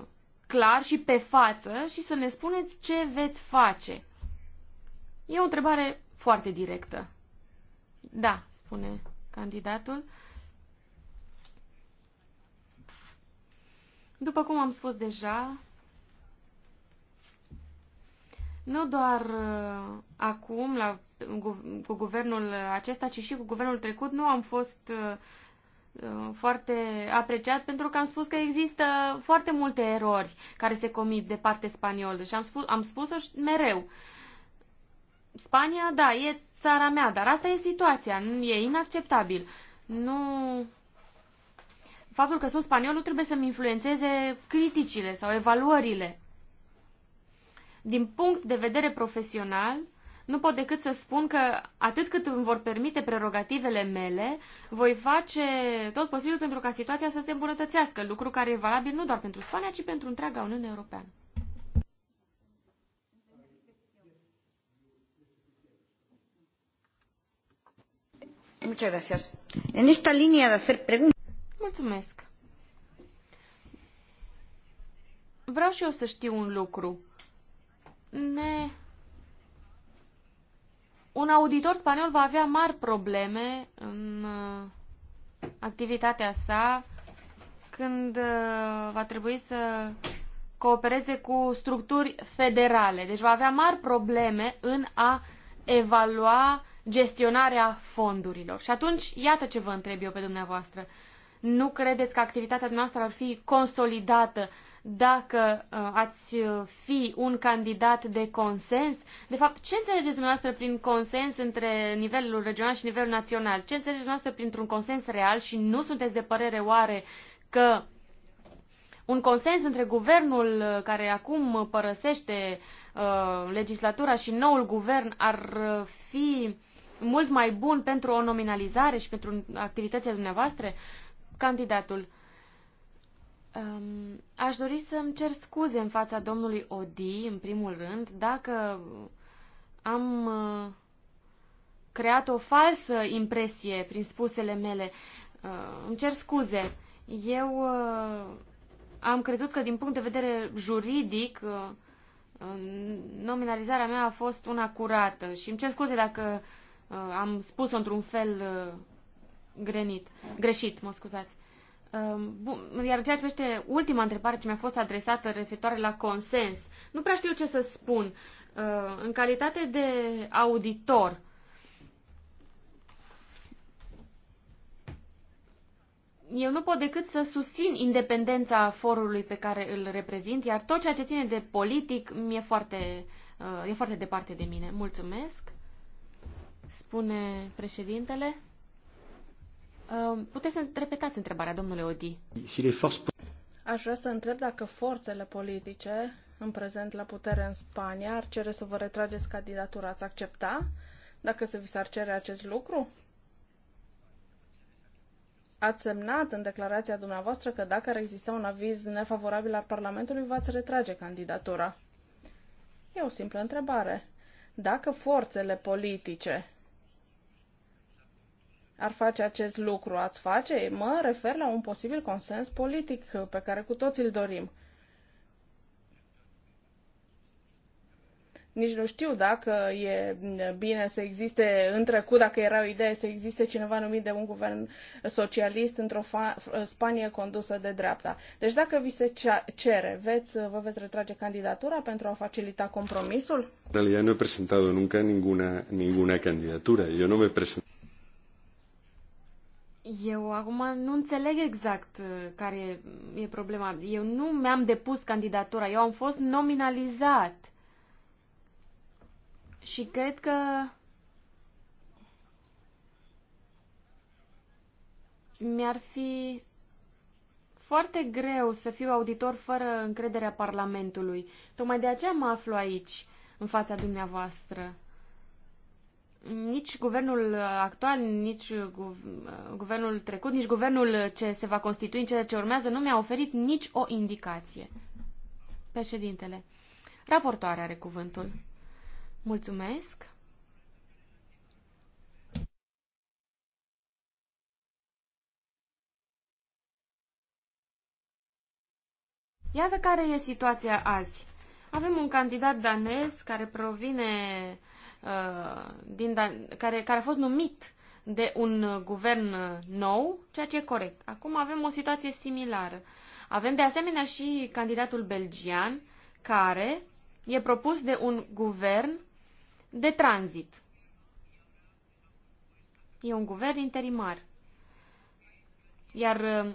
clar și pe față și să ne spuneți ce veți face. E o întrebare foarte directă. Da, spune candidatul. Uh, După cum am spus deja, nu doar uh, acum la, cu guvernul acesta, ci și cu guvernul trecut, nu am fost uh, uh, foarte apreciat pentru că am spus că există foarte multe erori care se comit de parte spaniolă și am, spus, am spus-o mereu. Spania, da, e țara mea, dar asta e situația, e inacceptabil. Nu faptul că sunt spaniol nu trebuie să-mi influențeze criticile sau evaluările. Din punct de vedere profesional, nu pot decât să spun că atât cât îmi vor permite prerogativele mele, voi face tot posibil pentru ca situația să se îmbunătățească, lucru care e valabil nu doar pentru Spania, ci pentru întreaga Uniune Europeană. Muchas gracias. En esta línea de hacer preguntas. Mulțumesc! Vreau și eu să știu un lucru. Ne... Un auditor spaniol va avea mari probleme în uh, activitatea sa când uh, va trebui să coopereze cu structuri federale. Deci va avea mari probleme în a evalua gestionarea fondurilor. Și atunci, iată ce vă întreb eu pe dumneavoastră. Nu credeți că activitatea noastră ar fi consolidată dacă uh, ați uh, fi un candidat de consens? De fapt, ce înțelegeți dumneavoastră prin consens între nivelul regional și nivelul național? Ce înțelegeți dumneavoastră printr-un consens real și nu sunteți de părere oare că un consens între guvernul uh, care acum părăsește uh, legislatura și noul guvern ar uh, fi mult mai bun pentru o nominalizare și pentru activitățile dumneavoastră? candidatul. Um, aș dori să-mi cer scuze în fața domnului Odi, în primul rând, dacă am uh, creat o falsă impresie prin spusele mele. Uh, îmi cer scuze. Eu uh, am crezut că, din punct de vedere juridic, uh, nominalizarea mea a fost una curată și îmi cer scuze dacă uh, am spus-o într-un fel uh, grenit, greșit, mă scuzați. Ehm, bun, iar ceea ce este ultima întrebare ce mi-a fost adresată referitoare la consens, nu prea știu ce să spun. Ehm, în calitate de auditor, eu nu pot decât să susțin independența forului pe care îl reprezint, iar tot ceea ce ține de politic mi-e foarte, ehm, e foarte departe de mine. Mulțumesc, spune președintele. Ehm, puteți să repetați întrebarea, domnule Odi. Aș vrea să întreb dacă forțele politice în prezent la putere în Spania ar cere să vă retrageți candidatura. Ați accepta dacă se vi s-ar cere acest lucru? Ați semnat în declarația dumneavoastră că dacă ar exista un aviz nefavorabil al Parlamentului, v-ați retrage candidatura. E o simplă întrebare. Dacă forțele politice ar face acest lucru, ați face? Mă refer la un posibil consens politic pe care cu toți îl dorim. Nici nu știu dacă e bine să existe în trecut, dacă era o idee să existe cineva numit de un guvern socialist într-o Spanie condusă de dreapta. Deci dacă vi se cere, veți, vă veți retrage candidatura pentru a facilita compromisul? Dar realidad nu he presentado nunca ninguna, ninguna candidatura. Eu nu me present... Eu acum nu înțeleg exact uh, care e problema. Eu nu mi-am depus candidatura, eu am fost nominalizat. Și cred că mi-ar fi foarte greu să fiu auditor fără încrederea Parlamentului. Tocmai de aceea mă aflu aici, în fața dumneavoastră nici guvernul actual, nici guvernul trecut, nici guvernul ce se va constitui în ceea ce urmează nu mi-a oferit nici o indicație. Președintele, raportoarea are cuvântul. Mulțumesc. Iată care e situația azi. Avem un candidat danez care provine Uh, din Dan- care, care a fost numit de un uh, guvern uh, nou, ceea ce e corect. Acum avem o situație similară. Avem de asemenea și candidatul belgian care e propus de un guvern de tranzit. E un guvern interimar. Iar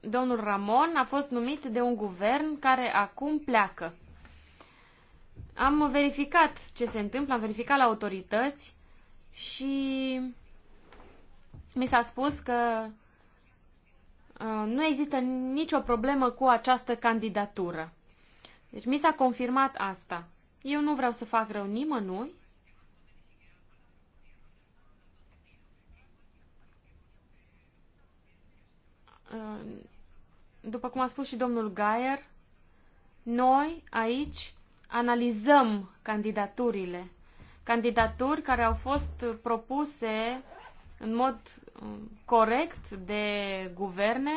domnul Ramon a fost numit de un guvern care acum pleacă. Am verificat ce se întâmplă, am verificat la autorități și mi s-a spus că uh, nu există nicio problemă cu această candidatură. Deci mi s-a confirmat asta. Eu nu vreau să fac rău nimănui. Uh, după cum a spus și domnul Gaier, noi aici analizăm candidaturile. Candidaturi care au fost propuse în mod um, corect de guverne.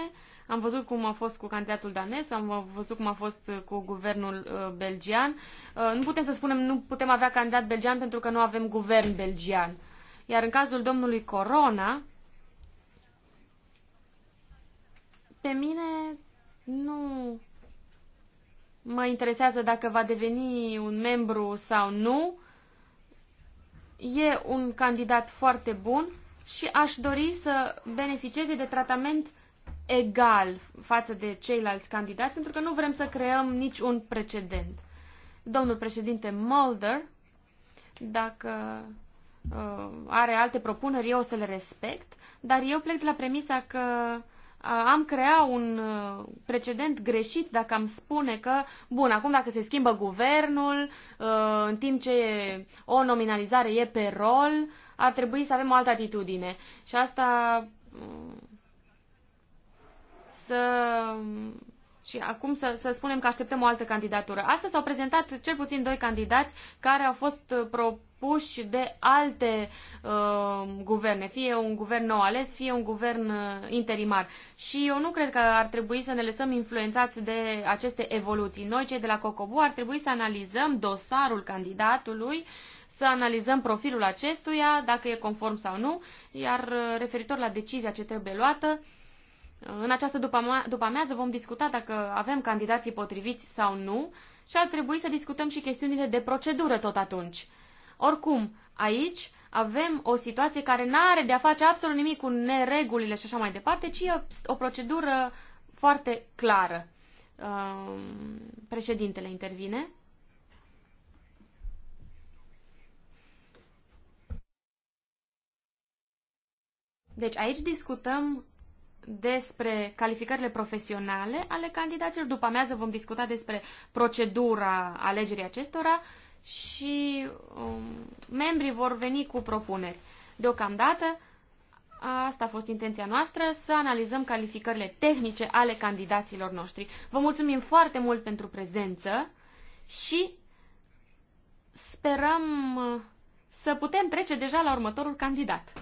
Am văzut cum a fost cu candidatul danez, am văzut cum a fost cu guvernul uh, belgian. Uh, nu putem să spunem nu putem avea candidat belgian pentru că nu avem guvern belgian. Iar în cazul domnului Corona, pe mine nu mă interesează dacă va deveni un membru sau nu. E un candidat foarte bun și aș dori să beneficieze de tratament egal față de ceilalți candidați, pentru că nu vrem să creăm niciun precedent. Domnul președinte Mulder, dacă uh, are alte propuneri, eu o să le respect, dar eu plec de la premisa că uh, am crea un uh, precedent greșit dacă am spune că, bun, acum dacă se schimbă guvernul, uh, în timp ce o nominalizare e pe rol, ar trebui să avem o altă atitudine. Și asta mm, să și acum să, să spunem că așteptăm o altă candidatură. Astăzi s-au prezentat cel puțin doi candidați care au fost uh, propuși de alte uh, guverne, fie un guvern nou ales, fie un guvern uh, interimar. Și eu nu cred că ar trebui să ne lăsăm influențați de aceste evoluții. Noi, cei de la Cocobu, ar trebui să analizăm dosarul candidatului, să analizăm profilul acestuia, dacă e conform sau nu, iar uh, referitor la decizia ce trebuie luată, uh, în această după-amiază vom discuta dacă avem candidații potriviți sau nu și ar trebui să discutăm și chestiunile de procedură tot atunci. Oricum, aici avem o situație care nu are de a face absolut nimic cu neregulile și așa mai departe, ci o procedură foarte clară. Um, președintele intervine. Deci aici discutăm despre calificările profesionale ale candidaților. După amiază vom discuta despre procedura alegerii acestora și um, membrii vor veni cu propuneri. Deocamdată, asta a fost intenția noastră, să analizăm calificările tehnice ale candidaților noștri. Vă mulțumim foarte mult pentru prezență și sperăm uh, să putem trece deja la următorul candidat.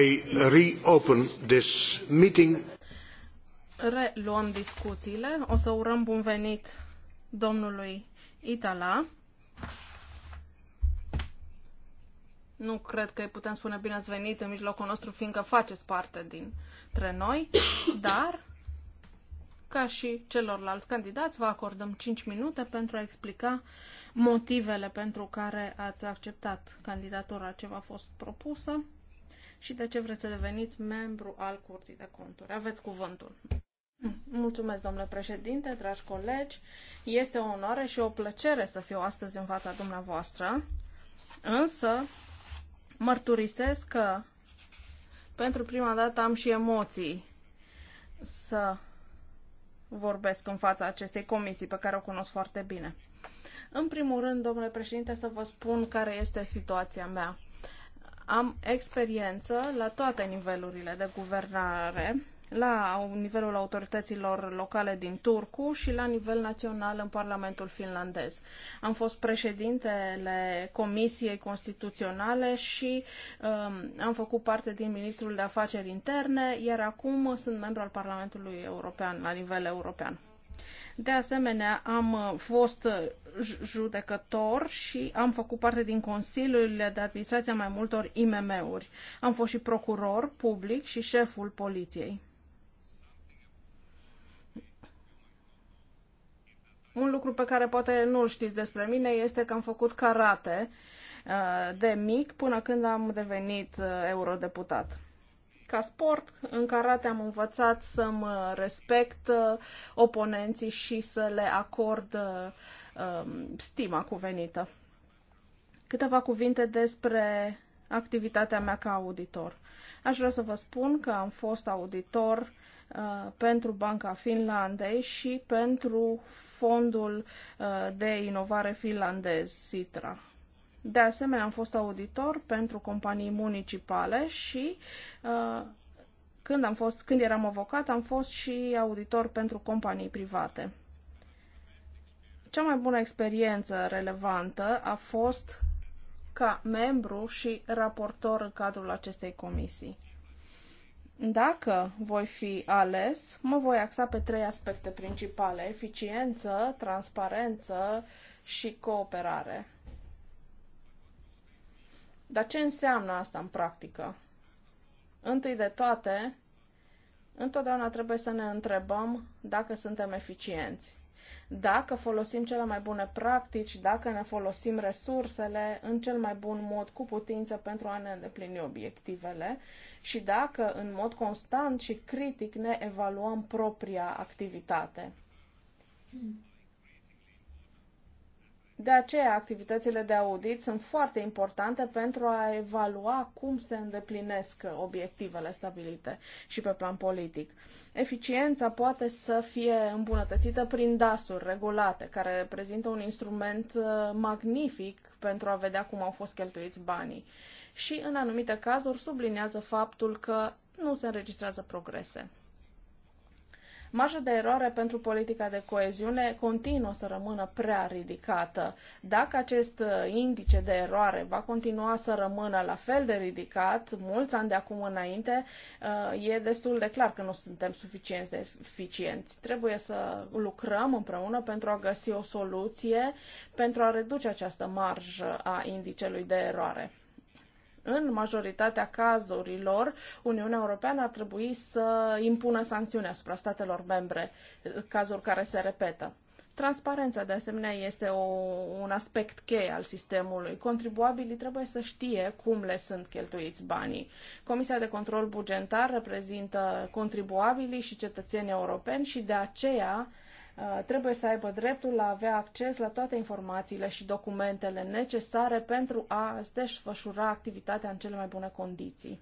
I reopen this meeting. Reluăm discuțiile. O să urăm bun venit domnului Itala. Nu cred că îi putem spune bine ați venit în mijlocul nostru, fiindcă faceți parte dintre noi, dar, ca și celorlalți candidați, vă acordăm 5 minute pentru a explica motivele pentru care ați acceptat candidatura ce v-a fost propusă și de ce vreți să deveniți membru al Curții de Conturi. Aveți cuvântul. Mm, mulțumesc, domnule președinte, dragi colegi. Este o onoare și o plăcere să fiu astăzi în fața dumneavoastră, însă mărturisesc că pentru prima dată am și emoții să vorbesc în fața acestei comisii pe care o cunosc foarte bine. În primul rând, domnule președinte, să vă spun care este situația mea. Am experiență la toate nivelurile de guvernare, la nivelul autorităților locale din Turcu și la nivel național în Parlamentul finlandez. Am fost președintele Comisiei Constituționale și um, am făcut parte din Ministrul de Afaceri Interne, iar acum sunt membru al Parlamentului European, la nivel european. De asemenea, am uh, fost uh, judecător și am făcut parte din consiliul de administrație a mai multor IMM-uri. Am fost și procuror public și șeful poliției. Un lucru pe care poate nu știți despre mine este că am făcut karate uh, de mic până când am devenit eurodeputat ca sport în karate am învățat să mă respect uh, oponenții și să le acord uh, um, stima cuvenită. Câteva cuvinte despre activitatea mea ca auditor. Aș vrea să vă spun că am fost auditor uh, pentru Banca Finlandei și pentru Fondul de Inovare Finlandez, SITRA. De asemenea, am fost auditor pentru companii municipale și uh, când, am fost, când eram avocat, am fost și auditor pentru companii private. Cea mai bună experiență relevantă a fost ca membru și raportor în cadrul acestei comisii. Dacă voi fi ales, mă voi axa pe trei aspecte principale: eficiență, transparență și cooperare. Dar ce înseamnă asta în practică? Întâi de toate, întotdeauna trebuie să ne întrebăm dacă suntem eficienți, dacă folosim cele mai bune practici, dacă ne folosim resursele în cel mai bun mod cu putință pentru a ne îndeplini obiectivele și dacă în mod constant și critic ne evaluăm propria activitate. Mm. De aceea, activitățile de audit sunt foarte importante pentru a evalua cum se îndeplinesc obiectivele stabilite și pe plan politic. Eficiența poate să fie îmbunătățită prin DAS-uri regulate, care reprezintă un instrument uh, magnific pentru a vedea cum au fost cheltuiți banii. Și, în anumite cazuri, sublinează faptul că nu se înregistrează progrese. Marja de eroare pentru politica de coeziune continuă să rămână prea ridicată. Dacă acest uh, indice de eroare va continua să rămână la fel de ridicat, mulți ani de acum înainte, uh, e destul de clar că nu suntem suficient de eficienți. Trebuie să lucrăm împreună pentru a găsi o soluție pentru a reduce această marjă a indicelui de eroare în majoritatea cazurilor, Uniunea Europeană ar trebui să impună sancțiuni asupra statelor membre, cazuri care se repetă. Transparența, de asemenea, este o, un aspect cheie al sistemului. Contribuabilii trebuie să știe cum le sunt cheltuiți banii. Comisia de control bugetar reprezintă contribuabilii și cetățenii europeni și de aceea Uh, trebuie să aibă dreptul la a avea acces la toate informațiile și documentele necesare pentru a se desfășura activitatea în cele mai bune condiții.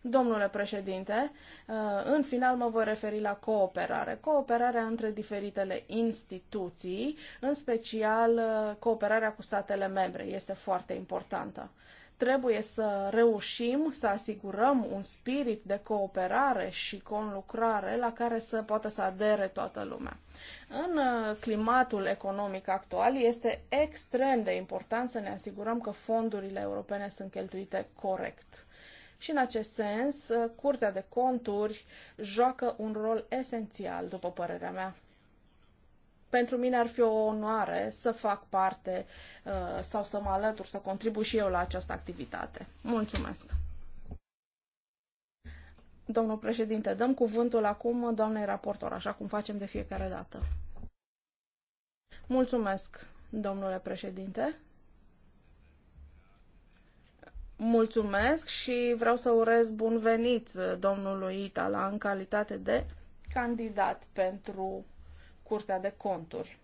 Domnule președinte, uh, în final mă voi referi la cooperare. Cooperarea între diferitele instituții, în special uh, cooperarea cu statele membre, este foarte importantă. Trebuie să reușim să asigurăm un spirit de cooperare și conlucrare la care să poată să adere toată lumea. În uh, climatul economic actual este extrem de important să ne asigurăm că fondurile europene sunt cheltuite corect. Și în acest sens, uh, Curtea de Conturi joacă un rol esențial, după părerea mea pentru mine ar fi o onoare să fac parte uh, sau să mă alătur, să contribu și eu la această activitate. Mulțumesc! Domnul președinte, dăm cuvântul acum doamnei raportor, așa cum facem de fiecare dată. Mulțumesc, domnule președinte. Mulțumesc și vreau să urez bun venit domnului Itala în calitate de candidat pentru Curtea de Conturi.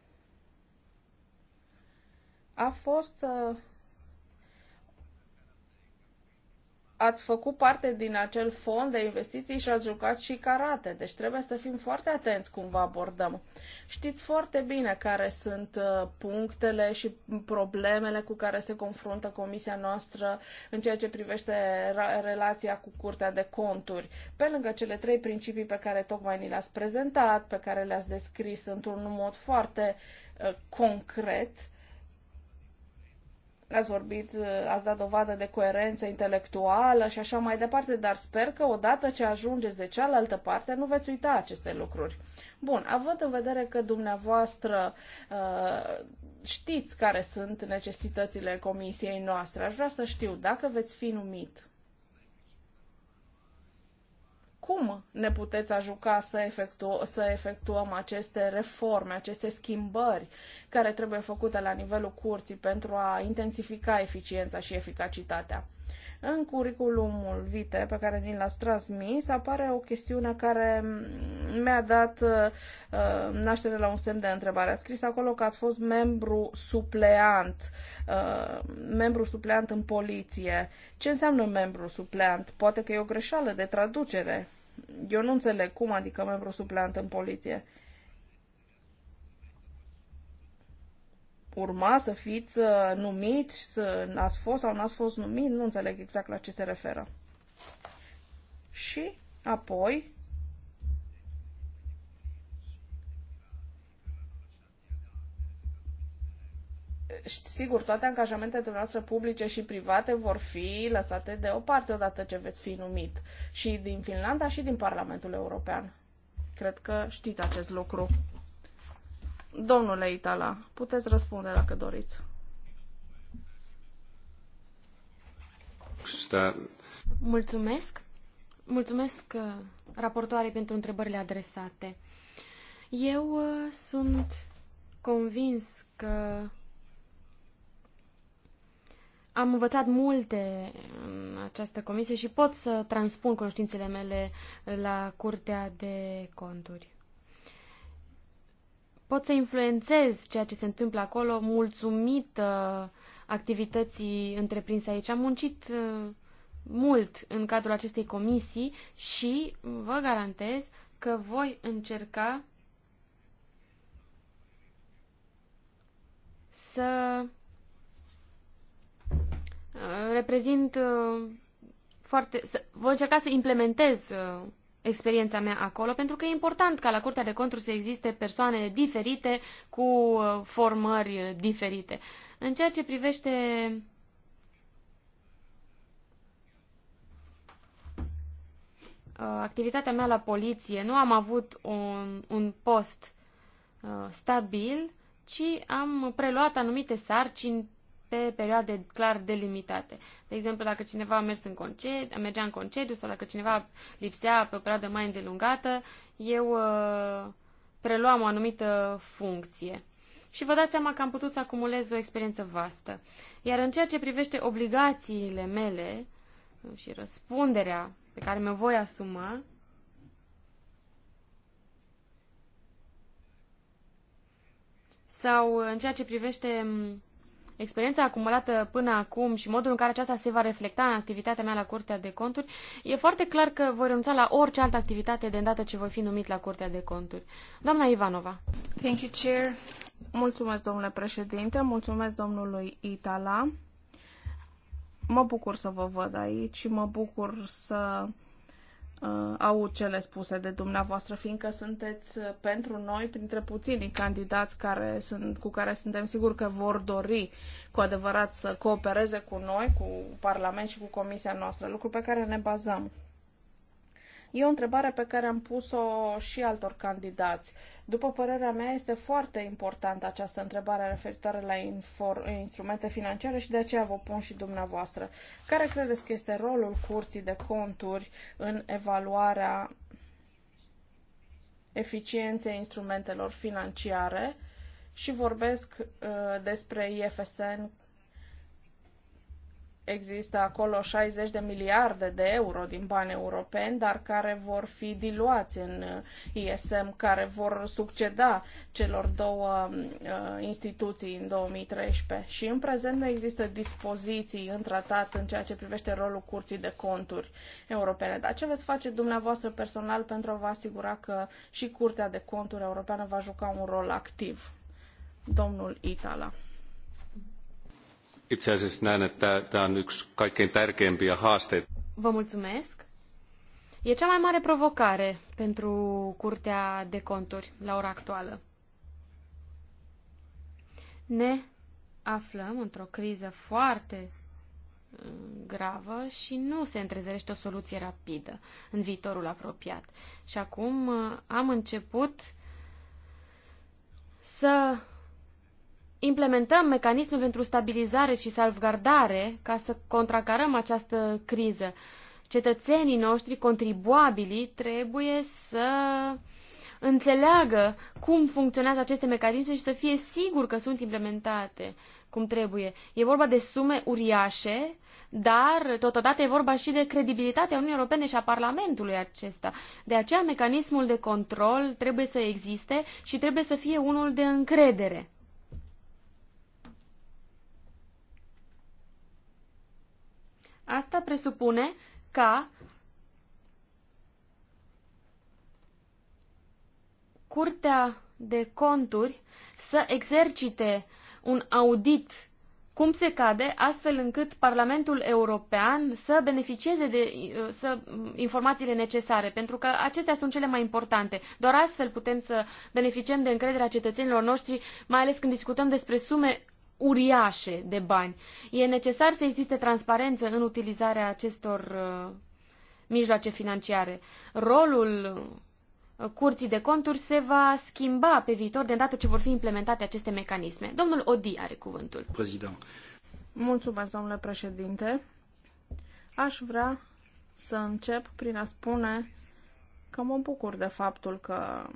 A fost uh, ați făcut parte din acel fond de investiții și ați jucat și karate, deci trebuie să fim foarte atenți cum vă abordăm. Știți foarte bine care sunt uh, punctele și problemele cu care se confruntă comisia noastră în ceea ce privește relația cu Curtea de Conturi, pe lângă cele trei principii pe care tocmai ni le-ați prezentat, pe care le-ați descris într-un mod foarte uh, concret, ați vorbit, uh, ați dat dovadă de coerență intelectuală și așa mai departe, dar sper că odată ce ajungeți de cealaltă parte, nu veți uita aceste lucruri. Bun, având în vedere că dumneavoastră uh, știți care sunt necesitățile comisiei noastre, aș vrea să știu dacă veți fi numit cum ne puteți ajuca să, efectu- să efectuăm aceste reforme, aceste schimbări care trebuie făcute la nivelul curții pentru a intensifica eficiența și eficacitatea. În curriculumul vite pe care ni l-ați transmis apare o chestiune care mi-a dat uh, naștere la un semn de întrebare. A scris acolo că ați fost membru supleant, uh, membru supleant în poliție. Ce înseamnă membru supleant? Poate că e o greșeală de traducere eu nu înțeleg cum adică membru suplant în poliție. Urma să fiți uh, numit, să ați fost sau n-ați fost numit, nu înțeleg exact la ce se referă. Și apoi, sigur, toate angajamentele noastre publice și private vor fi lăsate deoparte odată ce veți fi numit și din Finlanda și din Parlamentul European. Cred că știți acest lucru. Domnule Itala, puteți răspunde dacă doriți. Mulțumesc. Mulțumesc uh, raportoare pentru întrebările adresate. Eu uh, sunt convins că am învățat multe în această comisie și pot să transpun cunoștințele mele la Curtea de Conturi. Pot să influențez ceea ce se întâmplă acolo mulțumită activității întreprinse aici. Am muncit uh, mult în cadrul acestei comisii și vă garantez că voi încerca să Uh, reprezint uh, foarte... Voi încerca să implementez uh, experiența mea acolo, pentru că e important ca la Curtea de Conturi să existe persoane diferite cu formări diferite. În ceea ce privește activitatea mea la poliție, nu am avut un, un post stabil, ci am preluat anumite sarcini pe perioade clar delimitate. De exemplu, dacă cineva a mers în concediu, mergea în concediu sau dacă cineva lipsea pe o perioadă mai îndelungată, eu uh, preluam o anumită funcție. Și vă dați seama că am putut să acumulez o experiență vastă. Iar în ceea ce privește obligațiile mele uh, și răspunderea pe care mi-o voi asuma, sau uh, în ceea ce privește experiența acumulată până acum și modul în care aceasta se va reflecta în activitatea mea la Curtea de Conturi, e foarte clar că voi renunța la orice altă activitate de îndată ce voi fi numit la Curtea de Conturi. Doamna Ivanova. Thank you, Chair. Mulțumesc, domnule președinte, mulțumesc domnului Itala. Mă bucur să vă văd aici și mă bucur să uh, aud cele spuse de dumneavoastră, fiindcă sunteți uh, pentru noi printre puținii candidați care sunt, cu care suntem siguri că vor dori cu adevărat să coopereze cu noi, cu Parlament și cu Comisia noastră, lucru pe care ne bazăm. E o întrebare pe care am pus-o și altor candidați. După părerea mea, este foarte importantă această întrebare referitoare la infor- instrumente financiare și de aceea vă pun și dumneavoastră. Care credeți că este rolul curții de conturi în evaluarea eficienței instrumentelor financiare? și vorbesc uh, despre IFSN există acolo 60 de miliarde de euro din bani europeni, dar care vor fi diluați în uh, ISM, care vor succeda celor două uh, instituții în 2013. Și în prezent nu există dispoziții în tratat în ceea ce privește rolul Curții de Conturi Europene. Dar ce veți face dumneavoastră personal pentru a vă asigura că și Curtea de Conturi Europeană va juca un rol activ? Domnul Itala. Itse asiassa näen, että tämä on yksi kaikkein tärkeimpiä haasteita. E cea mai mare provocare pentru Curtea de Conturi la ora actuală. Ne aflăm într-o criză foarte uh, gravă și nu se întrezerește o soluție rapidă în viitorul apropiat. Și acum uh, am început să implementăm mecanisme pentru stabilizare și salvgardare ca să contracarăm această criză. Cetățenii noștri, contribuabilii, trebuie să înțeleagă cum funcționează aceste mecanisme și să fie sigur că sunt implementate cum trebuie. E vorba de sume uriașe, dar totodată e vorba și de credibilitatea Uniunii Europene și a Parlamentului acesta. De aceea mecanismul de control trebuie să existe și trebuie să fie unul de încredere. Asta presupune ca Curtea de Conturi să exercite un audit cum se cade, astfel încât Parlamentul European să beneficieze de să, informațiile necesare, pentru că acestea sunt cele mai importante. Doar astfel putem să beneficiem de încrederea cetățenilor noștri, mai ales când discutăm despre sume uriașe de bani. E necesar să existe transparență în utilizarea acestor uh, mijloace financiare. Rolul uh, Curții de Conturi se va schimba pe viitor de îndată ce vor fi implementate aceste mecanisme. Domnul Odi are cuvântul. Prezident. Mulțumesc, domnule președinte. Aș vrea să încep prin a spune că mă bucur de faptul că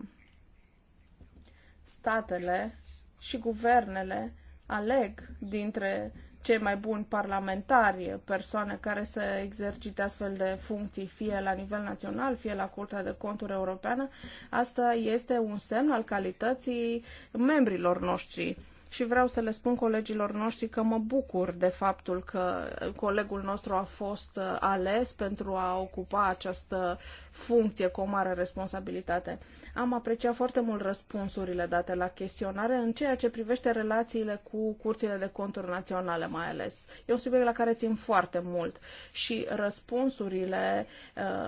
statele și guvernele aleg dintre cei mai buni parlamentari, persoane care să exercite astfel de funcții, fie la nivel național, fie la Curtea de Conturi Europeană, asta este un semn al calității membrilor noștri și vreau să le spun colegilor noștri că mă bucur de faptul că colegul nostru a fost uh, ales pentru a ocupa această funcție cu o mare responsabilitate. Am apreciat foarte mult răspunsurile date la chestionare în ceea ce privește relațiile cu curțile de conturi naționale mai ales. E un subiect la care țin foarte mult și răspunsurile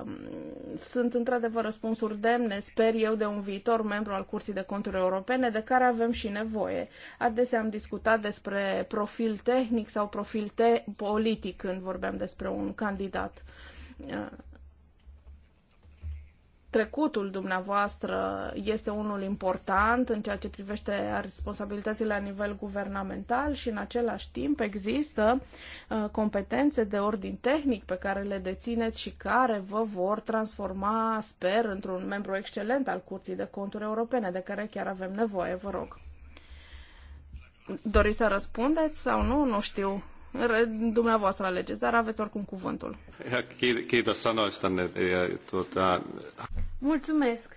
uh, sunt într-adevăr răspunsuri demne, sper eu, de un viitor membru al Curții de Conturi Europene, de care avem și nevoie. Adesea am discutat despre profil tehnic sau profil te- politic când vorbeam despre un candidat. Uh, trecutul dumneavoastră este unul important în ceea ce privește responsabilitățile la nivel guvernamental și în același timp există uh, competențe de ordin tehnic pe care le dețineți și care vă vor transforma, sper, într-un membru excelent al Curții de Conturi Europene, de care chiar avem nevoie, vă rog. Doriți să răspundeți sau nu? Nu știu. Dumneavoastră alegeți, dar aveți oricum cuvântul. Mulțumesc.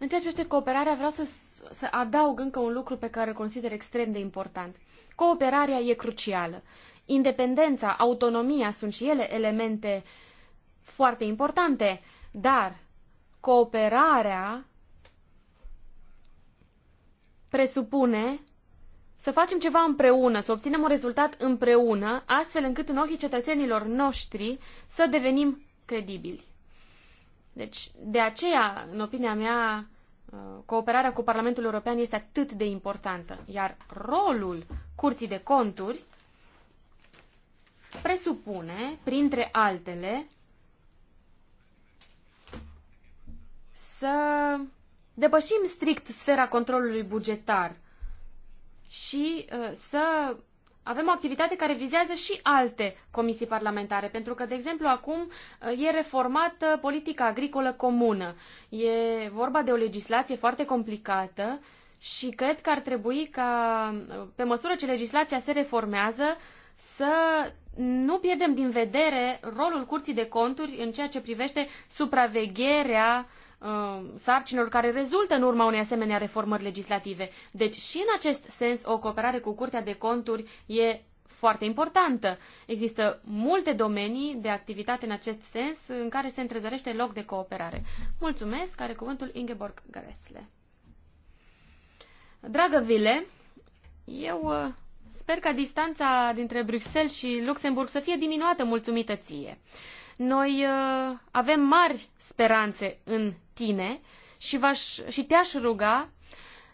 În ceea ce privește cooperarea, vreau să, să adaug încă un lucru pe care îl consider extrem de important. Cooperarea e crucială. Independența, autonomia sunt și ele elemente foarte importante, dar cooperarea presupune să facem ceva împreună, să obținem un rezultat împreună, astfel încât în ochii cetățenilor noștri să devenim credibili. Deci, de aceea, în opinia mea, uh, cooperarea cu Parlamentul European este atât de importantă, iar rolul Curții de Conturi presupune, printre altele, să depășim strict sfera controlului bugetar și uh, să avem o activitate care vizează și alte comisii parlamentare, pentru că, de exemplu, acum uh, e reformată politica agricolă comună. E vorba de o legislație foarte complicată și cred că ar trebui ca, uh, pe măsură ce legislația se reformează, să nu pierdem din vedere rolul Curții de Conturi în ceea ce privește supravegherea Um, sarcinilor care rezultă în urma unei asemenea reformări legislative. Deci și în acest sens o cooperare cu Curtea de Conturi e foarte importantă. Există multe domenii de activitate în acest sens în care se întrezărește loc de cooperare. Mulțumesc, are cuvântul Ingeborg Gresle. Dragă Vile, eu uh, sper ca distanța dintre Bruxelles și Luxemburg să fie diminuată mulțumită ție. Noi uh, avem mari speranțe în tine și, și te-aș ruga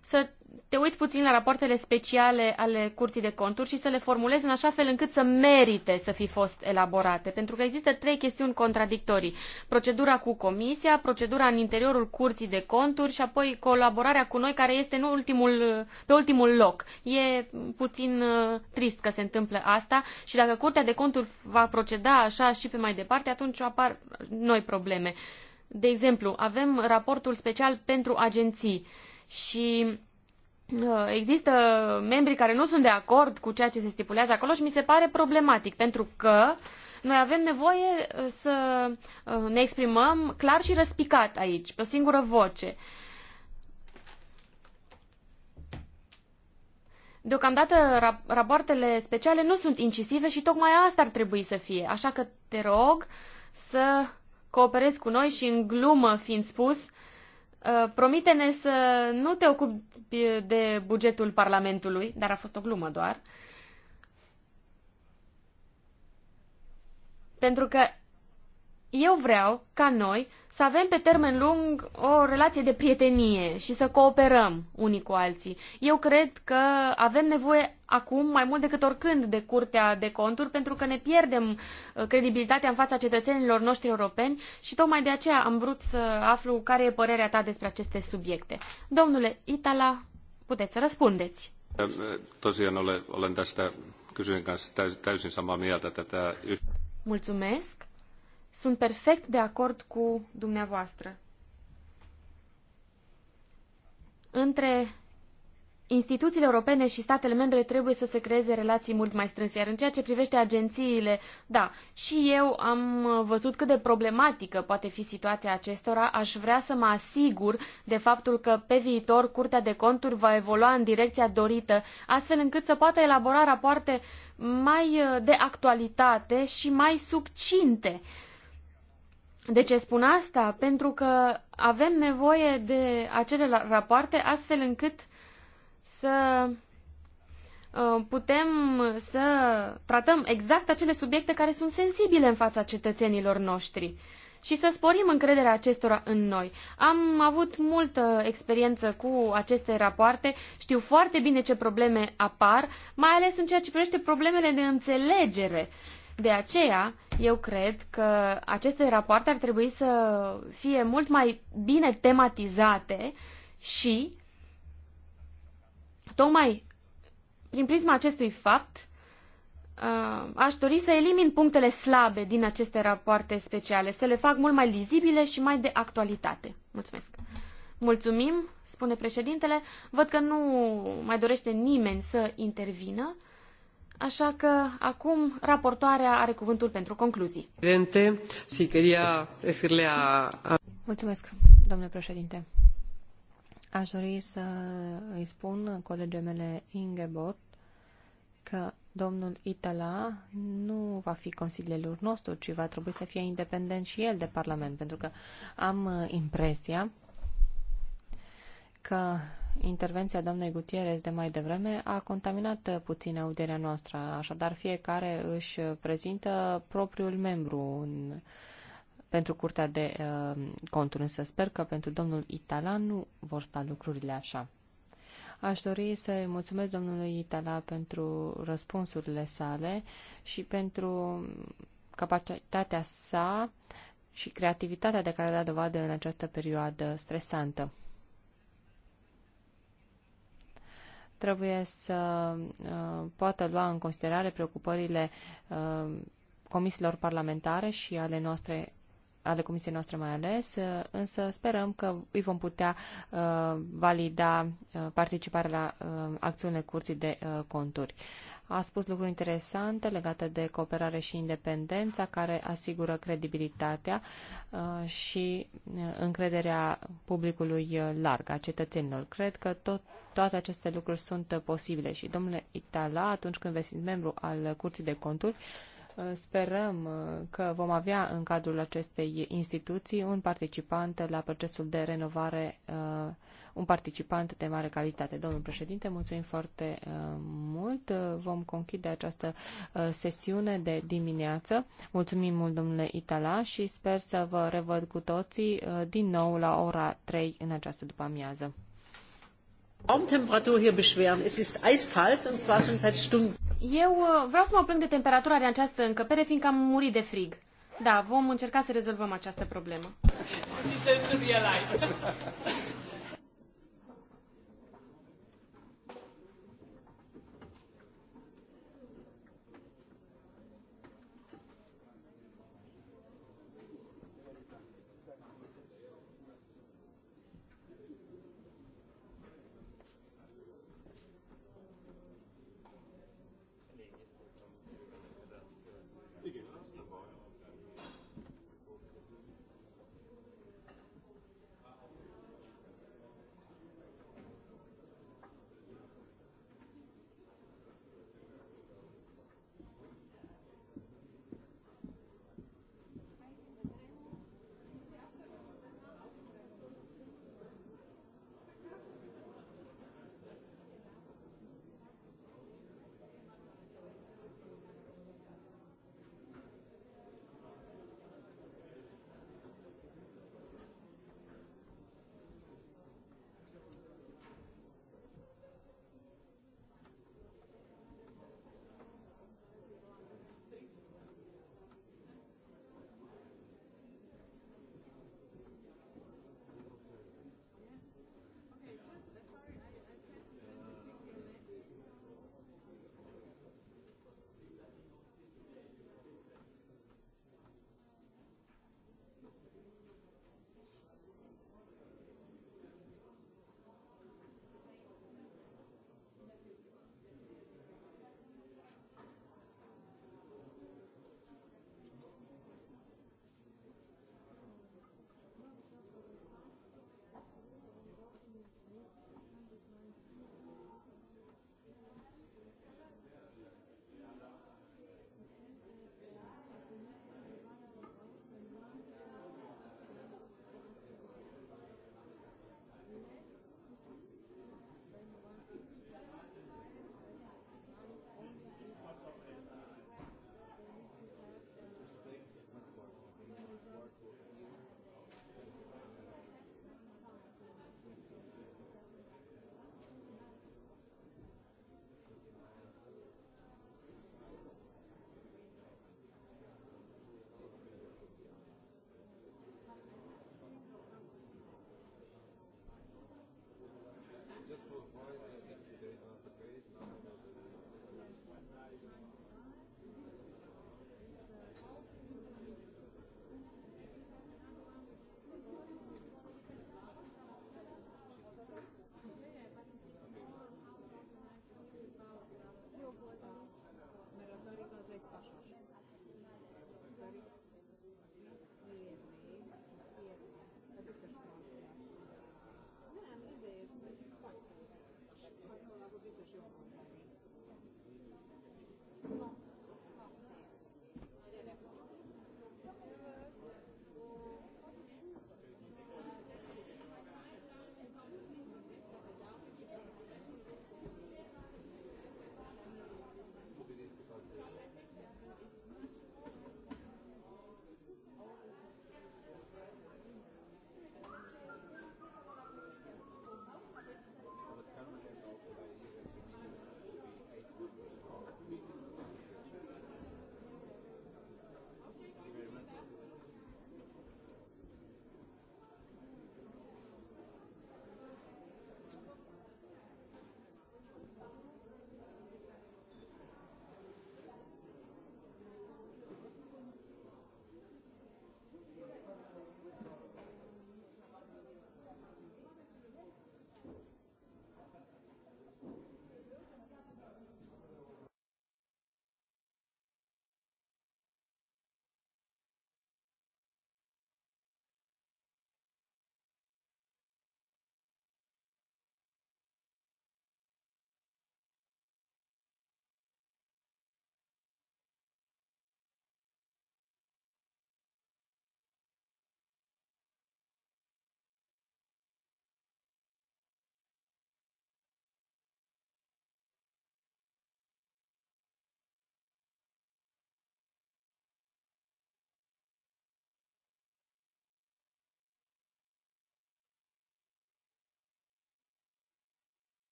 să te uiți puțin la rapoartele speciale ale Curții de Conturi și să le formulezi în așa fel încât să merite să fi fost elaborate. Pentru că există trei chestiuni contradictorii. Procedura cu Comisia, procedura în interiorul Curții de Conturi și apoi colaborarea cu noi care este în ultimul, pe ultimul loc. E puțin uh, trist că se întâmplă asta și dacă Curtea de Conturi va proceda așa și pe mai departe, atunci apar noi probleme. De exemplu, avem raportul special pentru agenții și uh, există membri care nu sunt de acord cu ceea ce se stipulează acolo și mi se pare problematic, pentru că noi avem nevoie uh, să uh, ne exprimăm clar și răspicat aici, pe o singură voce. Deocamdată rapoartele speciale nu sunt incisive și tocmai asta ar trebui să fie, așa că te rog să cooperezi cu noi și în glumă fiind spus, uh, promite-ne să nu te ocupi de bugetul Parlamentului, dar a fost o glumă doar, pentru că eu vreau ca noi să avem pe termen lung o relație de prietenie și să cooperăm unii cu alții. Eu cred că avem nevoie acum mai mult decât oricând de Curtea de Conturi pentru că ne pierdem uh, credibilitatea în fața cetățenilor noștri europeni și tocmai de aceea am vrut să aflu care e părerea ta despre aceste subiecte. Domnule Itala, puteți să răspundeți. Mulțumesc. Sunt perfect de acord cu dumneavoastră. Între instituțiile europene și statele membre trebuie să se creeze relații mult mai strânse. Iar în ceea ce privește agențiile, da, și eu am văzut cât de problematică poate fi situația acestora. Aș vrea să mă asigur de faptul că pe viitor Curtea de Conturi va evolua în direcția dorită, astfel încât să poată elabora rapoarte mai uh, de actualitate și mai succinte. De ce spun asta? Pentru că avem nevoie de acele rapoarte astfel încât să uh, putem să tratăm exact acele subiecte care sunt sensibile în fața cetățenilor noștri și să sporim încrederea acestora în noi. Am avut multă experiență cu aceste rapoarte, știu foarte bine ce probleme apar, mai ales în ceea ce privește problemele de înțelegere. De aceea, eu cred că aceste rapoarte ar trebui să fie mult mai bine tematizate și Tocmai prin prisma acestui fapt, uh, aș dori să elimin punctele slabe din aceste rapoarte speciale, să le fac mult mai lizibile și mai de actualitate. Mulțumesc! Mulțumim, spune președintele. Văd că nu mai dorește nimeni să intervină, așa că acum raportoarea are cuvântul pentru concluzii. Mulțumesc, domnule președinte. Aș dori să îi spun colegii mele Ingeborg că domnul Itala nu va fi consilierul nostru, ci va trebui să fie independent și el de Parlament, pentru că am uh, impresia că intervenția doamnei Gutierrez de mai devreme a contaminat uh, puțin audierea noastră, așadar fiecare își prezintă propriul membru în pentru Curtea de uh, Conturi, însă sper că pentru domnul Italanu nu vor sta lucrurile așa. Aș dori să-i mulțumesc domnului Itala pentru răspunsurile sale și pentru capacitatea sa și creativitatea de care a dat dovadă în această perioadă stresantă. Trebuie să uh, poată lua în considerare preocupările uh, comisiilor parlamentare și ale noastre ale comisiei noastre mai ales, uh, însă sperăm că îi vom putea uh, valida uh, participarea la acțiunile curții de conturi. A spus lucruri interesante legate de cooperare și independența care asigură credibilitatea și încrederea publicului larg, a cetățenilor. Cred că tot, toate aceste lucruri sunt posibile și, domnule Itala, atunci când veți membru al Curții de Conturi, Uh, sperăm uh, că vom avea în cadrul acestei instituții un participant la procesul de renovare, uh, un participant de mare calitate. Domnul președinte, mulțumim foarte mult. Vom conchide această sesiune de dimineață. Mulțumim mult, domnule Itala, și sper să vă revăd cu toții din nou la ora 3 în această după amiază. Raumtemperatur hier beschweren. Es ist eiskalt und zwar schon seit Stunden. Eu uh, vreau să mă plâng de temperatura de această încăpere, fiindcă am murit de frig. Da, vom încerca să rezolvăm această problemă.